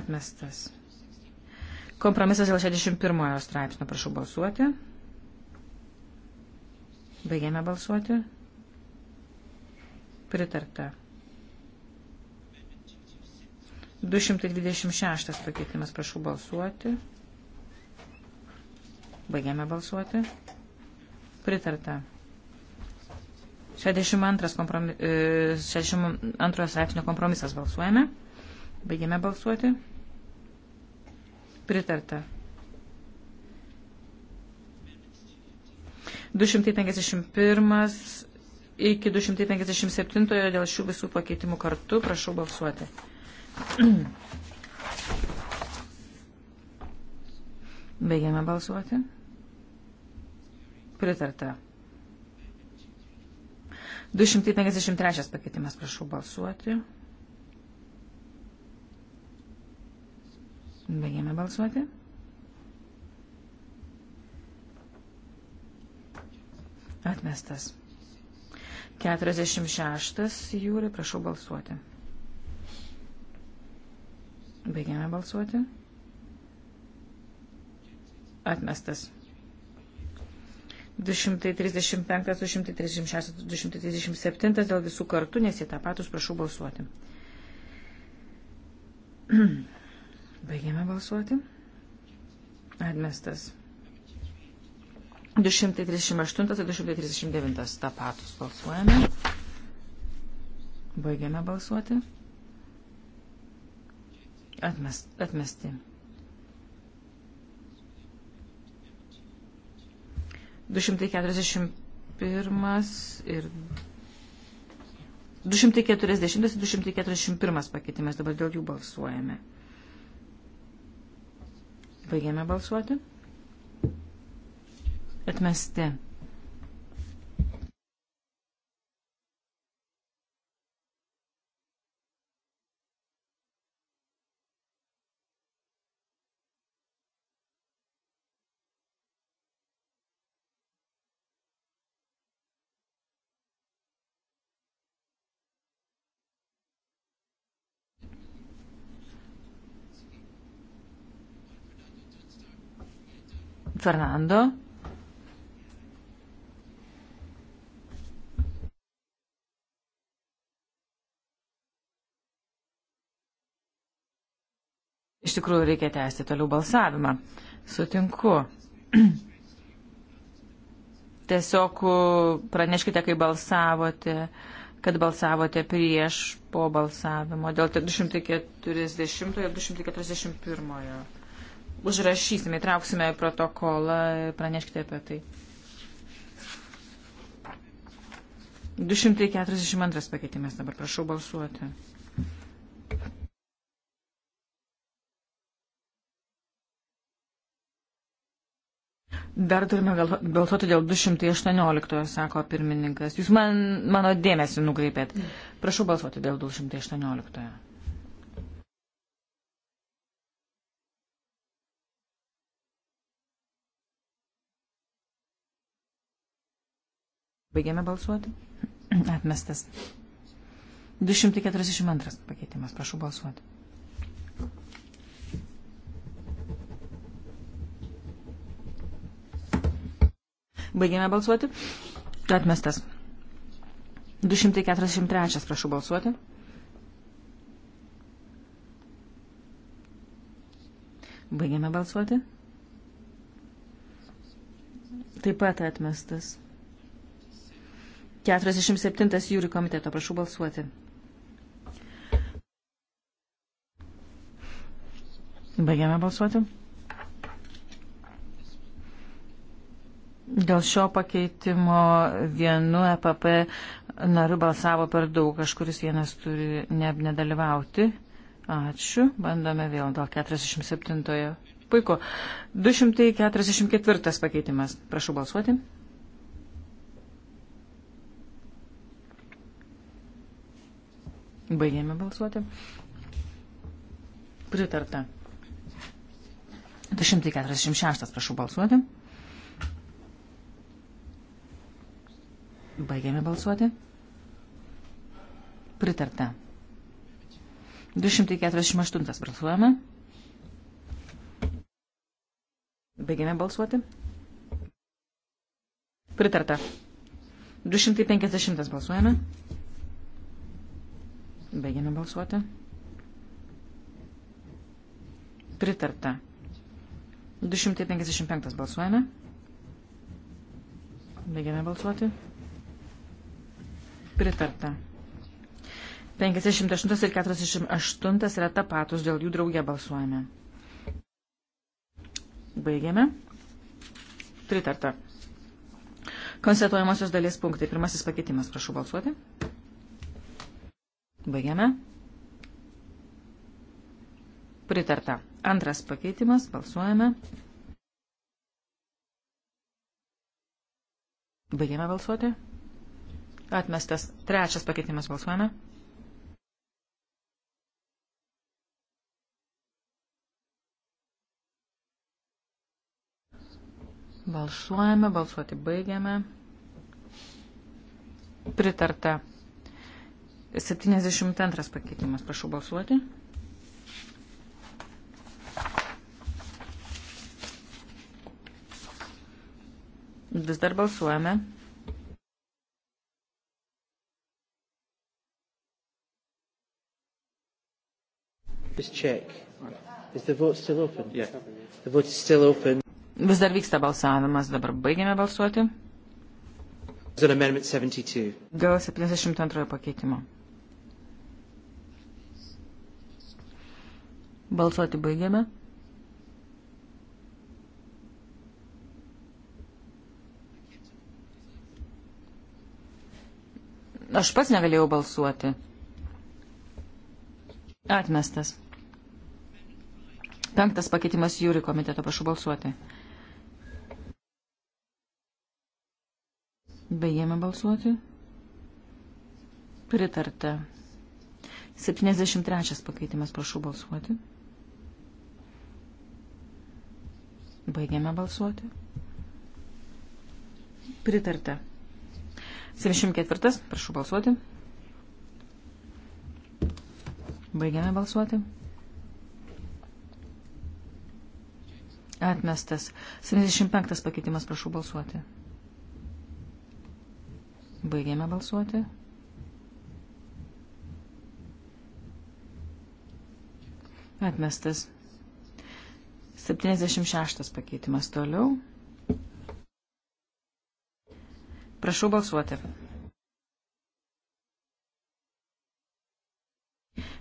Atmestas. Kompromisas dėl 61 straipsnio, prašau balsuoti. Baigiame balsuoti. Pritarta. 226 pakeitimas, prašau balsuoti. Baigiame balsuoti. Pritarta. 62, kompromis, 62 straipsnio kompromisas balsuojame. Baigiame balsuoti. Pritarta. 251 iki 257 dėl šių visų pakeitimų kartu prašau balsuoti. Baigiame balsuoti. Pritarta. 253 pakeitimas, prašau balsuoti. Baigiame balsuoti. Atmestas. 46 jūri, prašau balsuoti. Baigiame balsuoti. Atmestas. 235, 236, 237 dėl visų kartų, nes jie tą patus prašau balsuoti. (clears throat) Baigiame balsuoti. Atmestas. 238-239 tapatus balsuojame. Baigiame balsuoti. Atmest, atmesti. 241 ir 240 ir 241 pakeitimas. Dabar dėl jų balsuojame. Baigėme balsuoti. Atmesti. Fernando. Iš tikrųjų, reikia tęsti toliau balsavimą. Sutinku. (clears throat) Tiesiog uh, praneškite, kai balsavote, kad balsavote prieš po balsavimo dėl 240 ir 241 užrašysime, įtrauksime į protokolą, praneškite apie tai. 242 pakeitimas dabar, prašau balsuoti. Dar turime balsuoti dėl 218, sako pirmininkas. Jūs man, mano dėmesį nukreipėt. Prašau balsuoti dėl 218. Baigiame balsuoti. Atmestas. 242 pakeitimas. Prašau balsuoti. Baigiame balsuoti. Atmestas. 243. Prašau balsuoti. Baigiame balsuoti. Taip pat atmestas. 47 jūrių komiteto, prašau balsuoti. Baigiame balsuoti. Dėl šio pakeitimo vienu EPP nariu balsavo per daug, kažkuris vienas turi ne, nedalyvauti. Ačiū, bandome vėl dėl 47. Puiku. 244 pakeitimas. Prašau balsuoti. Baigėme balsuoti. Pritarta. 246, prašau balsuoti. Baigėme balsuoti. Pritarta. 248 balsuojame. Baigėme balsuoti. Pritarta. 250 balsuojame. Baigiame balsuoti. Pritarta. 255 balsuojame. Baigiame balsuoti. Pritarta. 58 ir 48 yra tapatus, dėl jų draugė balsuojame. Baigiame. Pritarta. Konstatuojamosios dalies punktai. Pirmasis pakeitimas, prašau balsuoti. Baigiame. Pritarta. Antras pakeitimas. Balsuojame. Baigiame balsuoti. Atmestas. Trečias pakeitimas. Balsuojame. Balsuojame, balsuoti baigiame. Pritarta 72 pakeitimas, prašau balsuoti. Vis dar balsuojame. Just check. Is the vote still open? Yeah. The vote is still open. Vis dar vyksta balsavimas, dabar baigiame balsuoti. Dėl 72 pakeitimo. Balsuoti baigiame. Aš pats negalėjau balsuoti. Atmestas. Penktas pakeitimas jūri komiteto, prašau balsuoti. Baigėme balsuoti. Pritarta. 73 pakeitimas, prašau balsuoti. Baigiame balsuoti. Pritarta. 74. Prašau balsuoti. Baigiame balsuoti. Atmestas. 75 pakeitimas, prašau balsuoti. Baigėme balsuoti. Atmestas. 76 pakeitimas toliau. Prašau balsuoti.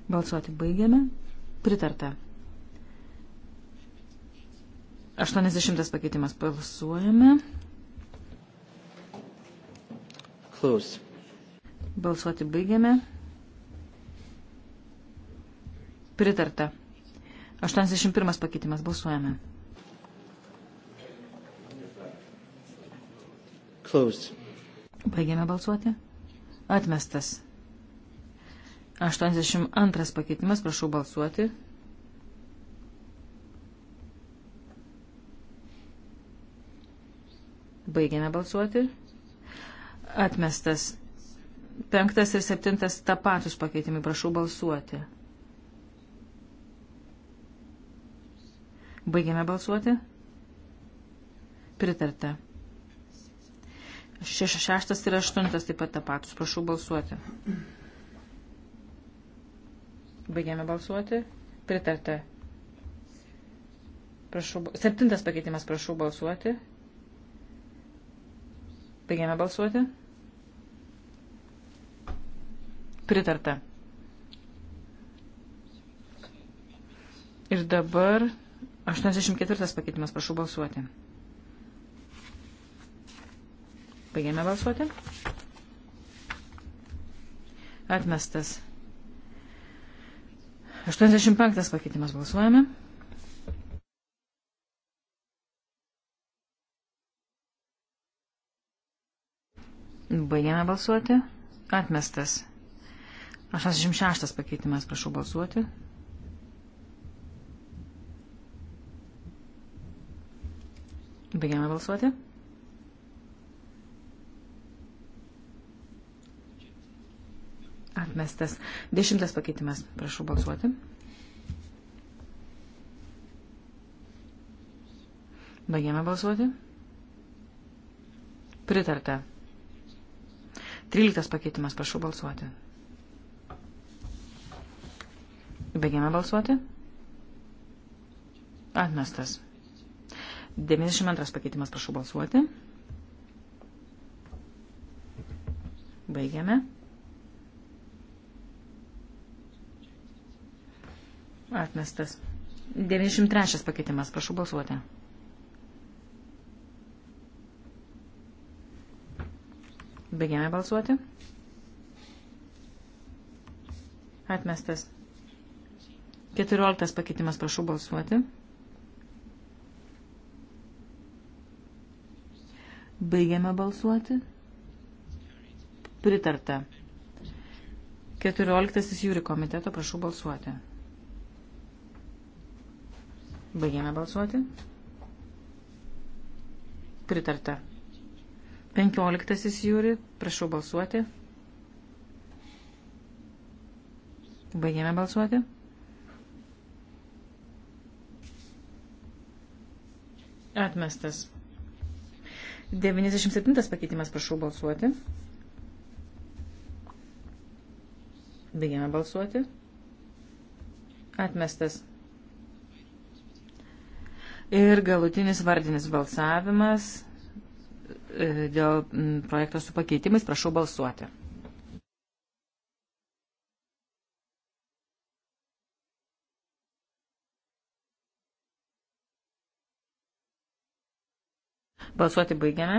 Balsuoti baigiame. Pritarta. 80 pakeitimas balsuojame. Close. Balsuoti baigiame. Pritarta. 81 pakeitimas. Balsuojame. Closed. Baigėme balsuoti. Atmestas. 82 pakeitimas. Prašau balsuoti. Baigėme balsuoti. Atmestas. Penktas ir septintas tapatus pakeitimai. Prašau balsuoti. Baigiame balsuoti. Pritarta. Šeš, šeštas ir aštuntas taip pat tapatus. Prašau balsuoti. Baigiame balsuoti. Pritarta. Prašau, septintas pakeitimas, prašau balsuoti. Baigiame balsuoti. Pritarta. Ir dabar 84 pakeitimas, prašau balsuoti. Baigėme balsuoti. Atmestas. 85 pakeitimas balsuojame. Baigėme balsuoti. Atmestas. 86 pakeitimas, prašau balsuoti. Baigiame balsuoti. Atmestas. Dešimtas pakeitimas. Prašau balsuoti. Baigiame balsuoti. Pritarta. Tryliktas pakeitimas. Prašau balsuoti. Baigiame balsuoti. Atmestas. 92 pakeitimas, prašau balsuoti. Baigiame. Atmestas. 93 pakeitimas, prašau balsuoti. Baigiame balsuoti. Atmestas. 14 pakeitimas, prašau balsuoti. Baigiame balsuoti. Pritarta. 14 jūri komiteto, prašau balsuoti. Baigiame balsuoti. Pritarta. 15 jūri, prašau balsuoti. Baigiame balsuoti. Atmestas. 97 pakeitimas, prašau balsuoti. Baigiame balsuoti. Atmestas. Ir galutinis vardinis balsavimas e, dėl projekto su pakeitimais, prašau balsuoti. Balsuoti baigiame.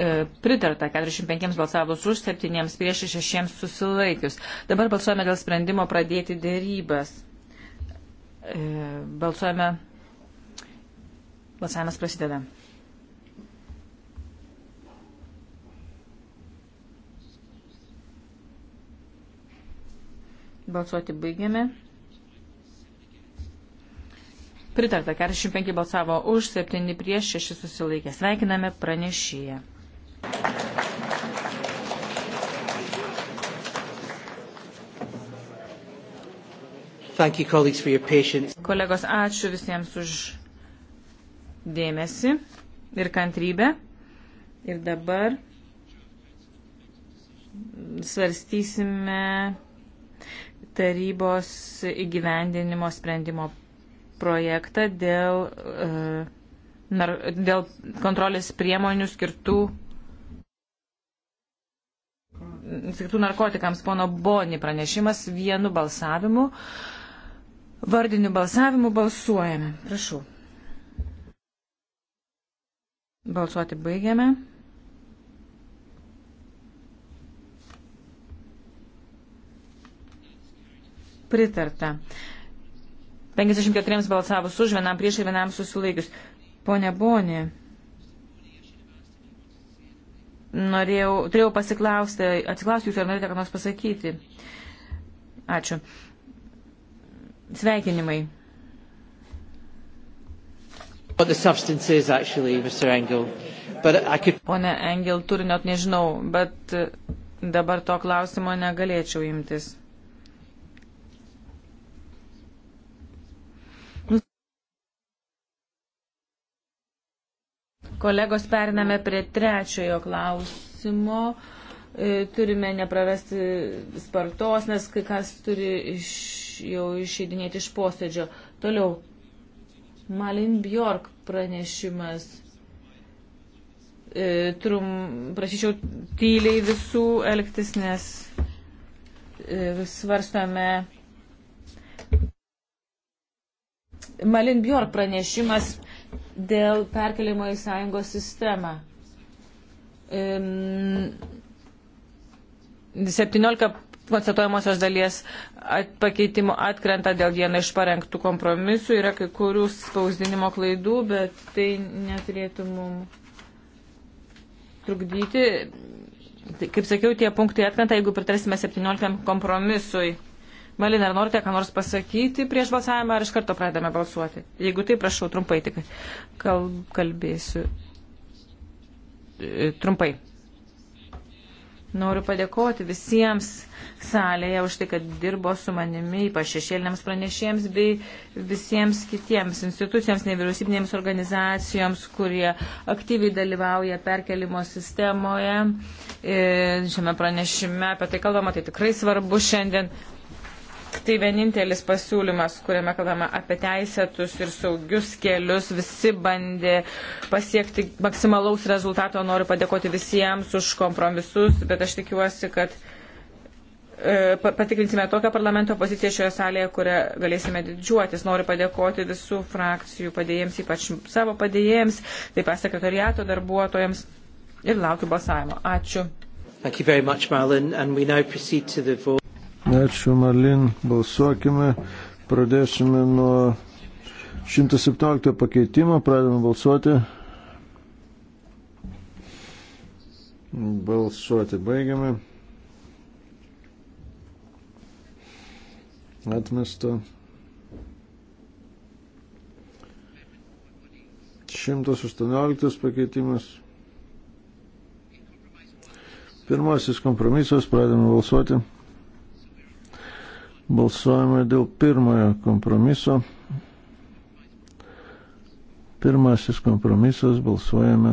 E, pritarta 45 balsavus už, 7 prieš 6 susilaikius. Dabar balsuojame dėl sprendimo pradėti dėrybas. E, balsuojame. Balsavimas prasideda. Balsuoti baigiame. Pritarta, 45 balsavo už, 7 prieš, 6 susilaikė. Sveikiname pranešėją. Kolegos, ačiū visiems už dėmesį ir kantrybę. Ir dabar svarstysime tarybos įgyvendinimo sprendimo projektą dėl, e, dėl kontrolės priemonių skirtų, skirtų narkotikams. Pono Boni pranešimas vienu balsavimu. Vardiniu balsavimu balsuojame. Prašau. Balsuoti baigiame. Pritarta. 54 balsavus už, vienam prieš ir vienam susilaikius. Pone Boni, norėjau, turėjau pasiklausti, atsiklausti jūsų, ar norite ką nors pasakyti. Ačiū. Sveikinimai. What the substance is actually, Mr. Engel. But I could... Pone Engel, turinio nežinau, bet dabar to klausimo negalėčiau imtis. Kolegos, periname prie trečiojo klausimo. E, turime neprarasti spartos, nes kai kas turi iš, jau išeidinėti iš posėdžio. Toliau. Malin Bjork pranešimas. E, trum, prašyčiau tyliai visų elgtis, nes e, svarstame Malin Bjork pranešimas dėl perkelimo į sąjungos sistemą. 17 konstatuojamosios dalies at, pakeitimų atkrenta dėl viena iš parengtų kompromisų, yra kai kurių spausdinimo klaidų, bet tai neturėtų mum trukdyti. Tai, kaip sakiau, tie punktai atkrenta, jeigu pritarsime 17 kompromisui. Malina, ar norite ką nors pasakyti prieš balsavimą, ar iš karto pradame balsuoti? Jeigu tai, prašau, trumpai tik kalbėsiu. E, trumpai. Noriu padėkoti visiems salėje už tai, kad dirbo su manimi, ypač šešėliniams pranešėjams bei visiems kitiems institucijams, nevyriausybinėms organizacijoms, kurie aktyviai dalyvauja perkelimo sistemoje. E, šiame pranešime apie tai kalbama, tai tikrai svarbu šiandien tai vienintelis pasiūlymas, kuriame kalbame apie teisėtus ir saugius kelius. Visi bandė pasiekti maksimalaus rezultato. Noriu padėkoti visiems už kompromisus, bet aš tikiuosi, kad e, patikrinsime tokią parlamento poziciją šioje salėje, kurią galėsime didžiuotis. Noriu padėkoti visų frakcijų padėjėjams, ypač savo padėjėjams, taip pat sekretariato darbuotojams ir laukiu balsavimo. Ačiū. Thank you very much, Marlon. And we now proceed to the vote. Ačiū Marlin, balsuokime. Pradėsime nuo 117 pakeitimo, pradedame balsuoti. Balsuoti baigiame. Atmesta. 118 pakeitimas. Pirmasis kompromisas, pradedame balsuoti. Balsuojame dėl pirmojo kompromiso. Pirmasis kompromisas balsuojame.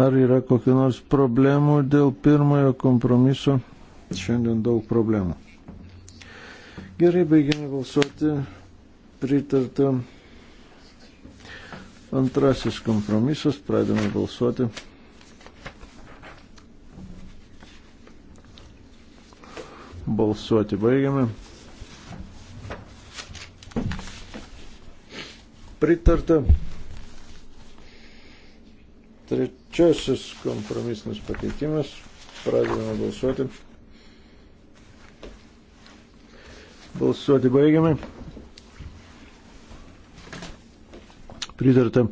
Ar yra kokių nors problemų dėl pirmojo kompromiso? Šiandien daug problemų. Gerai, baigėme balsuoti. Pritarta antrasis kompromisas. Pradėme balsuoti. Balsuoti baigiame. Pritarta. Trečiasis kompromisinis pakeitimas. Pradedame balsuoti. Balsuoti baigiame. Pritarta.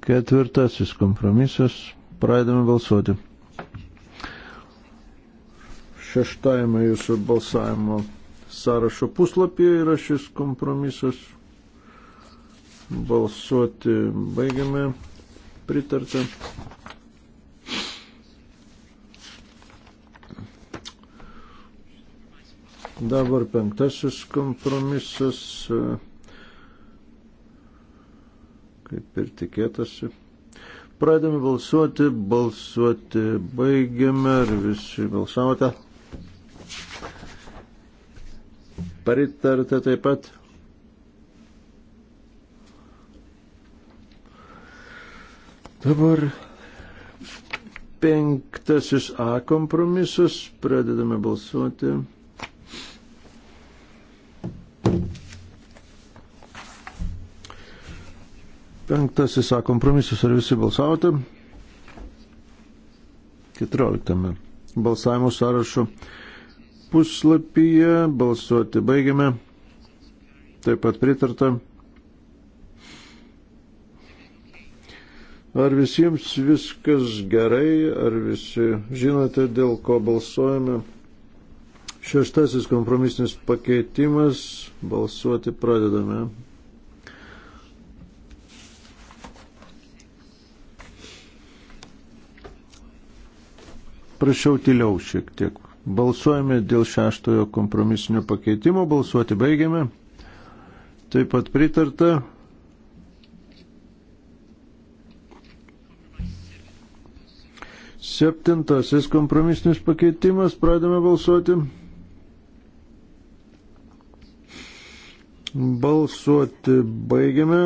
Ketvirtasis kompromisas. Pradedame balsuoti. Šeštajame jūsų balsavimo sąrašo puslapyje yra šis kompromisas. Balsuoti baigiame. Pritarta. Dabar penktasis kompromisas. Uh, kaip ir tikėtasi. Pradėme balsuoti, balsuoti baigiame ir visi balsavote. Paritarite taip pat. Dabar penktasis A kompromisas, pradedame balsuoti. Penktasis A kompromisas, ar visi balsavote? Keturioliktame balsavimo sąrašo puslapyje balsuoti baigiame. Taip pat pritarta. Ar visiems viskas gerai, ar visi žinote, dėl ko balsuojame? Šeštasis kompromisinis pakeitimas. Balsuoti pradedame. Prašau tyliau šiek tiek. Balsuojame dėl šeštojo kompromisinio pakeitimo. Balsuoti baigiame. Taip pat pritarta. Septintasis kompromisinis pakeitimas. Pradame balsuoti. Balsuoti baigiame.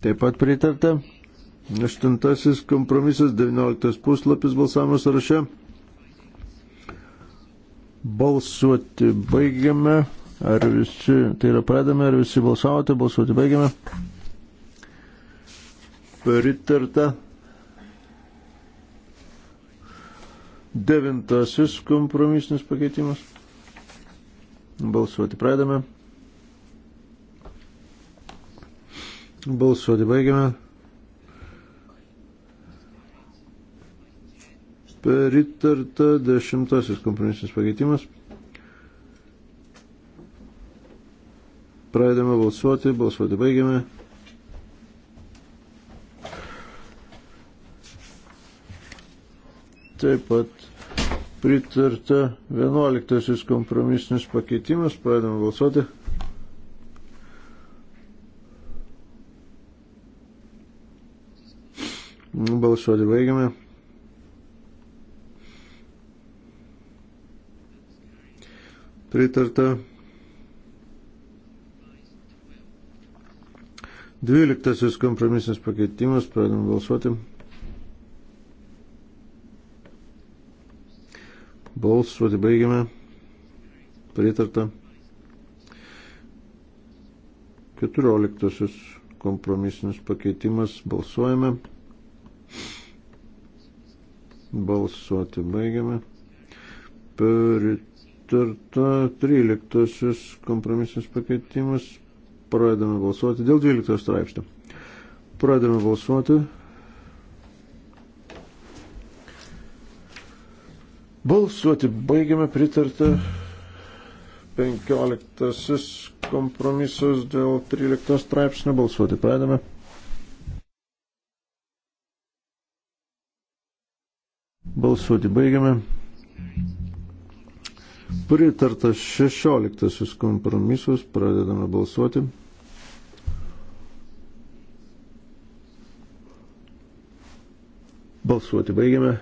Taip pat pritarta. Aštuntasis kompromisas, 19 puslapis balsavimo sąraše. Balsuoti baigiame. Ar visi, tai yra pradame, ar visi balsavote, balsuoti baigiame. Pritarta. Devintasis kompromisinis pakeitimas. Balsuoti pradame. Balsuoti baigiame. Pritarta dešimtasis kompromisinis pakeitimas. Pradedame balsuoti, balsuoti baigiame. Taip pat pritarta 11 kompromisinis pakeitimas, pradedame balsuoti. Balsuoti baigiame. pritarta. 12 kompromisinis pakeitimas, pradedam balsuoti. Balsuoti baigiame. Pritarta. 14 kompromisinis pakeitimas, balsuojame. Balsuoti baigiame. Pritarta pritarta 13 kompromisinis pakeitimas. Pradedame balsuoti dėl 12 straipsnio. Pradedame balsuoti. Balsuoti baigiame pritarta 15 kompromisas dėl 13 straipsnio. Balsuoti pradedame. Balsuoti baigiame. Pritartas 16 kompromisus, pradedame balsuoti. Balsuoti baigiame.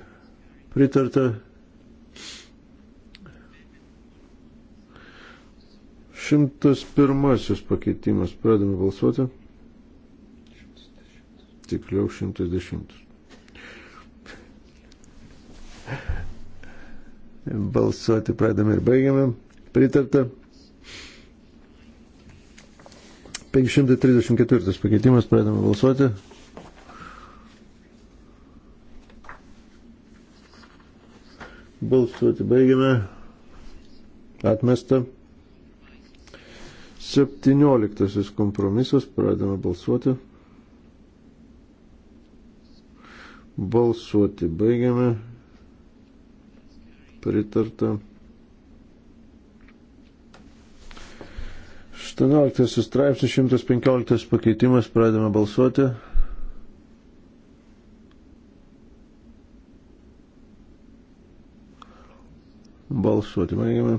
Pritarta 101 pakeitimas, pradedame balsuoti. Tikliau 110. Balsuoti pradame ir baigiame. Pritarta. 534 pakeitimas, pradame balsuoti. Balsuoti baigiame. Atmesta. 17 kompromisas, pradame balsuoti. Balsuoti baigiame pritarta. 18 straipsnis 115 pakeitimas, pradėme balsuoti. Balsuoti, baigėme.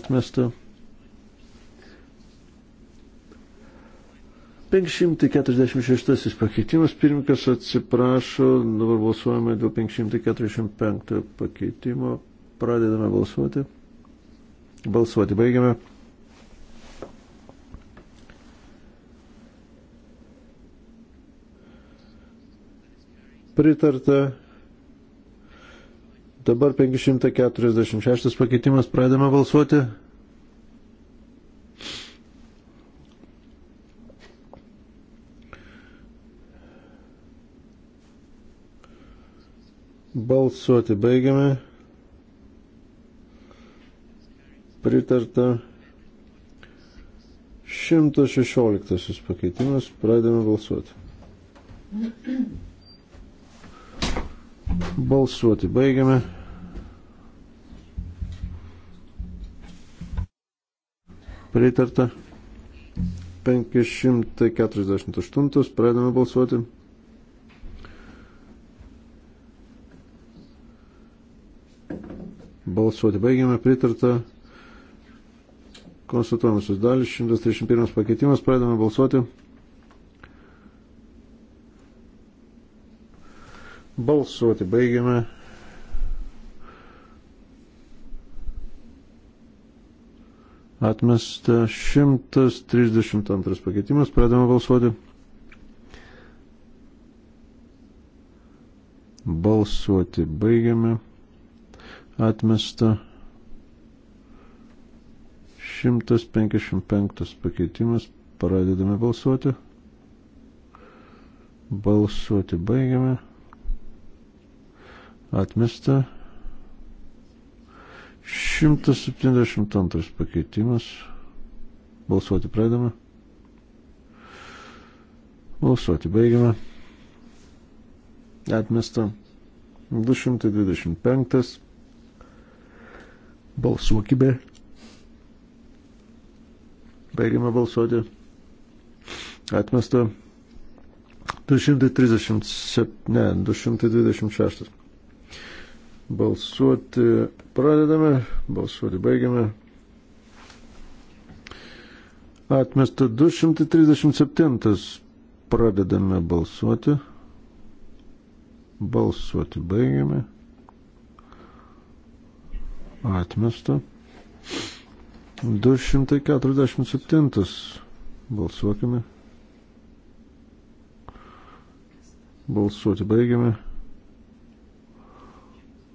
Atmesta. 546 pakeitimas, pirmininkas atsiprašo, dabar balsuojame dėl 545 pakeitimo, pradedame balsuoti. Balsuoti baigiame. Pritarta. Dabar 546 pakeitimas, pradedame balsuoti. Balsuoti baigiame. Pritarta. 116 pakeitimas. Pradėme balsuoti. Balsuoti baigiame. Pritarta. 548. Pradėme balsuoti. balsuoti. Baigiame pritartą konstatuojamusius dalis. 131 pakeitimas. Pradedame balsuoti. Balsuoti baigiame. Atmesta 132 pakeitimas. Pradedame balsuoti. Balsuoti baigiame atmesta 155 pakeitimas. Pradedame balsuoti. Balsuoti baigiame. Atmesta 172 pakeitimas. Balsuoti pradedame. Balsuoti baigiame. Atmesta 225 Balsuokime. Baigiame balsuoti. Atmesta. 237, ne, 226. Balsuoti pradedame, balsuoti baigiame. Atmesta 237. Pradedame balsuoti. Balsuoti baigiame. Atmesta. 247. Balsuokime. Balsuoti baigiame.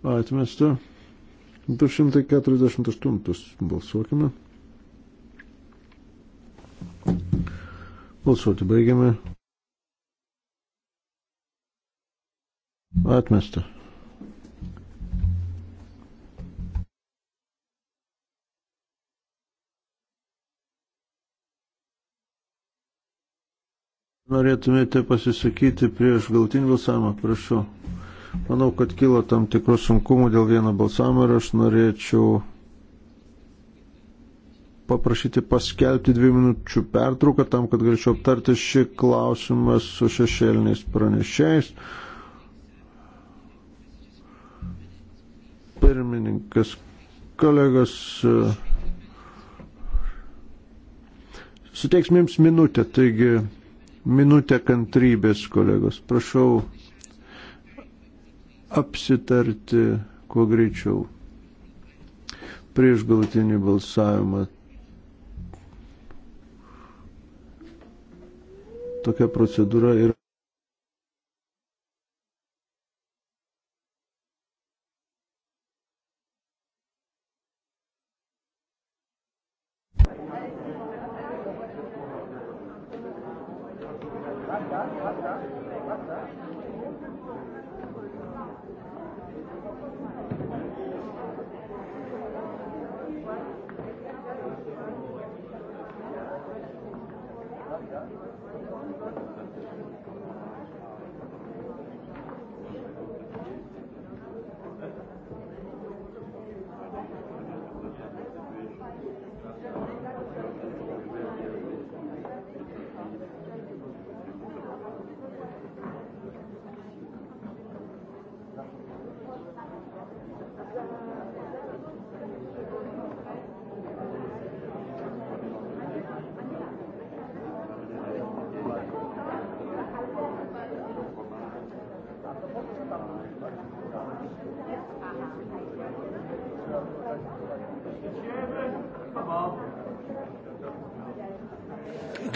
Atmesta. 248. Balsuokime. Balsuoti baigiame. Atmesta. Norėtumėte pasisakyti prieš galtinį balsavimą, prašau. Manau, kad kilo tam tikrų sunkumų dėl vieno balsavimo ir aš norėčiau paprašyti paskelbti dvi minučių pertrauką tam, kad galėčiau aptarti šį klausimą su šešėliniais pranešėjais. Pirmininkas, kolegas, suteiks mums minutę, taigi minutę kantrybės, kolegos. Prašau apsitarti kuo greičiau prieš galutinį balsavimą. Tokia procedūra yra.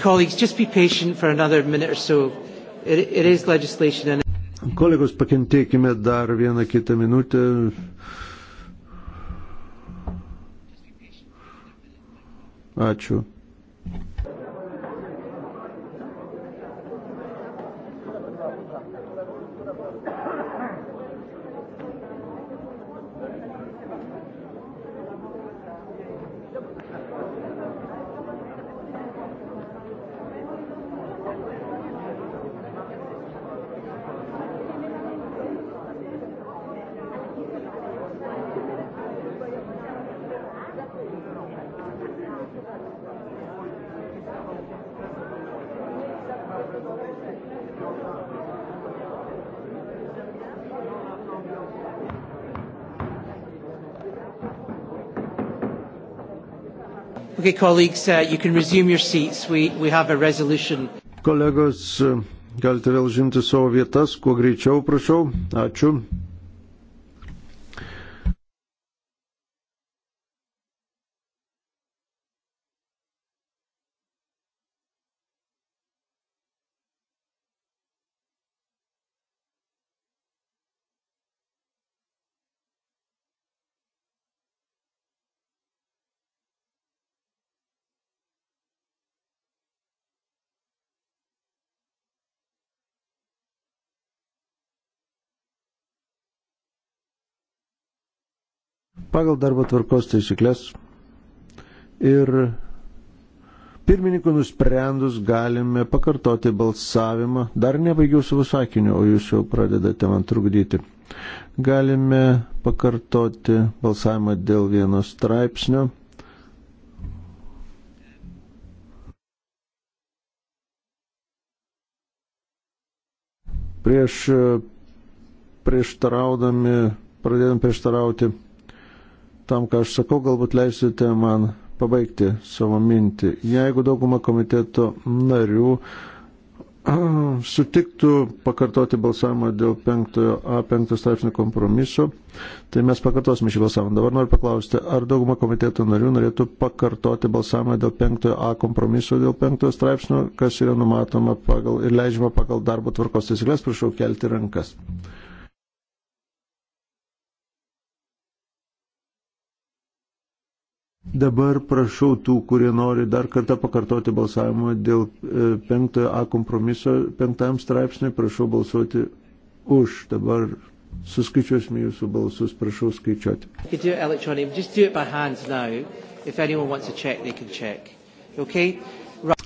Colleagues, just be patient for another minute or so. It, it is legislation and... Kolegos, pakentėkime dar vieną kitą minutę. Ačiū. Okay, colleagues, uh, you can resume your seats. We, we have a resolution. Kolegos, galite vėl žimti savo vietas, kuo greičiau, prašau. Ačiū. pagal darbo tvarkos taisyklės ir pirmininkų nusprendus galime pakartoti balsavimą. Dar nebaigiau savo sakinio, o jūs jau pradedate man trukdyti. Galime pakartoti balsavimą dėl vieno straipsnio. Prieš prieštaraudami, pradėdami prieštarauti tam, ką aš sakau, galbūt leisite man pabaigti savo mintį. Jeigu dauguma komiteto narių (clears throat) sutiktų pakartoti balsavimą dėl penktojo A5 straipsnio kompromiso, tai mes pakartosime šį balsavimą. Dabar noriu paklausti, ar dauguma komiteto narių norėtų pakartoti balsavimą dėl penktojo A kompromiso, dėl penktojo straipsnio, kas yra numatoma pagal, ir leidžiama pagal darbo tvarkos taisyklės, prašau kelti rankas. Dabar prašau tų, kurie nori dar kartą pakartoti balsavimą dėl e, penktojo A kompromiso penktam straipsniui, prašau balsuoti už. Dabar suskaičiuosime jūsų balsus, prašau skaičiuoti.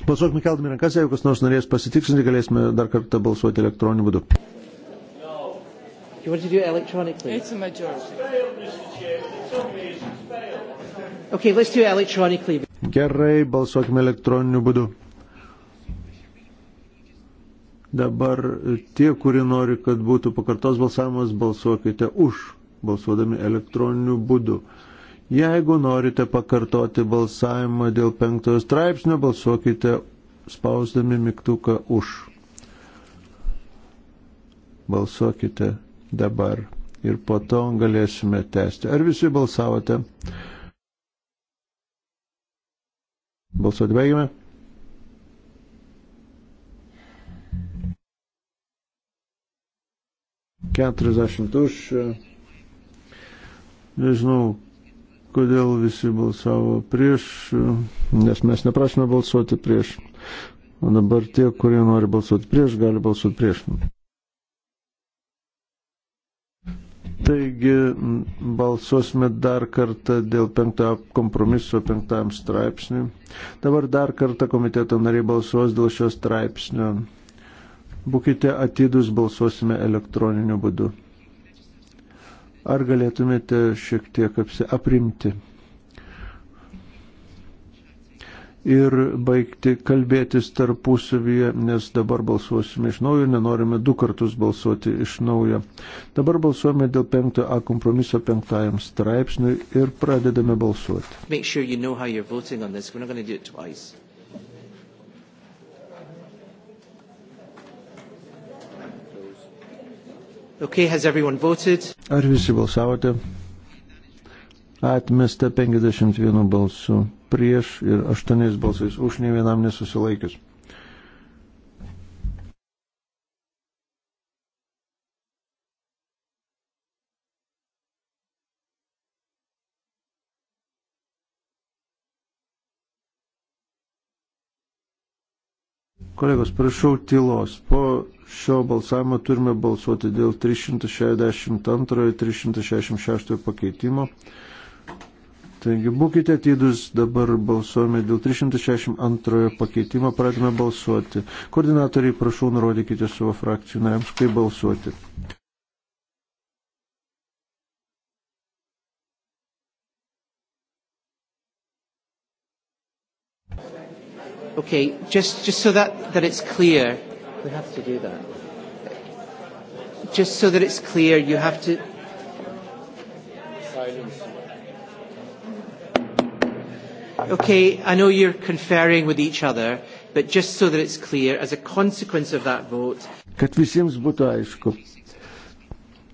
Balsuokime keldami rankas, jeigu kas nors norės pasitiksinti, galėsime dar kartą balsuoti elektroniniu būdu. You want to do it electronically? It's a majority. It's failed, Mr. Chair. It's obvious. It's failed. Okay, let's do electronically. Gerai, balsuokime elektroniniu būdu. Dabar e, tie, kurie nori, kad būtų pakartos balsavimas, balsuokite už, balsuodami elektroniniu būdu. Jeigu norite pakartoti balsavimą dėl penktojo straipsnio, balsuokite spausdami mygtuką už. Balsuokite dabar ir po to galėsime tęsti. Ar visi balsavote? Balsuoti baigime. Keturiasdešimt už. Nežinau, kodėl visi balsavo prieš, nes mes neprašome balsuoti prieš. O dabar tie, kurie nori balsuoti prieš, gali balsuoti prieš. Taigi balsuosime dar kartą dėl penktojo kompromiso penktajam straipsniui. Dabar dar kartą komiteto nariai balsuos dėl šio straipsnio. Būkite atidus, balsuosime elektroniniu būdu. Ar galėtumėte šiek tiek apsi aprimti? ir baigti kalbėtis tarpusavyje, nes dabar balsuosime iš naujo, nenorime du kartus balsuoti iš naujo. Dabar balsuojame dėl 5A kompromiso 5 straipsniui ir pradedame balsuoti. Sure you know Okay, has everyone voted? Ar visi balsavote? Atmesta 51 balsų prieš ir 8 balsais už, nei vienam nesusilaikius. Kolegos, prašau tylos. Po šio balsavimo turime balsuoti dėl 362 ir 366 pakeitimo. Taigi būkite atidus, dabar balsuojame dėl 362 pakeitimo, pradame balsuoti. Koordinatoriai, prašau, nurodykite savo frakcijų nariams, kaip balsuoti. Okay, just, just so that, that it's clear. We have to do that. Just so that it's clear, you have to. Silence. Okay, I know you're conferring with each other, but just so that it's clear, as a consequence of that vote. Kad visiems būtų aišku.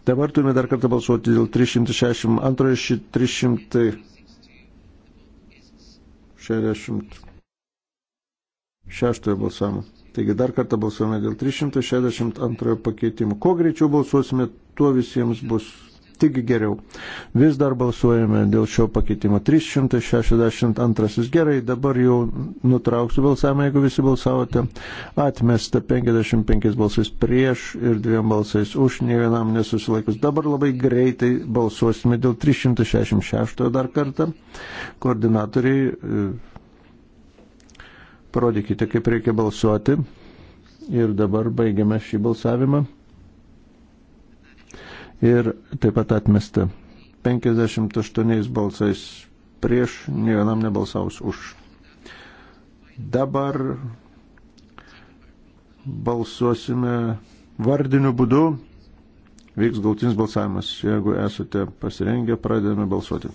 Dabar turime dar kartą balsuoti dėl 362 ir 366 balsavimo. Taigi dar kartą balsuojame dėl 362 pakeitimo. Kuo greičiau balsuosime, tuo visiems bus tik geriau. Vis dar balsuojame dėl šio pakeitimo. 362. Gerai, dabar jau nutrauksiu balsavimą, jeigu visi balsavote. Atmesta 55 balsais prieš ir dviem balsais už, ne vienam nesusilaikus. Dabar labai greitai balsuosime dėl 366 dar kartą. Koordinatoriai, e, parodykite, kaip reikia balsuoti. Ir dabar baigiame šį balsavimą ir taip pat atmesta. 58 balsais prieš, nė vienam nebalsaus už. Dabar balsuosime vardiniu būdu. Vyks gautinis balsavimas. Jeigu esate pasirengę, pradedame balsuoti.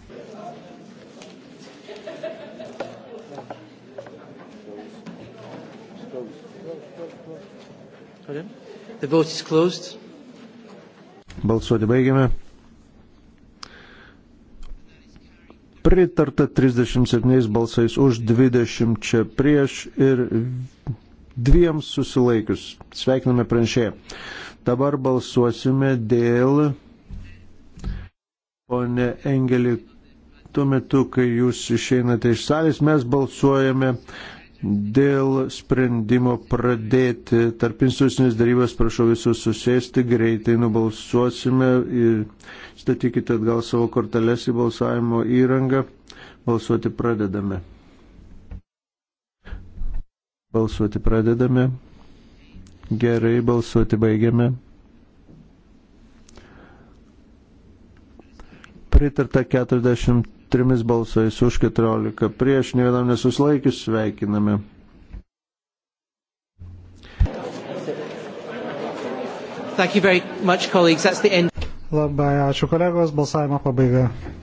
The vote is closed. Balsuoti baigiame. Pritarta 37 balsais už 20 čia prieš ir dviems susilaikius. Sveikiname pranešėją. Dabar balsuosime dėl pone Engelį. Tuo metu, kai jūs išeinate iš salės, mes balsuojame dėl sprendimo pradėti tarp institucinės darybos, prašau visus susėsti, greitai nubalsuosime, statykite atgal savo korteles į balsavimo įrangą, balsuoti pradedame. Balsuoti pradedame. Gerai, balsuoti baigiame. pritarta 43 balsais už 14 prieš, ne vienam nesuslaikius sveikiname. Much, Labai ačiū kolegos, balsavimo pabaiga.